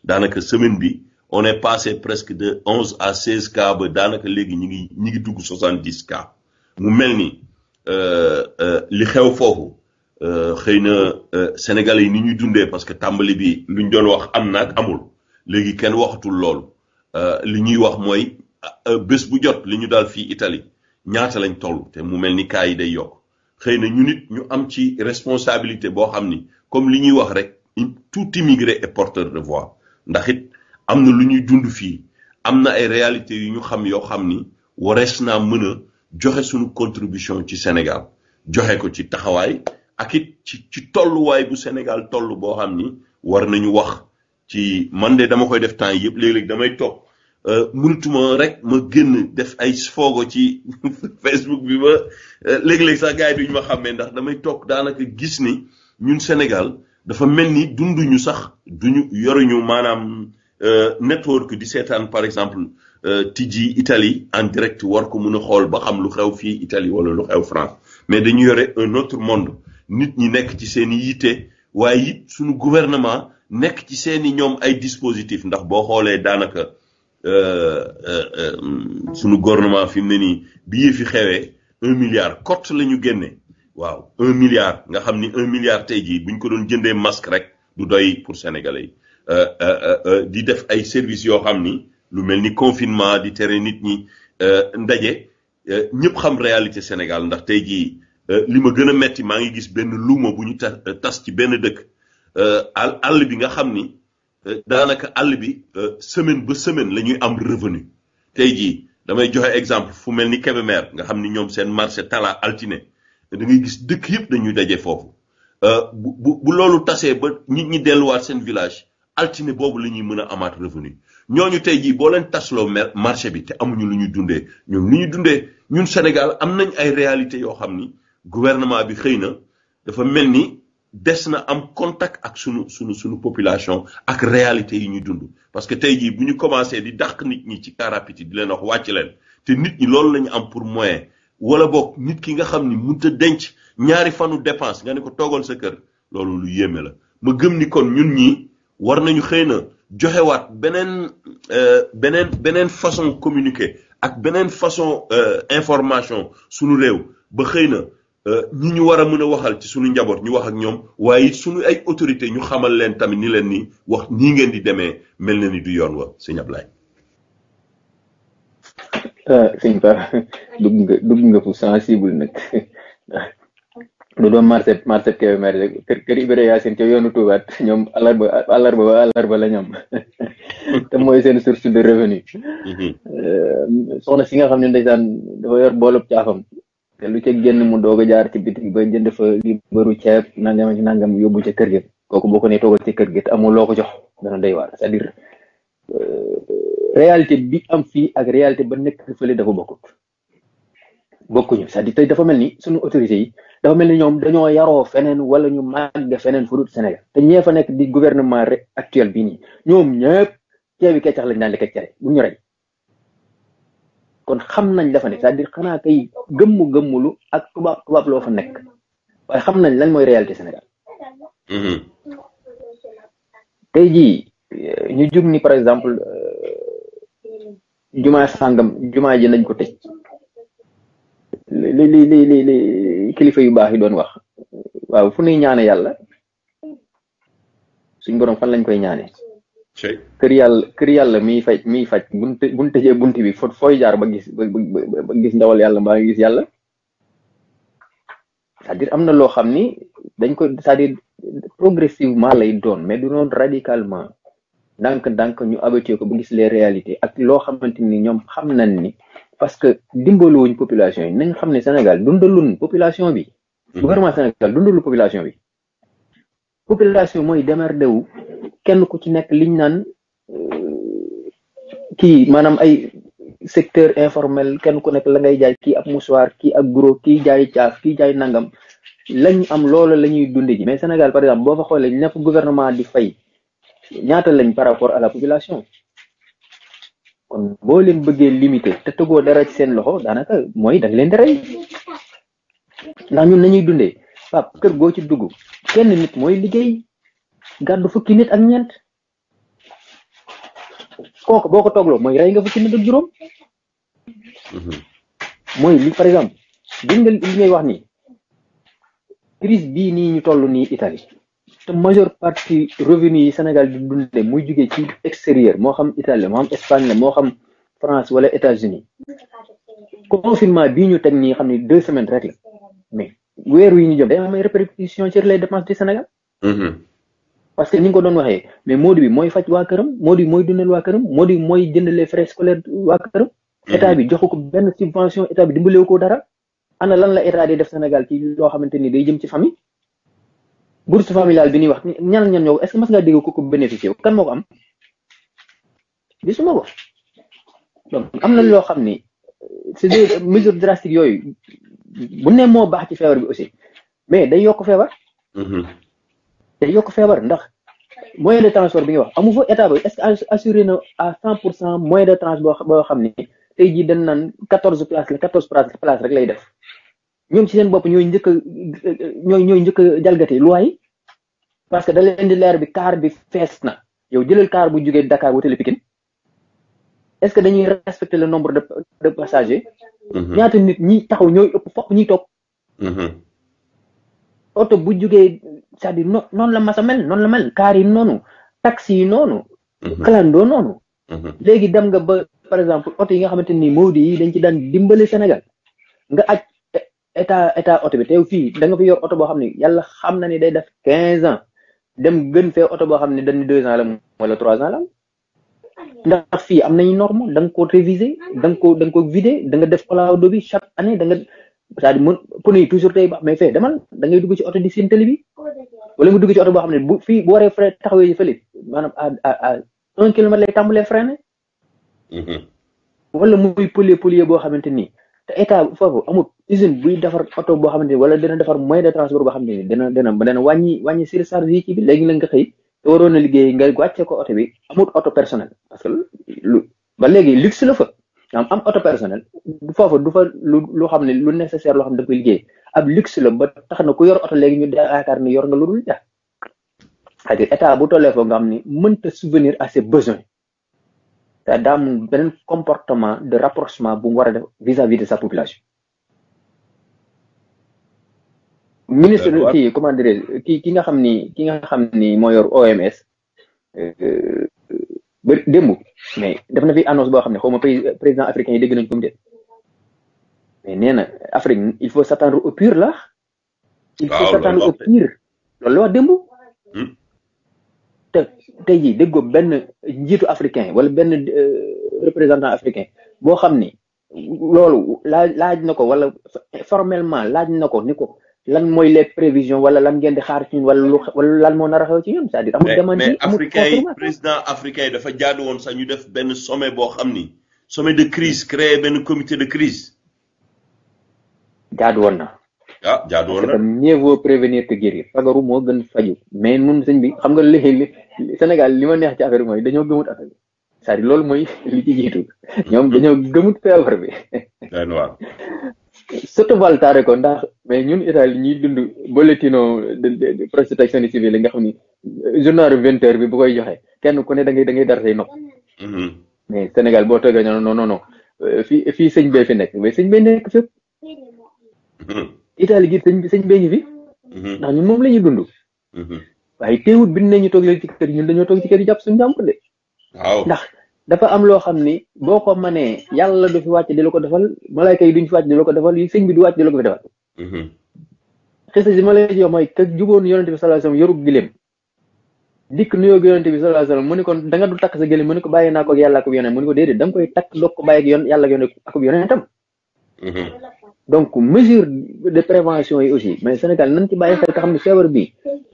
S1: daanaka semaine bi on est passé presque de onze à seize cas ba daanaka léegi ñu ngi ñu ngi dugg soixante dix cas mu mel ni euh, euh, li xew foofu euh, xëy na Sénégalais yi nu ñuy dundee parce que tàmbali bi lu luñ doon wax am naag amul léegi kenn waxatul loolu. Euh, li ñuy wax mooy euh, bés bu jot li ñu daal fii Italie ñaata lañ toll te mu mel ni cas yi day yokk xëy na ñu nit ñu am ci responsabilité boo xam ni comme li ñuy wax rek tout immigré est porteur de voix ndax it am na lu ñuy dund fii am na ay réalité yu ñu xam yoo xam ni warees naa mën a joxe suñu contribution ci Sénégal joxe ko ci taxawaay ak it ci ci tolluwaay bu Sénégal toll boo xam ni war nañu wax ci man de dama koy def temps yëpp léeg-léeg damay toog. Euh, mënatuma rek ma génn def ay foogo ci *laughs* Facebook bi ma euh, léeg-léeg sax gars yi duñu ma xàmmee ndax damay toog daanaka gis ni ñun Sénégal dafa mel ni dunduñu sax duñu yoruñu maanaam euh, network di seetaan par exemple tijji Italie en direct war ko mun a xool ba xam lu xew fii Italie wala lu xew France mais dañu yore un autre monde nit ñi nekk ci seen i yitte waaye it suñu gouvernement nekk ci seen i ñoom ay dispositif ndax boo xoolee daanaka. Euh, euh, euh, suñu gouvernement fi mu ne nii bi yëf yi xewee un milliard cote la ñu génne waaw un milliard nga xam ni un milliard tey jii bu ñu ko doon jëndee masque rek du doy pour sénégalais yi di def ay services yoo xam ni lu mel ni confinement di tere nit ñi ndaje ñëpp xam réalité Sénégal ndax tey jii li ma gën a metti maa ngi gis benn luuma bu ñu tas ci benn dëkk àll bi nga xam ni. daanaka àll bi euh, semaine ba semaine la ñuy am revenu tey jii damay joxe exemple fu mel ni Kébémer nga xam ni ñoom seen marché Talla altine da ngay gis dëkk yëpp dañuy daje foofu euh, bu bu loolu tasee ba nit ñi delluwaat seen village altine boobu la ñuy mën a amaat revenu ñooñu tey jii boo leen tasloo marché bi te amuñu lu ñuy dundee ñoom lu ñuy dundee ñun Sénégal am nañ ay réalité yoo xam ni gouvernement bi xëy na dafa mel ni. des na am contact ak sunu sunu sunu population ak réalité yi ñu dund parce que tay ji bu ñu commencé di les nit ñi ci carapiti di leen wax wàcc leen te nit ñi loolu lañu am pour moyen wala bok nit ki nga xam ni denc ñaari fanu dépense nga ne ko sa kër loolu lu la gëm ni kon ñun ñi war nañu xëy na joxewaat beneen euh, beneen beneen façon communiquer ak beneen façon euh, information sunu réew ba xëy Euh, ñi ñu war a mën a waxal ci suñu njaboot ñu wax ak ñoom waaye it suñu ay autorité ñu xamal leen tamit ni leen ni wax nii ngeen di demee mel na ni du yoon wa sëñ Ablaye.
S3: ah sëñ Ba dugg nga dugg nga fu sensible nag lu doon marché marché Kébémer rek kër kër Ibrahima Yacine ca yoonu tuubaat ñoom alarba alarba ba alarba la ñoom *laughs* te mooy seen source de revenu. Mhm. Euh, soxna si nga xam ne ndeysaan dafa yor boolub caafam. té lu ci génn mu doga jaar ci bitik ba jënd fa li bëru ceeb nangam ci nangam yobbu ci kër gi koku boko ko ne toogal ci kër gi amu loko loo jox dana doy c'est-à-dire euh, réalité bi am fi ak réalité ba nekk fële dafa bokkut bokkuñu c'est-à-dire tay dafa melni suñu autorité yi dafa melni ñom dañoo yaro fenen wala ñu mag fenen fu Sénégal té ñe fa nekk di gouvernement actuel ni ñom ñepp ci ceebi keccax lañ bunyore. bu ñu kon xam nañ dafa nekk c'est-à-dire xanaa kay gëmmu gëmmulu ak tubaab tubaab loo fa nekk waaye xam nañ lan mooy réalité Sénégal. Mm-hmm. tey jii ñu jug ni par exemple euh, jumaa sàngam jumaa ji nañ ko tëj li li li li kilifa yu baax yi doon wax waaw fu ñuy ñaane yàlla suñ borom lañ koy ñaane kër yàlla kër yàlla miy faj miy faj bunt buñ tëjee bunt bi fo fooy jaar ba gis ba gis ndawal yàlla mbaa nga gis yàlla cest dire am na loo xam ni dañ ko c'est-à-dire progressivement lay doon mais du noonu radicalement ndànk ndànk ñu habitué ko ba gis lee réalité ak loo xamante ni ñoom xam nañ ni parce que dimbalu population yi nañ xam ne Sénégal dundalun population bi mhm. gouvernement Sénégal dundalu population bi population mooy démerdé wu kenn ku ci nekk liñ naan euh, kii maanaam ay secteur informel kenn ku nekk la ngay jaay kii ab mouchoir kii ak gros kii jaay caaf kii jaay nangam lañ am loola la ñuy dund mais Sénégal par exemple boo fa xoolee ñu nekk gouvernement di fay ñaata lañ par rapport à la population kon boo leen bëggee limiter te tegoo dara ci seen loxo daanaka mooy da leen di rey ñun nañuy dundee pap kër goo ci dugg kenn nit mooy liggéey gàddu fukki nit ak ñeent kooku boo ko toogloo mooy rey nga fukki nit ak juróom mhm. mooy li par exemple gis nga li wax nii crise bii nii ñu toll nii Italie te majeure partie revenu yi Sénégal di dunde muy jóge ci extérieur moo xam Italie la moo xam Espagne la moo xam France wala États-Unis confinement bii ñu teg nii xam ne deux semaines rek la mais weer yi ñu jëm day am ay répercussions sur les dépenses du Sénégal mhm. parce que ni nga ko doon waxee mais Modou bi mooy faj waa këram Modou bi mooy dundal waa këram Modou mooy jënd les frais scolaires waa këram. Mhm. état bi joxu ko benn subvention état bi dimbalewu ko dara. ana lan la état di def Sénégal ci loo xamante ni day jëm ci famille. bourse familiale bi ñuy wax ñan ñan ñoo ko est ce que mas nga dégg ko ko bénéficié kan moo ko am. gisuma ko am na loo xam ni euh, c'est des yooyu bu ne moo baax ci feebar bi aussi mais day yokk feebar. Mhm. te yokk feebar ndax moyen de transport bi nga wax amu fa état bi est-ce que assuré na à cent pour cent moyen de transport boo xam ne tey jii dañ naan quatorze places la quatorze places rek lay def ñoom ci seen bopp ñooy njëkk ñooy ñooy njëkk a jalgati luwaay parce que da leen di leer bi car bi fees na yow jëlal car bu jógee Dakar wutali Pikine est-ce que dañuy respecter le nombre de de mm-hmm. ñaata nit ñi taxaw ñooy ëpp fopp ñiy toog. Mm-hmm. auto bu jugee c'est-à-dire non noonu la massa mel non la mel car il nonu taxi nonu noonu. Mhm. clando nonu mhm. légui dem nga ba par exemple auto yi nga xamanteni Modi yi dañ ci daan dimbalé Sénégal nga acc e, état état auto bi teew fi da nga fi yor auto bo xamni yalla yàlla xam na ni day def 15 ans dem gën fee auto bo xamni dañ ni 2 ans la wala 3 ans la ndax fi am nañu norme dang ko réviser dang ko dang ko vider da nga def olaaw bi chaque année da nga. c'est-à-dire mën pneu toujours tey ba mais fee demal da ngay dugg ci oto di seen tëli wala nga dugg ci oto boo xam ne bu fii bu waree frein taxawee fële maanaam à à un kilomètre lay tàmbalee freiné mm-hmm. wala muy pëlie pëlie boo xamante ni te état foofu amul usine buy defar oto boo xamante ni wala dina defar moyen de transport boo xamante ni dina dina dina wàññi wàññi surcharge yi ci bi léegi la nga xëy te waroon a liggéey nga wàcce ko oto bi amul oto personnel parce que lu ba léegi luxe la fa maanaam am auto personnel foofu du fa lu lu xam ne lu nécessaire loo xam ne da koy liggéey ab luxe la ba tax na ku yor auto léegi ñu yaakaar ni yor nga lu dul jeex cest à état bu tollee foofu nga xam ni mënta souvenir à ses besoins te daa am beneen comportement de rapprochement bu mu war a def vis-à-vis de sa population. ministre kii comment dire ki ki nga xam ni ki nga xam ni moo yor OMS. Euh, ba démb mais def na fi annonce boo xam ne xaw ma président africain yi dégg nañ ko mu mais nee na Afrique il faut s'attendre au pire là. il faut s'attendre au pire la wax démb. Hmm. te tey jii déggoo benn njiitu africain wala benn euh, représentant africain boo xam ni loolu laaj laaj na ko wala formellement laaj na ko ni ko. lan mooy les prévisions wala lan ngeen di xaar ci ñun wala lu lan moo nar a xew ci ñun c'est-à-dire amul demande mais africain yi
S1: président africain yi dafa jaadu woon sax ñu def benn sommet boo xam ni sommet de crise créer benn comité de crise
S3: jaadu woon na ah jaadu woon na parce que mieux vaut prévenir que moo gën faju mais nun sëñ bi xam nga li Sénégal li ma neex ci affaire bi mooy dañoo gëmut affaire loolu mooy *laughs* li ci ñoom dañoo gëmut feebar bi surtout valtare ko ndax mais ñun Italie ñuy dund boletino protection civile yi nga xam ni euh, journal vingt heures bi bu koy joxe kenn ku ne da ngay da ngay dar say nopp mm-hmm. mais Sénégal boo toogee non no non euh, fii fii sëñ be fi nekk mais sëñ bee nekk fépp mm-hmm. Italie gi sëñ sëñ bee ngi fi
S4: mm-hmm.
S3: ndax ñun moom la ñuy dund waaye teewut bi ne ñu toog leen ci kër ñun dañoo toog ci kër yi jàpp suñu jàmbur waaw ndax dafa am loo xam ni boo ko manee yàlla du fi wàcc di la ko defal malayka yi duñ fi wàcc di la ko defal yi sëñ bi du wàcc di la ko fi defal mm-hmm. xisa si ma lay jox mooy ka jugoon yonente bi sallallahu alayhi wasallam yorug giléem dikk nuyoo yonente bi sallallahu alayhi wasallam mu ni ko da nga du takk sa giléem mu ni ko bàyyi naa ko ak yàlla ak yonent mu ni ko déedéet da nga koy takk doog ko bàyyi ak yoon yàlla ak yonent ak yonentam mm-hmm. donc mesure de prévention yi aussi mais Sénégal nañ ci baye xel ka xamni fièvre bi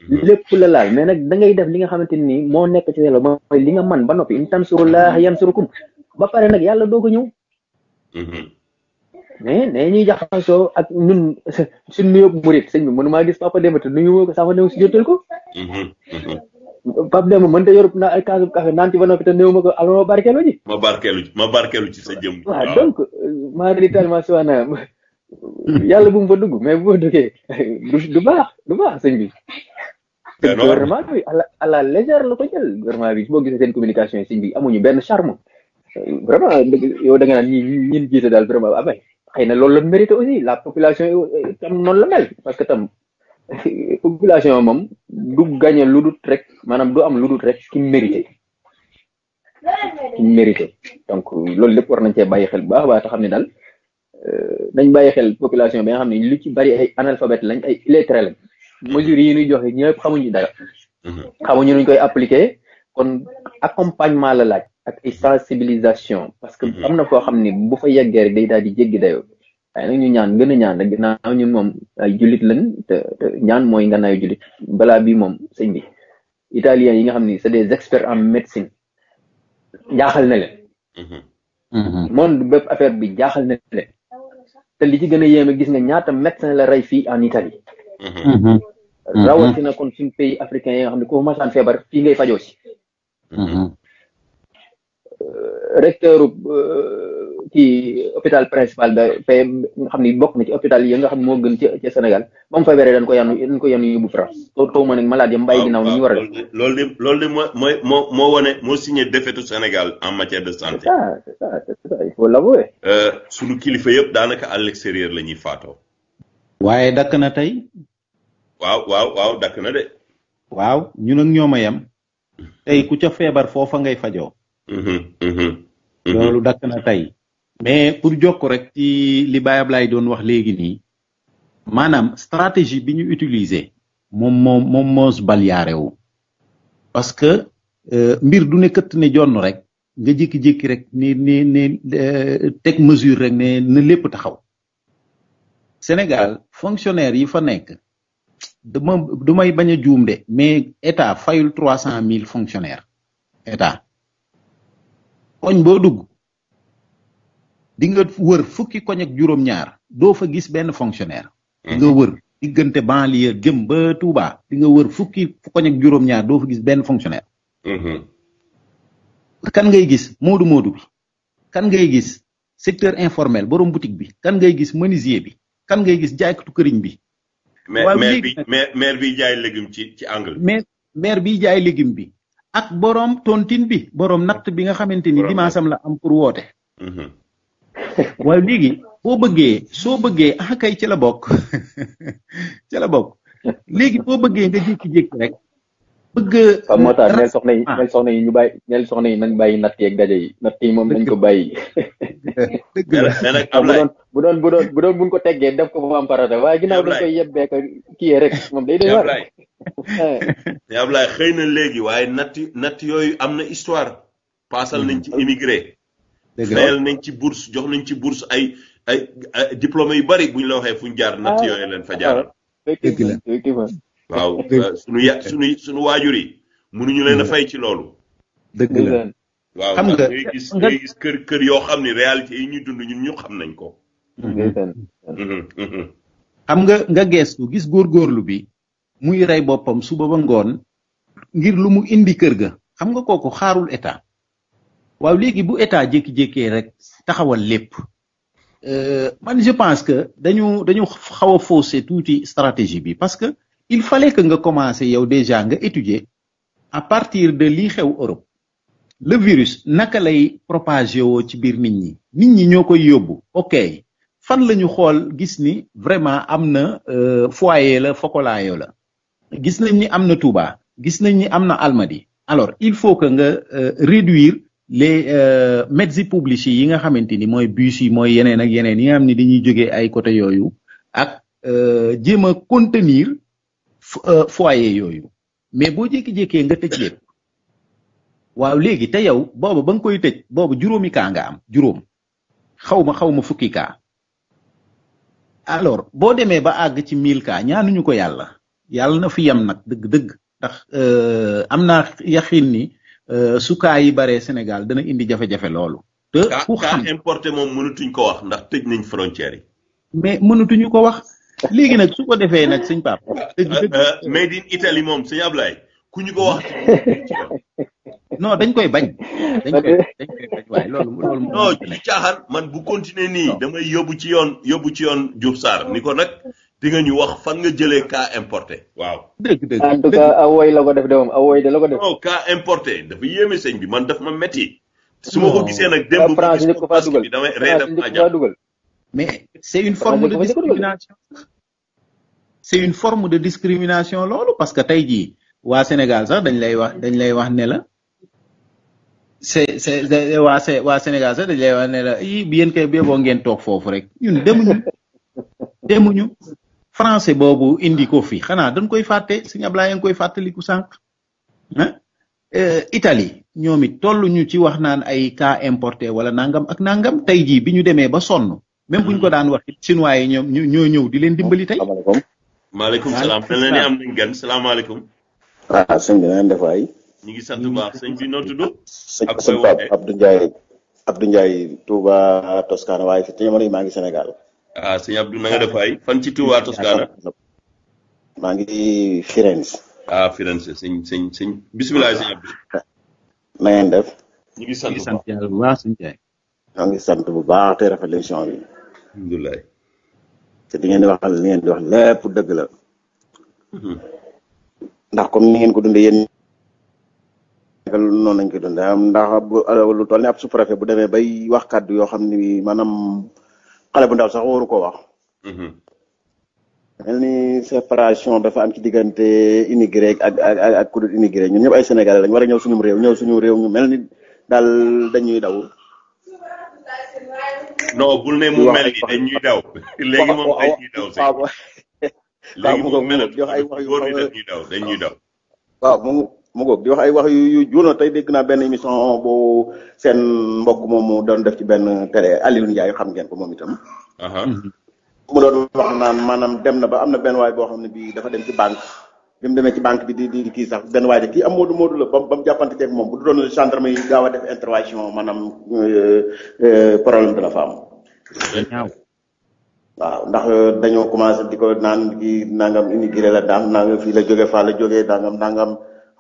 S3: lepp la laal mais nak da ngay def li nga xamanteni ni moo nekk ci yalla moy li nga man ba nopi in tansurullah mm-hmm. yansurukum ba pare nak yalla do ko ñëw né né ñuy jaxaso ak ñun ci nuyu mourid sëñ bi mënuma gis papa demba te nuyu woo ko sama néew si jotal ko papa dem man ta yorup na ay kaasu café nanti ci ba te neewuma ma ko alo ma ji ma ji
S1: ma barkeelu ci sa jëm donc
S3: euh, ma di ma suwaana ia lhe fa dugg mais bu du duba, du sembi. Gouvernement bi gouvernement bi à la légère la ko jël gouvernement bi bo gisé sen communication si bi amuñu ben charme vraiment yow da nga naan ñin jiite dal vraiment abay xeyna loolu la mérité aussi la population tam non la mel parce que *laughs* tam population mom du gagner lu rek manam du am lu rek ki mérité ki mérité donc loolu lepp war nañ ci bàyyi xel bu baax ba te xam dal nañ euh, bàyyi xel population bi nga xam ne lu ci bari ay analphabète lañ ay illettré lañ hmm. mesures yi ñuy joxe ñëpp xamuñu dara hmm. xamuñu nuñ koy appliquer kon accompagnement la laaj ak ay sensibilisation parce que hmm. am na foo xam ne bu fa yeggee rek day daal di jéggi dayoo waaye nag ñu ñaan gën a ñaan rek ginnaaw ñun moom ay jullit lañ te ñaan mooy nga naayu jullit balaa bi moom sëñ bi italiens yi nga xam ni c'est des experts en médecine jaaxal na
S4: leen
S3: monde bépp affaire bi jaaxal na te li ci gën a yéeme gis nga ñaata médecin la rey fii en Italie.
S4: Mm-hmm. Mm-hmm. rawatina
S3: kon suñ pays africain yi nga xam ne ku masaan feebar fii ngay fajoo si. Mm-hmm. Euh, recteur euh, ci hôpital principal de xam ni bokk na ci hôpital yi nga xam ne moo gën ci ci Sénégal ba mu fa wéree dañ ko yanu dañ ko yanu yóbbu ma nag malade yam mbàyyi ginnaaw ni ñu war a def
S1: loolu de loolu de mooy mooy moo moo moo signé défaitu Sénégal en matière de santé c'est ça c'est ça il faut l'avouer euh, suñu kilifa yëpp daanaka à l'extérieur la ñuy faatoo
S2: dakk na tey
S1: waaw waaw waaw dakk na de
S2: waaw ñun a mm-hmm. tey ku ca feebar foofa ngay fajoo mm-hmm, mm-hmm, loolu dakk na tey mais pour jokk rek ci li Baye Ablaye doon wax léegi ni manam stratégie biñu utiliser mom mom mos moos wu parce que euh, mbir du ne këtt ne jonn rek nga jékki-jékki rek ni ni ni euh, tek mesure rek ne na lépp taxaw Sénégal fonctionnaire yi fa nek dama du may bañ de mais état fayul 300000 fonctionnaires état koñ bo dugg di nga wër fukki koñ ak juroom ñaar do fa gis ben fonctionnaire di nga mhm. wër digënté banlieue gem ba touba di nga wër fukki koñ ak juroom ñaar do fa gis ben fonctionnaire mhm. kan ngay gis modou modou bi kan ngay gis secteur informel borom boutique bi kan ngay gis menuisier bi kan ngay gis jaaykatu këriñ bi
S1: maire bi maire bi jaay légume ci ci angle
S2: maire bi jaay légume bi ak borom tontine bi borom nakt bi nga xamanteni dimasam la am pour wote mhm. *laughs* waaye léegi boo bëggee soo bëggee ah kay ci la bokk *laughs* ci la bokk léegi boo bëggee nga jékki-jékki
S3: rek. bëgg a moo tax neel soxna yi neel ah. soxna yi ñu bàyyi neel soxna yi nañ bàyyi natt yeeg daje yi natt yi moom nañ ko bàyyi.
S2: dëgg la *laughs* ah, bu doon bu doon bu doon buñ ko
S3: teggee def ko am farata waaye ginnaaw dañ koy yebbee ko kii rek moom day doy war.
S1: te Ablaye xëy na léegi waaye natt natt yooyu am na histoire. paasal nañ ci hmm. immigré. fayal nañ ci bourse jox nañ ci bourse ay ay diplôme yu bari buñ la waxee fuñ jaar natt ah. yooyu leen fa jaar ah, waaw suñu ya suñu sunu waajur yi mënuñu leen a fay ci loolu dëgg la waaw xam nga ngay gis ngay gis kër kër yoo xam ni réalité yi ñu dund ñun ñu xam nañ ko mhm.
S2: xam nga nga gestu gis góorgóorlu bi muy rey boppam suba ba ngoon ngir lu mu indi kër ga xam nga kooku xaarul état waaw léegi bu état jékki-jékkee rek taxawal lépp euh, man je pense que dañu dañu xaw a faussé tuuti stratégie bi parce que il fallait que nga commencé yow déjà nga étudier à partir de li xew Europe le virus naka lay propagé woo ci biir nit ñi nit ñi ñoo koy yóbbu ok fan lañu ñu xool gis ni vraiment am na euh, foyer la fokolaayo la gis nañ ni am na Touba gis nañ ni am na Almadi alors il faut que nga euh, réduire les euh, mezzi publici yi nga xamante ni mooy bus yi mooy yeneen ak yeneen yi nga xam ne dañuy jógee ay côté yooyu ak euh, jéem a contenir euh, foyer yooyu mais boo jékki-jékkee nga tëj lépp waaw léegi te yow booba ba koy tëj booba juróomi kaa nga am juróom xaw ma xaw ma fukki ka alors boo demee ba àgg ci mille kaa ñaanuñu ko yàlla yàlla na fi yem nag dëgg-dëgg ndax am naa yaxin ni Euh, su kaa yi baree Sénégal dana indi
S1: jafe-jafe loolu. te ku xam kaa importé moom mënatuñ ko wax ndax tëj nañ frontière yi.
S2: mais mënatuñu ko wax léegi nag su ko defee nag
S1: sëñ Pape. Euh, euh, made in Italy moom sëñ Ablaye ku ñu ko wax. no dañ koy bañ.
S2: dañ koy *laughs* dañ
S1: bañ waaye loolu loolu non caaxaan man bu continuer nii damay yóbbu ci yoon yóbbu ci yoon Diouf Sarr ni ko nag. di nga ñu wax fan nga jëlee ka importé waaw. dëgg dëgg en tout cas
S3: la ko def de a woy de la ko def.
S1: non cas importé dafa yéeme sëñ bi man daf ma métti. suma ma ko gisee nag. démb ah, ma gis ko parce que damay ree
S2: mais c' est une ah, forme de discrimination une forme de discrimination loolu parce que tey jii waa Sénégal sax dañ lay wax dañ lay wax ne la. c'est c'est waa sé waa Sénégal sax dañ lay wax ne la yii yéen kay bee boo ngeen toog foofu rek ñun demuñu demuñu. français bobu indi ko fi xana dañ koy faté seigne Ablaye ngi koy fàttaliku sànq ah eh, Italie ñoom it toll ñu ci wax naan ay ka importé wala nangam ak nangam tay ji biñu démé ba sonn même buñ ko daan wax chinois yi ñom ñoo ñew di leen dimbali tey.
S1: maaleykum salaam mel na ni am nañ gan salaamaaleykum.
S2: ah seigne dañ def ay
S1: ñi ngi sant baax seigne bi noo tudd. ak sa Abdou Ndiaye
S5: Abdou Ndiaye Touba toscana way fi te jamono ngi Sénégal
S1: ah seigne Abdou na nga def ay fan ci Touba Mangi ma ngi Firenze. ah Firenze seigne seigne seigne bismillah seigne Abdou. na ngeen def. ñu ngi sant bu sant bu baax seigne jay ma ngi sant bu baax te rafa émission bi. alhamdulilah.
S5: te di ngeen di waxal ni ngeen di wax lepp deug la. ndax comme ni ngeen ko dundee yéen. non lañ ko dundé am ndax bu lu tolni ab sous-préfet bu démé bay wax kaddu yo xamni manam xale bu ndaw sax waru ko wax. Mhm. mel ni séparation dafa am ci diggante immigré ak ak ak ku dul immigré ñun ñëpp ay sénégalais lañ war a ñëw suñu réew ñëw suñu réew ñu mel ni daal dañuy
S1: daw. non bul ne mu mel ni dañuy daw. léegi moom dañuy daw
S5: mu ngoog di wax ay wax yu yu juuna tey dégg naa benn émission bu seen mbokk moom moomu doon def ci benn télé Aliou Ndiaye xam ngeen ko moom itam. mu doon wax naan maanaam dem na ba am na benn waay boo xam ne bii dafa dem ci banque bi mu ci banque bi di di kii sax benn waay de kii am moodu moodu la ba ba moom bu du doon gendarme yi gaaw a def intervention maanaam euh, euh, problème de la femme. waaw ndax euh, dañoo commencé di ko naan kii nangam immigré la daan nangam fii la jógee faa la jógee nangam nangam.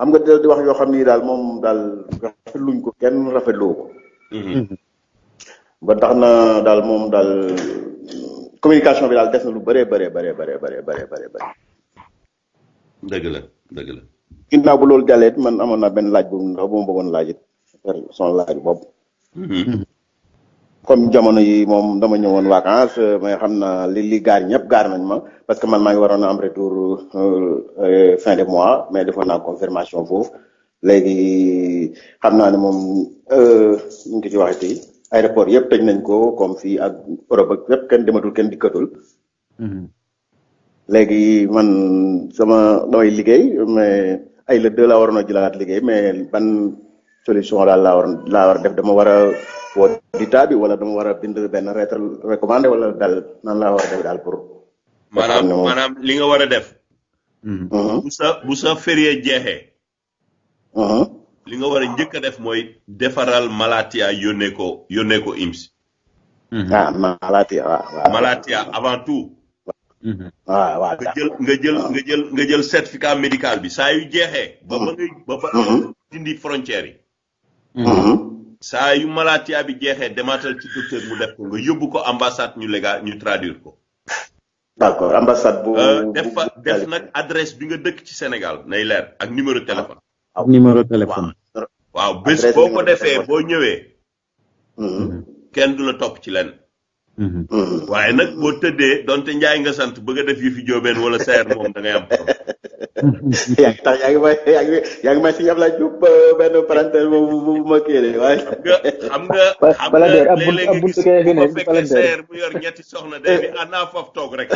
S5: xam nga di wax yoo xam ni daal moom daal rafetluñ ko kenn rafetloo ko. Mm-hmm. Mm-hmm. ba tax na daal moom daal communication bi daal des na lu bëree bëree bëree bëree bëree bëree bëri.
S1: dëgg la dëgg la.
S5: ginnaaw bu loolu jàllee man amoon naa benn laaj bu ndax bu ma bëggoon laaj it son laaj boobu. Mm-hmm. comme jamono yi moom dama ñëwoon vacances euh, mais xam naa li li gaar ñëpp gaar nañ ma parce que man maa ngi waroon a am retour euh, euh, fin de mois mais defoon naa confirmation foofu léegi xam naa ne moom ñu ngi ci waxati aéroport yëpp tëj nañ ko comme fii ak Europe ak ken dematul kenn dikkatul. Mm-hmm. léegi man sama damay liggéey mais ay le deux laa waroon a jëlaat liggéey mais ban solution laal laa war laa def dama war a. wo tabi wala ɗum wara binde ben lettre recommandé wala dal nan la wara def dal
S1: pour manam manam li nga wara def hmm. uh-huh. bu sa bu sa férié jeexee uh-huh. li nga wara def moy défaral malatia yoneko ko yónnee ko ims hmm. ah malatia malatia avant tout hmm. waaw waaw nga jël nga jël uh-huh. nga jël nga jël certificat médical bi sa yu ba ba ba ba frontière yi saa yu malaatiya bi jeexee demaatal ci docteur mu def ko nga yóbbu ko ambassade ñu légal ñu traduire ko. d'accord ambassade bu. Euh, def fa nag adresse bi nga dëkk ci Sénégal nay leer ak numéro ah. téléphone.
S2: ak numéro téléphone.
S1: waaw bés boo ko defee boo ñëwee. Mhm. kenn duna topp ci lenn. Mhm. Mm. waaye nag boo tëddee donte njaay nga sant bëgg def yu fi jóobeen wala seer moom da ngay am
S5: *laughs* yaa tax yaa ngi may yaa ngi yaa ngi may si yabla jub benn parenthèse boobu bu ma kéere waaye xam nga xam nga léeg-léeg nga gis ko fekk seer bu yor ñetti soxna day bi ana
S1: ah, faf toog rek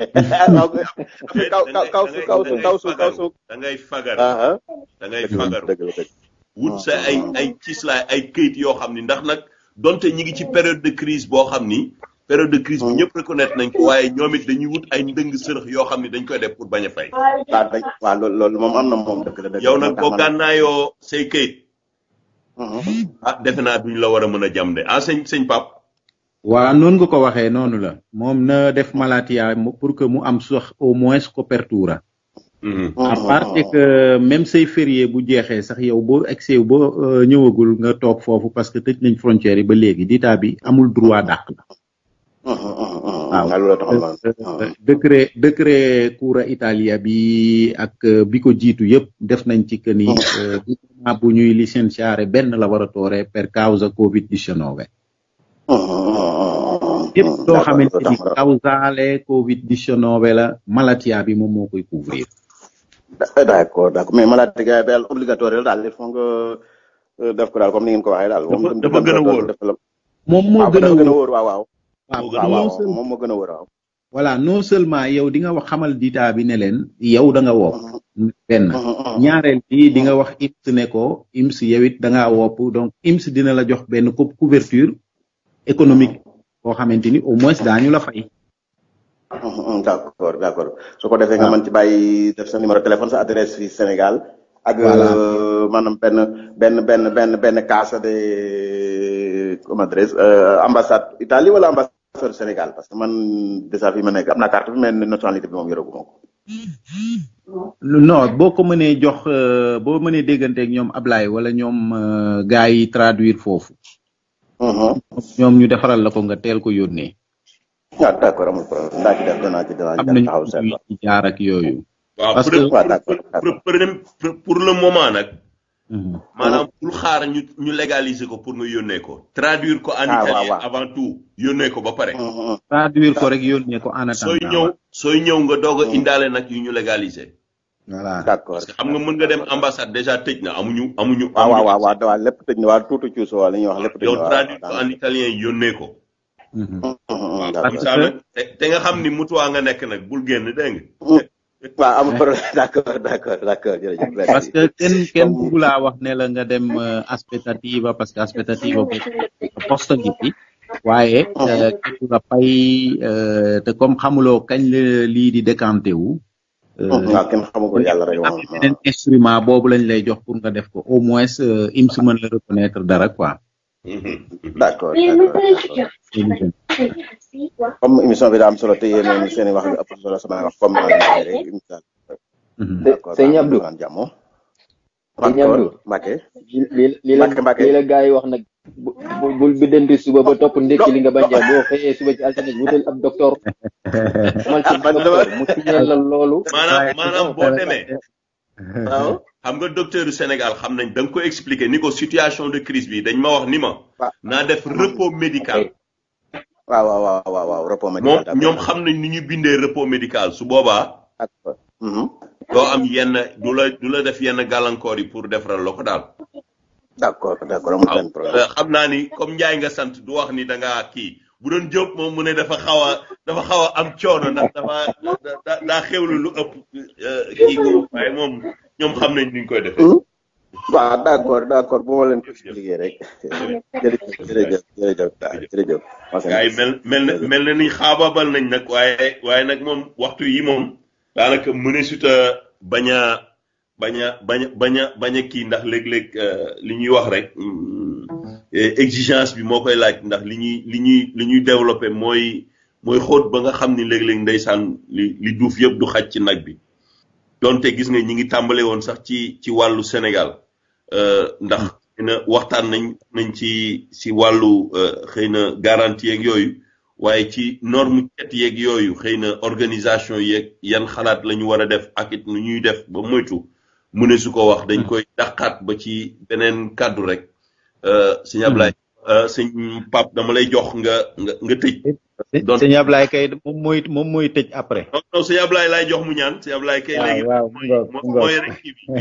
S1: *laughs* kaw su kaw su kaw su kaw su da ngay fagar da ngay fagar ah, ah. wut sa ay ay cislaay ay këyit yoo xam ni ndax nag donte ñi ngi ci période de crise boo xam ni période de crise bu hmm. ñëpp reconnaître nañ ko waaye ñoom it dañuy wut ay ndëng sërëx yoo xam ni dañ koy def pour bañ a fay. waaw dañ waaw loolu loolu moom am na moom dëgg la dëgg yow nag boo gànnaayoo say këyit. Hmm. ah defe naa duñ la war a mën a jam de ah sëñ sëñ pap
S2: waaw noonu nga ko waxee noonu la moom na def malatia pour que mu am sax au moins copertura
S1: Mm-hmm. à part
S2: que ah. même say férié bu jeexee sax yow boo egsee boo euh, ñëwagul nga toog foofu parce que te nañ frontière yi ba léegi dita bi amul droit dàq la ah, ah, waaw euh, euh, décret décret Italia bi ak bi ko jiitu yëpp def nañ ci que ni gouvernement bu ñuy licenziare benn lavoratore per causa Covid 19. yëpp doo xamante ni causale Covid 19 la malatia bi moom moo koy couvrir. Eh, d' accord
S5: d' accord mais maladie gars daal obligatoire la daal il faut nga euh, def ko daal comme ni ngeen ko waxee daal. dafa dafa gën a wóor moom moo gën a wóor waaw moom moo gën a wóor waaw.
S2: voilà non seulement yow di nga wax xamal dita bi ne leen yow da nga wopp mm-hmm. benn mm-hmm. ñaareel bi di nga mm-hmm. wax IMS ne ko IMS yow it da ngaa wopp donc IMS dina la jox benn couverture économique boo xamante ni au moins daañu la fay.
S5: d'accord d'accord d' su ko defé nga man ci bàyyi def sa numéro téléphone sa adresse fi Sénégal. ak eh, manam ben ben ben ben ben casa de comme adresse euh ambassade Italie wala ambassade Sénégal parce que man déjà
S2: fi ma nek amna carte bi mais nationalité bi mom yoraguma ko. non boko mené jox eh, bo mené mënee ak ñom Ablay wala ñom eh, gaay yi traduire foofu. ñom ñu défaral la ko nga teel ko yónnee. waaw d' accord amul problème
S1: naa ci def danaa ci danaa ci taxaw seetlu am waaw pour le moment nag. Mhm. maanaam bul xaar ñu ñu légaliser ko pour nga yónnee ko. traduire ko en ah, italien avant tout. yónnee ko ba pare. Mm, mm, mm.
S2: traduire ko rek yónnee ko en
S5: attendant
S1: sooy ñëw nga doog indaale nag yu ñu légaliser. voilà d' xam nga mën nga dem ambassade déjà tëj na amuñu amuñu. amuñu waaw waaw
S5: waaw lépp tëj na waaw tuuti cuuso waaw li ñuy wax lépp. tëj na waaw yow traduire
S1: ko en italien yónnee ko. Mm-hmm. waaw te nga xam ni mutuwa nga nekk nag bul génn dégg mm-hmm. *laughs* parce
S2: que kenn kenn bëgg laa wax ne la nga dem euh, Aspettativa parce que Aspettativa poste gi fi euh, mm-hmm. euh, te comme xamuloo kañ la lii di décanté wu waaw kenn instrument boobu lañ lay jox pour nga def ko au moins IMSS mën la reconnaître dara quoi Mhm. d'accord comme émission bi daa am solo te
S4: yéen
S5: seen i wax bi ëpp solo sama wax ah, mhm. li la li la gars yi wax nag
S3: bul biddanti suba ba topp ndekki li nga ba a boo xëyee suba ci altine wutal ab docteur
S4: *laughs* ah, man
S1: ci docteur mu signalal loolu maanaam maanaam boo demee waaw *laughs* xam docteur du Sénégal xam nañ da situation de crise bi dañ ma wax ni ma. def repos médical. waaw repos médical. moom ñoom xam nañ repos médical su mhm. am yenn pour defaral la ko problème. Euh, ni comme ni bu doon Diop moom mu ne dafa xaw a dafa xaw a am coono ndax dafa daa xewlu lu ëpp euh, kii ko waaye moom ñoom xam nañ ni koy defee. Hmm? waaw d' accord d' accord bu ma leen ko expliqué rek *laughs* jërëjëf jërëjëf jërëjëf jërëjëf. mel mel na mel na ni xaabaabal nañ nag waaye waaye nag moom waxtu yi moom daanaka mëneesut a bañ a bañ a bañ bañ a bañ kii ndax léeg-léeg euh, li ñuy wax rek. Hmm, Eh, exigence bi moo koy laaj ndax li ñuy li ñuy li ñuy développé mooy mooy xóot ba nga xam ni léeg-léeg ndeysaan li duuf yëpp du xaj ci nag bi donte gis nga ñi ngi tàmbale woon sax ci ci wàllu Sénégal euh, ndax xëy waxtaan nañ nañ ci si wàllu euh, xëy na garantie yeeg yooyu waaye ci norme ket yeeg yooyu xëy na organisation yeeg yan xalaat lañu ñu war a def ak it nu ñuy def ba moytu mu ne su ko wax dañ hmm. koy dàqaat ba ci beneen kàddu rek Euh, sëñ Ablaye hmm. euh, sëñ Pape dama lay jox nga nga nga tëj. Eh, donc sëñ Ablaye kay moom mooy moom mooy tëj après. non non laay jox mu ñaan sëñ Ablaye kay. Ah, léegi *laughs*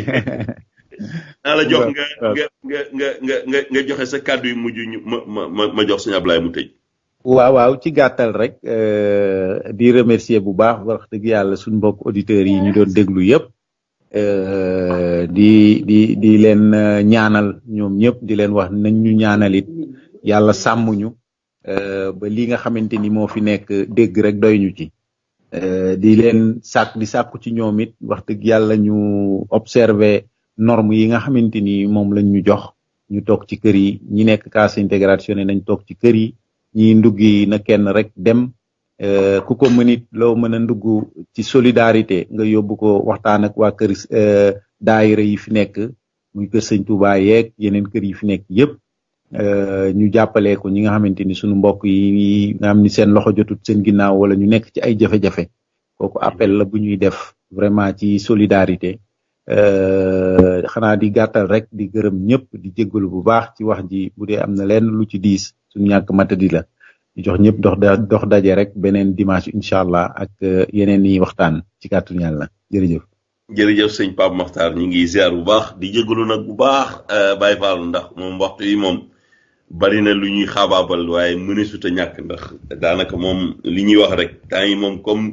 S1: naa la jox nga nga nga nga nga nga joxe sa kàddu yi mujj ñu ma ma ma ma jox sëñ Ablaye mu tëj.
S2: waaw waaw ci gàttal rek euh, di remercier bu baax wax dëgg yàlla suñ mbokk auditeurs yi ñu doon déglu yëpp. Eh, di di di len eh, ñaanal ñom ñep di len wax nañ ñu ñaanalit yalla sammu ñu eh, ba li nga xamanteni mo fi nek dégg rek doy ñu ci di len sak di sakku ci ñomit wax dëgg yalla ñu observer norme yi nga xamanteni mom lañ ñu jox ñu tok ci kër yi ñi nek cas intégration nañ tok ci kër yi ñi nduggi na kenn rek dem Eh, ku ko menit loo mën a ndugg ci solidarité nga yobbu ko waxtaan ak keur euh daayira yi fi nek muy keur seigne Touba yek yenen keur yi fi yeb euh ñu jappalé ko ñi nga xamanteni ni mbokk yi nga am ni seen loxo jotut seen ginnaw wala ñu nek ci ay jafé jafé koku appel la bu ñuy def vraiment ci solidarité eh, xana di gattal rek di gërëm ñëpp di bu baax ci wax ji bu dé amna lén lu ci diis suñu matadi la jox ñëpp dox da dox daje rek beneen dimanche incha allah ak euh, yeneen yi waxtaan ci kàttanu yàlla jërëjëf.
S1: jërëjëf sëñ Pape Makhtar ñu ngi ziar bu baax di jégalu nag bu baax euh, Baye Fall ndax moom waxtu yi moom bari na lu ñuy xaabaabal waaye mëneesut a ñàkk ndax daanaka moom li ñuy wax rek temps yi moom comme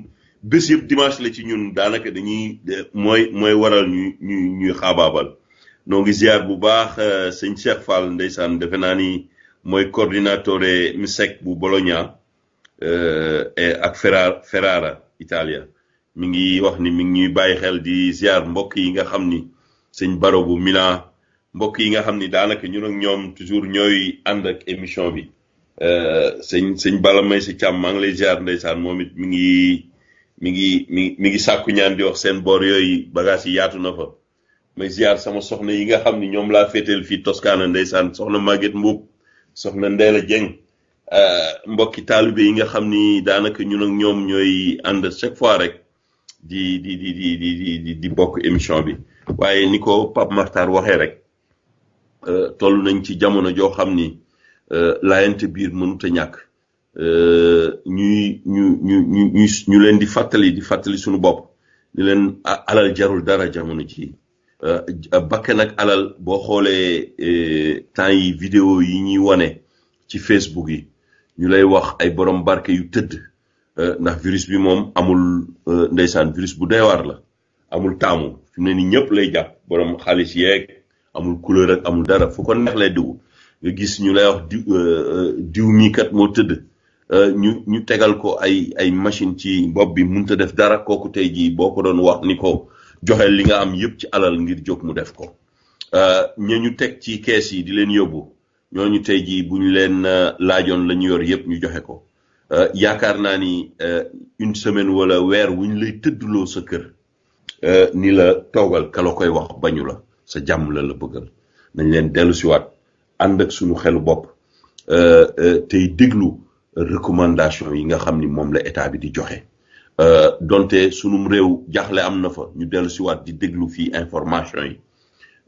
S1: bés yëpp dimanche la ci ñun daanaka dañuy mooy mooy waral ñu ñu ñuy xaabaabal noo ngi ziar bu baax euh, sëñ Cheikh Fall ndeysaan defe naa ni. Moy coordinatore MSEC bu Bologna euh, ak Ferrara, Ferrara Italia mi ngi wax ni mi ngi ñuy xel di ziar mbokk yi nga xamni ni Baro bu Milan mbokk yi nga xamni danaka daanaka ñun ak ñom toujours ñoy and ak émission bi euh, sëñ sëñ Bala may si càmm ngi lay ziar ndaysan momit mi ngi mi ngi mi ngi sakku ñaan di wax seen bor yoy bagage yi yaatu na may ziar sama soxna yi nga xamni ñom la fétel fi Toscana ndaysan soxna Maguette Mboub soxna Ndéla Dieng euh, mbokki taalibe yi nga xam ni daanaka ñun ñoom ñooy ànd chaque fois rek di di di di di di bokk émission bi waaye ni ko Pape Makhtar waxee rek euh, toll nañ ci jamono joo xam ni euh, laayante biir mënut a ñàkk ñuy ñu ñu ñu ñu leen di fàttali di fàttali suñu bopp ni leen alal jarul dara jamono ji Euh, bakkan ak alal boo xoolee euh, temps yi vidéo yi ñuy wane ci Facebook yi ñu lay wax ay borom barke yu tëdd euh, ndax virus bi moom amul ndeysaan virus bu dee deewaar la amul taamu fi mu ne nii ñëpp lay jàpp borom xaalis yeeg amul couleur ak amul dara foo kon neex lay dugg nga gis ñu lay wax diw diw mii kat moo tëdd ñu ñu tegal ko ay ay machine ci bopp bi mënut a def dara kooku tey jii boo ko doon wax ni ko. joxe li nga am yëpp ci alal ngir jóg mu def ko euh, ña ñu teg ci kees yi di leen yóbbu ñooñu tey jii bu ñu leen euh, laajoon la ñu yor yëpp ñu joxe ko euh, yaakaar naa ni une semaine wala weer wu ñu lay tëddloo sa kër ni la toogal ka koy wax bañu la sa jàmm la la bëggal nañ leen dellu siwaat ànd ak suñu xelu bopp tey déglu recommandation yi nga xam ni moom la état bi di joxe Euh, donte sunum réew jaxle am na fa ñu dellu siwaat di déglu fii information yi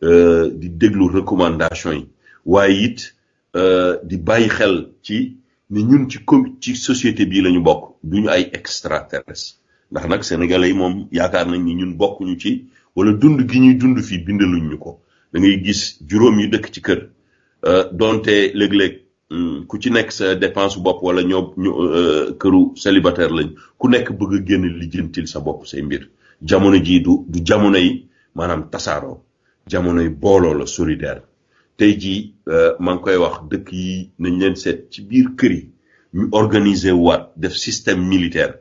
S1: euh, di déglu recommandation yi waaye it euh, di bàyyi xel ci ni ñun ci com ci société bii lañu ñu bokk duñu ay extraterrestre ndax nag sénégalais yi moom yaakaar nañ ni ñun bokkuñu ci wala dund gi ñuy dund fii bindaluñ ñu ko da gis juróom yi dëkk ci kër donte léeg-léeg Hmm. ku ci nekk sa dépense bopp wala ñoo ñu euh, këru célibataire lañ ku nekk bëgg a génn lijjantil sa bopp say mbir jamono jii du du jamono yi maanaam tasaaroo jamono yi booloo la solidaire tey jii euh, maa ngi koy wax dëkk yi nañ leen seet ci biir kër yi ñu organiser waat def système militaire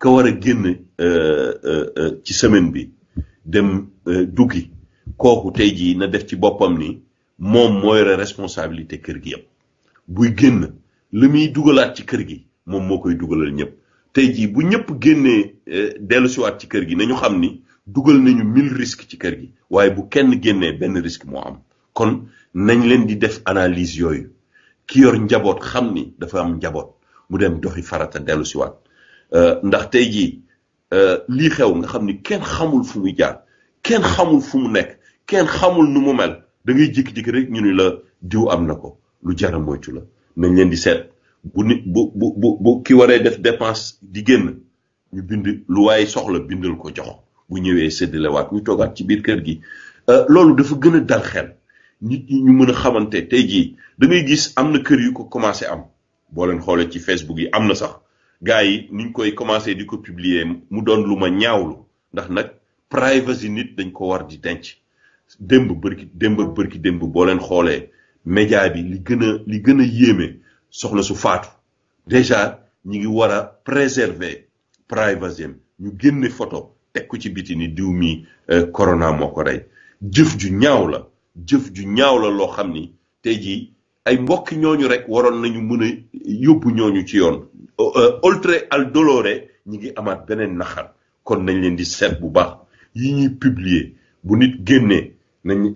S1: ka war a génn euh, ci semaine bi dem duggi kooku tey jii na def ci boppam ni moom moo yore responsabilité kër gi yëpp. buy génn li muy dugalaat ci kër gi moom moo koy dugalal ñëpp tey jii bu ñëpp génnee eh, siwaat ci kër gi nañu xam ni dugal nañu mill risques ci kër gi waaye bu kenn génnee benn risque moo am kon nañ leen di def analyse yooyu ki yor njaboot xam ni dafa am njaboot mu dem doxi farata dellusiwaat eh, ndax tey jii eh, lii xew nga xam ni kenn xamul fu muy jaar kenn xamul fu mu nekk kenn xamul nu mu mel da ngay jékki-jékki rek ñu ni la diw am na ko. lu jara moytu la nañ leen di set bu bu bu bu ki waree def dépense di génn ñu bind lu way soxla bindal ko jox bu ñëwee wat ñu toogaat ci biir kër gi euh, lolu dafa gëna dal xel nit ñi ñu mëna xamanté tay ji da ngay gis am kër yu ko commencé am bo leen xolé ci facebook yi am sax gaay yi ñu koy commencé di ko publier mu doon luma ñaawlu ndax nak privacy nit dañ ko war di denc démb barki démb barki bërki bo boo leen Mais bi li gëna li gëna photos. su déjà ñi ngi wara préserver privacy ñu photo tek ci biti ni diw mi euh, corona moko jëf ju ñaaw la jëf ju ñaaw la lo xamni tay ji ay mbokk rek nañu ci yoon euh, euh, al dolore ñi ngi amaat benen naxar kon nañ leen di bu yi ñi publier bu nit nañ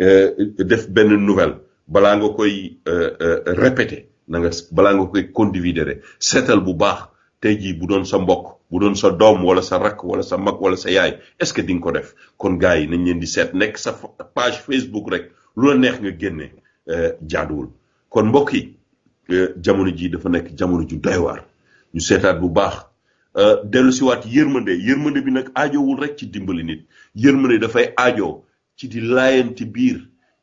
S1: nouvelle balaa nga koy eh, eh, répéter na nga balaa nga koy condividere seetal bu baax tay ji bu doon sa mbokk bu doon sa doom wala sa rak wala sa mag wala sa yaay est ce que ding ko def kon gaay nañ leen di set nek sa page facebook rek lu la neex nga génne eh, jaadul kon mbokk yi jamono ji dafa nek jamono ju doy war ñu seetaat bu baax ci wat yermande yermande bi aajo wul rek ci dimbali nit da fay aajo ci di layenti biir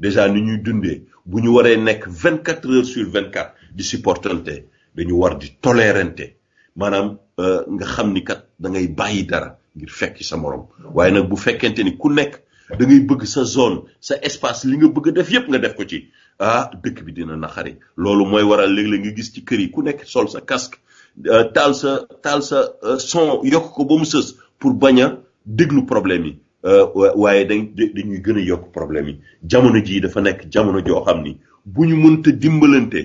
S1: déjà ni ñuy dundé bu ñu waré nek 24 heures sur 24 di supportanté dañu war di toléranté manam euh, nga xamni kat da ngay bayyi dara ngir fekk sa morom waaye nak bu fekkenté ni ku nek da ngay bëgg sa zone sa espace li nga bëgg def yépp nga def ko ci ah dëkk bi dina naxari loolu mooy waral léeg nga gis ci kër yi ku nekk sol sa casque euh, tal sa tal sa euh, son yokk ko ba mu sës pour bañ déglu problème yi Euh, waaye dañ dañuy gën a yokk problème yi jamono jii dafa nekk jamono joo xam ni bu ñu mënta dimbalante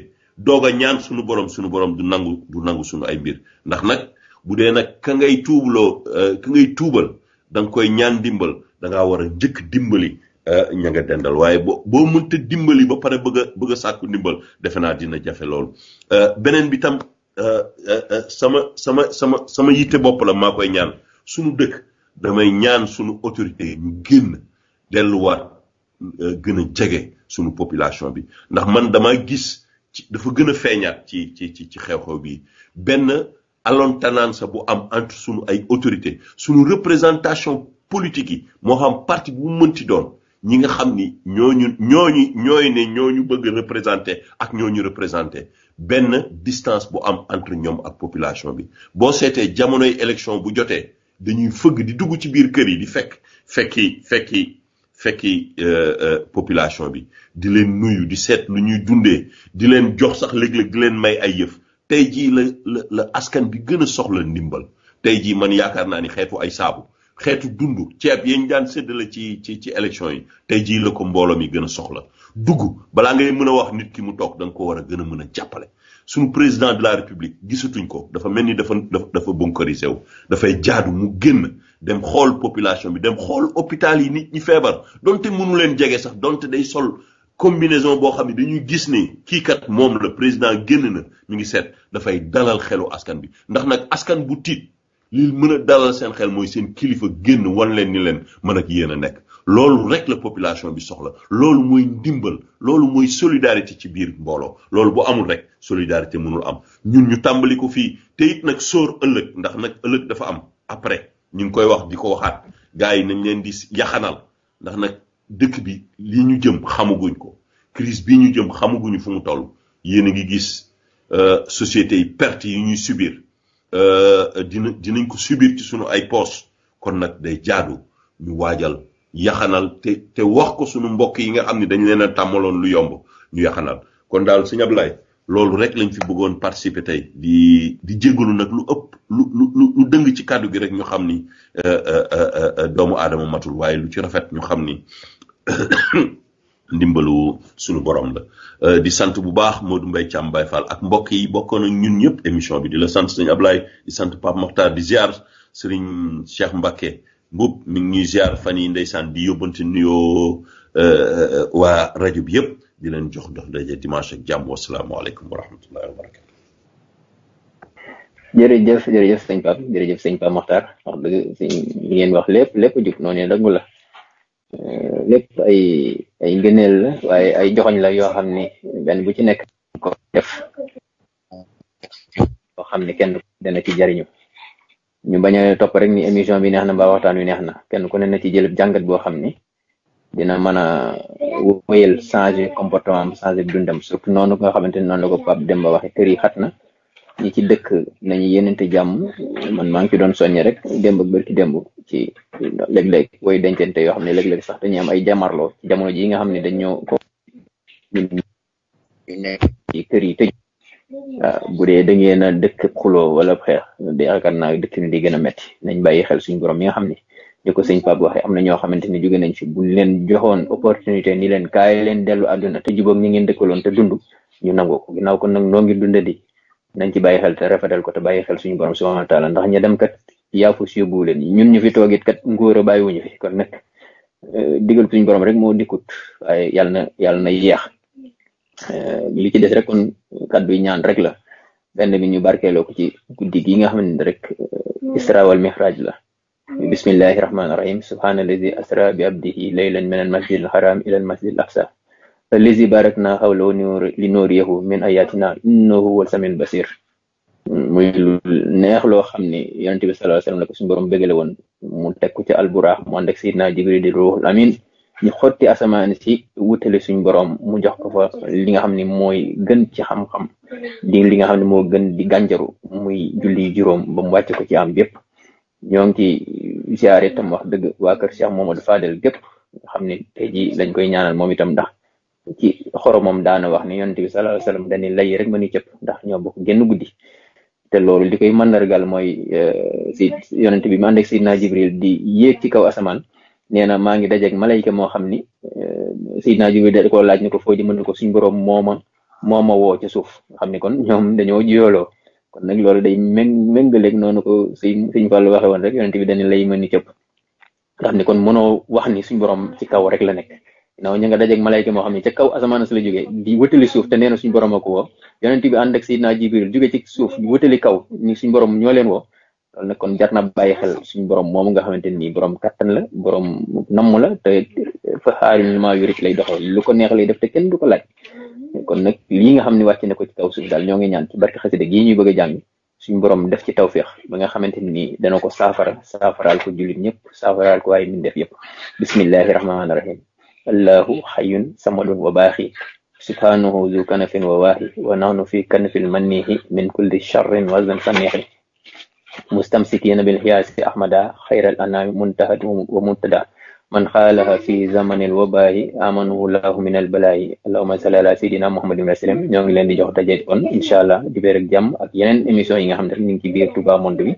S1: doog a ñaan suñu borom suñu borom du nangu du nangu suñu ay mbir ndax nag bu dee nag ka ngay tuubloo euh, ka ngay tuubal da nga koy ñaan dimbal da ngaa war a njëkk dimbali euh, ña nga dendal waaye boo boo mënta dimbali ba pare bëgg bëgg sàkku ndimbal defe naa dina jafe loolu beneen bi tam sama sama sama sama yitte bopp la maa koy ñaan suñu dëkk. damay ñaan suñu autorité yi ñu génn delluwaat euh, gën a jege sunu population bi ndax man dama gis dafa gën a feeñaat ci ci ci ci xew-xew bi benn alontanansa bu am entre suñu ay autorité suñu représentation politique yi moo xam parti bu mu mënti doon ñi nga xam ni ñooñu ñooñu ñooy ne ñooñu bëgg représenté ak ñooñu représenté benn distance bu am entre ñoom ak population bi boo seetee jamonoy élection bu jotee dañuy fëgg di dugg ci biir kër yi di fekk fekki fekki fekki euh, euh, population bi di leen nuyu di seet lu ñuy dundee di leen jox sax léeg-léeg di leen may ay yëf tey jii la la la askan bi gën a soxla ndimbal tey jii man yaakaar naa ni xeetu ay saabu xeetu dund ceeb yañ daan séddale ci ci ci élection yi tey jii la ko mbooloo mi gën a soxla dugg balaa ngay mën a wax nit ki mu toog danga ko war a gën a mën a jàppale. suñu président de la république gisatuñ ko dafa mel ni dafa dafa dafa bunkerisé wu dafay jaadu mu génn dem xool population bi dem xool hôpital yi nit ñi feebar donte mënu leen jege sax donte day sol combinaison boo xam ne dañuy gis ni kiikat kat moom la président génn na mu ngi seet dafay dalal xelu askan bi ndax nag askan bu tiit li mën a dalal seen xel mooy seen kilifa génn wan leen ni leen mën ak yéen a nekk. loolu rek la population bi soxla loolu mooy ndimbal loolu mooy solidarité ci biir mbooloo loolu boo amul rek solidarité mënul am ñun ñu tàmbali ko fii te nag sóor ëllëg ndax nag ëllëg dafa am après ñu ngi koy wax di ko waxaat gars yi nañ leen di yaxanal ndax nag dëkk bi li ñu jëm xamaguñ ko crise bi ñu jëm xamaguñu fu mu toll yéen a ngi gis euh, sociétés yi perte yi ñuy subir euh, dina dinañ ko subir ci sunu ay poos kon nag day jaadu ñu waajal yaxanal te te wax ko sunu mbokk yi nga xamni dañ leena tamalon lu yomb ñu yaxanal kon dal lolu rek lañ fi bëggoon participer tay di di jégalu nak lu ëpp lu lu lu dëng ci kàddu gi rek ñu euh euh, euh, euh euh doomu adamu matul waye lu ci rafet ñu xamni *coughs* ndimbalu sunu borom la di Santo bu baax Modou mbay cham bay Fall ak mbokk yi bokkoon ak ñun ñëpp émission bi di la sante sëñ di Santo Pape Mokhtar di ziar sëriñ Cheikh Mbacke mbub mi ngi ziar fan yi ndeysaan di yóbbante nuyoo eh, waa rajo bi yëpp di leen jox dox daje dimanche ak jàmm wasalaamaaleykum wa rahmatullahi wa barakatu jërëjëf jërëjëf sëñ Pape jërëjëf sëñ pap Mokhtar wax dëgg sëñ
S3: ngeen wax lépp lépp jub noonu dangu la eh, lépp ay ay ngëneel la waaye ay joxoñ la yoo xam ni benn bu ci nekk ko def yoo xam ni kenn dana ci jariñu ñu bañ a topp rek ni émission bi neex na mbaa waxtaan wi neex na kenn ku ne na ci jël jàngat boo xam ne dina mën a wéyal changer comportement am changer dundam surtout noonu nga xamante ni noonu la ko Pape Demba waxe kër yi xat na ñi ci dëkk nañu yenente jàmm man maa ngi ci doon soññi rek démb ak bërki démb ci léeg-léeg way yoo xam ne léeg-léeg sax dañuy am ay jamarloo ci jamono ji nga xam ne dañoo ko ñu kër yi tëj waaw ah, bu dee da ngeen a dëkk xuloo wala xeex di yaakaar na dëkk ni di gën a métti nañ bàyyi xel suñu borom mi nga xam ne di ko sëñ Pape waxee am na ñoo xamante ni jóge nañ fi buñ leen joxoon opportunité ni leen kaay leen dellu àdduna te jubóog ñi ngeen dëkkaloon te dund ñu nangoo ko ginnaaw ko nag noo ngi dunda di nañ ci bàyyi xel te rafetal ko te bàyyi xel suñu borom subhanahu wa taala ndax ña dem kat yaafus yóbbu leen ñun ñu fi toogit kat ngóor a ñu fi kon nag eh, digal suñu borom rek moo dikkut waaye yàlla na yàlla na yeex Eh, li ci des rek kon kàddu yi ñaan rek la benn bi ñu barkeeloo ko ci guddi gi nga xamante rek eh, isra wal mihraj la bismillahi rahmaani rahim subhaana allazi asra bi abdihi laylan min al masjid al haram ila al li nuuriyahu min ayatina innahu huwa samiul basir muy neex loo xam ne yonente bi sallallahu alayhi la ko suñu borom bégale mu teg ko ci alburax mu ànd ak sayidna jibril amin ñu xotti asamaan si wutale suñ borom mu jox ko fa li nga xamni moy gën ci xam-xam di li nga xamni ne moo gën di ganjaru muy julli juróom ba mu wàcc ko ci am yépp ñoo ngi ci ziare tam wax dëgg waa kër Cheikh Momadou Fadel gépp nga xam ne tey ji lañ koy ñaanal moom itam ndax ci xoromam daana wax ni yonte bi sallallahu alayhi wasallam dañuy lay rek mënu cëpp ndax ñoo bokk génn guddi te loolu li koy mooy eh, si yonente bi Jibril di yéeg ci kaw asamaan nee na maa ngi dajeeg malayka moo xam ni eh, Seydina Jibril da ko laaj ni ko foo ji mën ne ko suñ boroom mooma mooma woo ci suuf xam ni kon ñoom dañoo jiyooloo kon nag loolu day méng méngaleeg noonu ko suñ suñ Fàllu waxe woon rek yonente bi dañu lay mën ni cëpp nga xam kon mënoo wax ni suñ boroom ci kaw rek la nekk non ñu nga dajeeg malayka moo xam ne ca kaw asamaan su la jógee di wëtali suuf te nee suñ boroom a ko woo yonente bi ànd ak Seydina Jibril jóge ci suuf di wëtali kaw ni suñ boroom ñoo leen woo loolu nag kon jar na bàyyi xel suñu borom moom nga xamante ni borom kattan la borom nam la te fa xaariñu maa yurit lay doxal lu ko neex lay def te kenn du ko laaj kon nag lii nga xam ne wàcc na ko ci kaw suuf daal ñoo ngi ñaan ci barke xasida gii ñuy bëgg a jàng suñu borom def ci tawféex ba nga xamante ni dana ko saafara saafaraal ko jullit ñëpp saafaraal ko waaye min def yëpp bismillahi rahmaani rahim allahu xayun samadun wa baaxi subhanahu zu kanafin wa waaxi wa nahnu fi kanfil mannihi min kulli charrin wazan samihi mustamsikina bil xiyaasi ahmada xayral anaami muntahad wa muntada man xaalaha fi zamanil wabaayi amanahu laahu min al balaayi allahuma salli ala sayidina muhammadin wa sallam ñoo ngi leen di jox daje kon incha allah di béer ak yeneen émission yi nga xam ne rek ñu ngi ci biir Touba Monde bi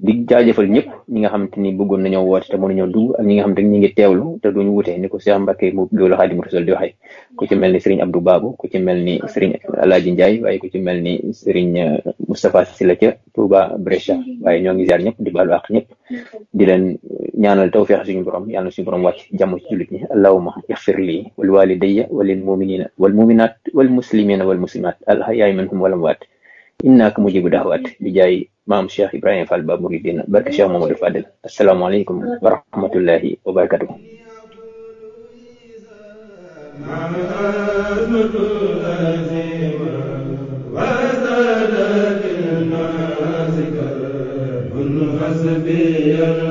S3: di jaajëfal ñëpp ñi nga xamante ni bëggoon nañoo woote te mënuñoo dugg ak ñi nga xamante ni ñu ngi teewlu te duñu wutee ni ko Cheikh Mbacke mu géwlu Xaadimu Rasuul di waxee ku ci mel ni Serigne Abdou Babou ku ci mel ni Serigne Alaaji Ndiaye waaye ku ci mel ni Serigne uh, Moustapha Sylla ca Touba Brescia waaye ñoo ngi ziar ñëpp di baalu àq ñëpp di leen ñaanal tawfeex suñu borom yàlla suñu borom wàcc jàmm ci jullit ñi allahumma ixfir lii wal walidayya walil muminina wal muminat wal muslimina wal muslimat al ahyaai minhum innaaka mujibu da'waat bi jaay maam Cheikh Ibrahima Fall ba muridina barke Cheikh Mamadou Fadel asalaamaaleykum wa rahmatullahi wa
S7: barakatuh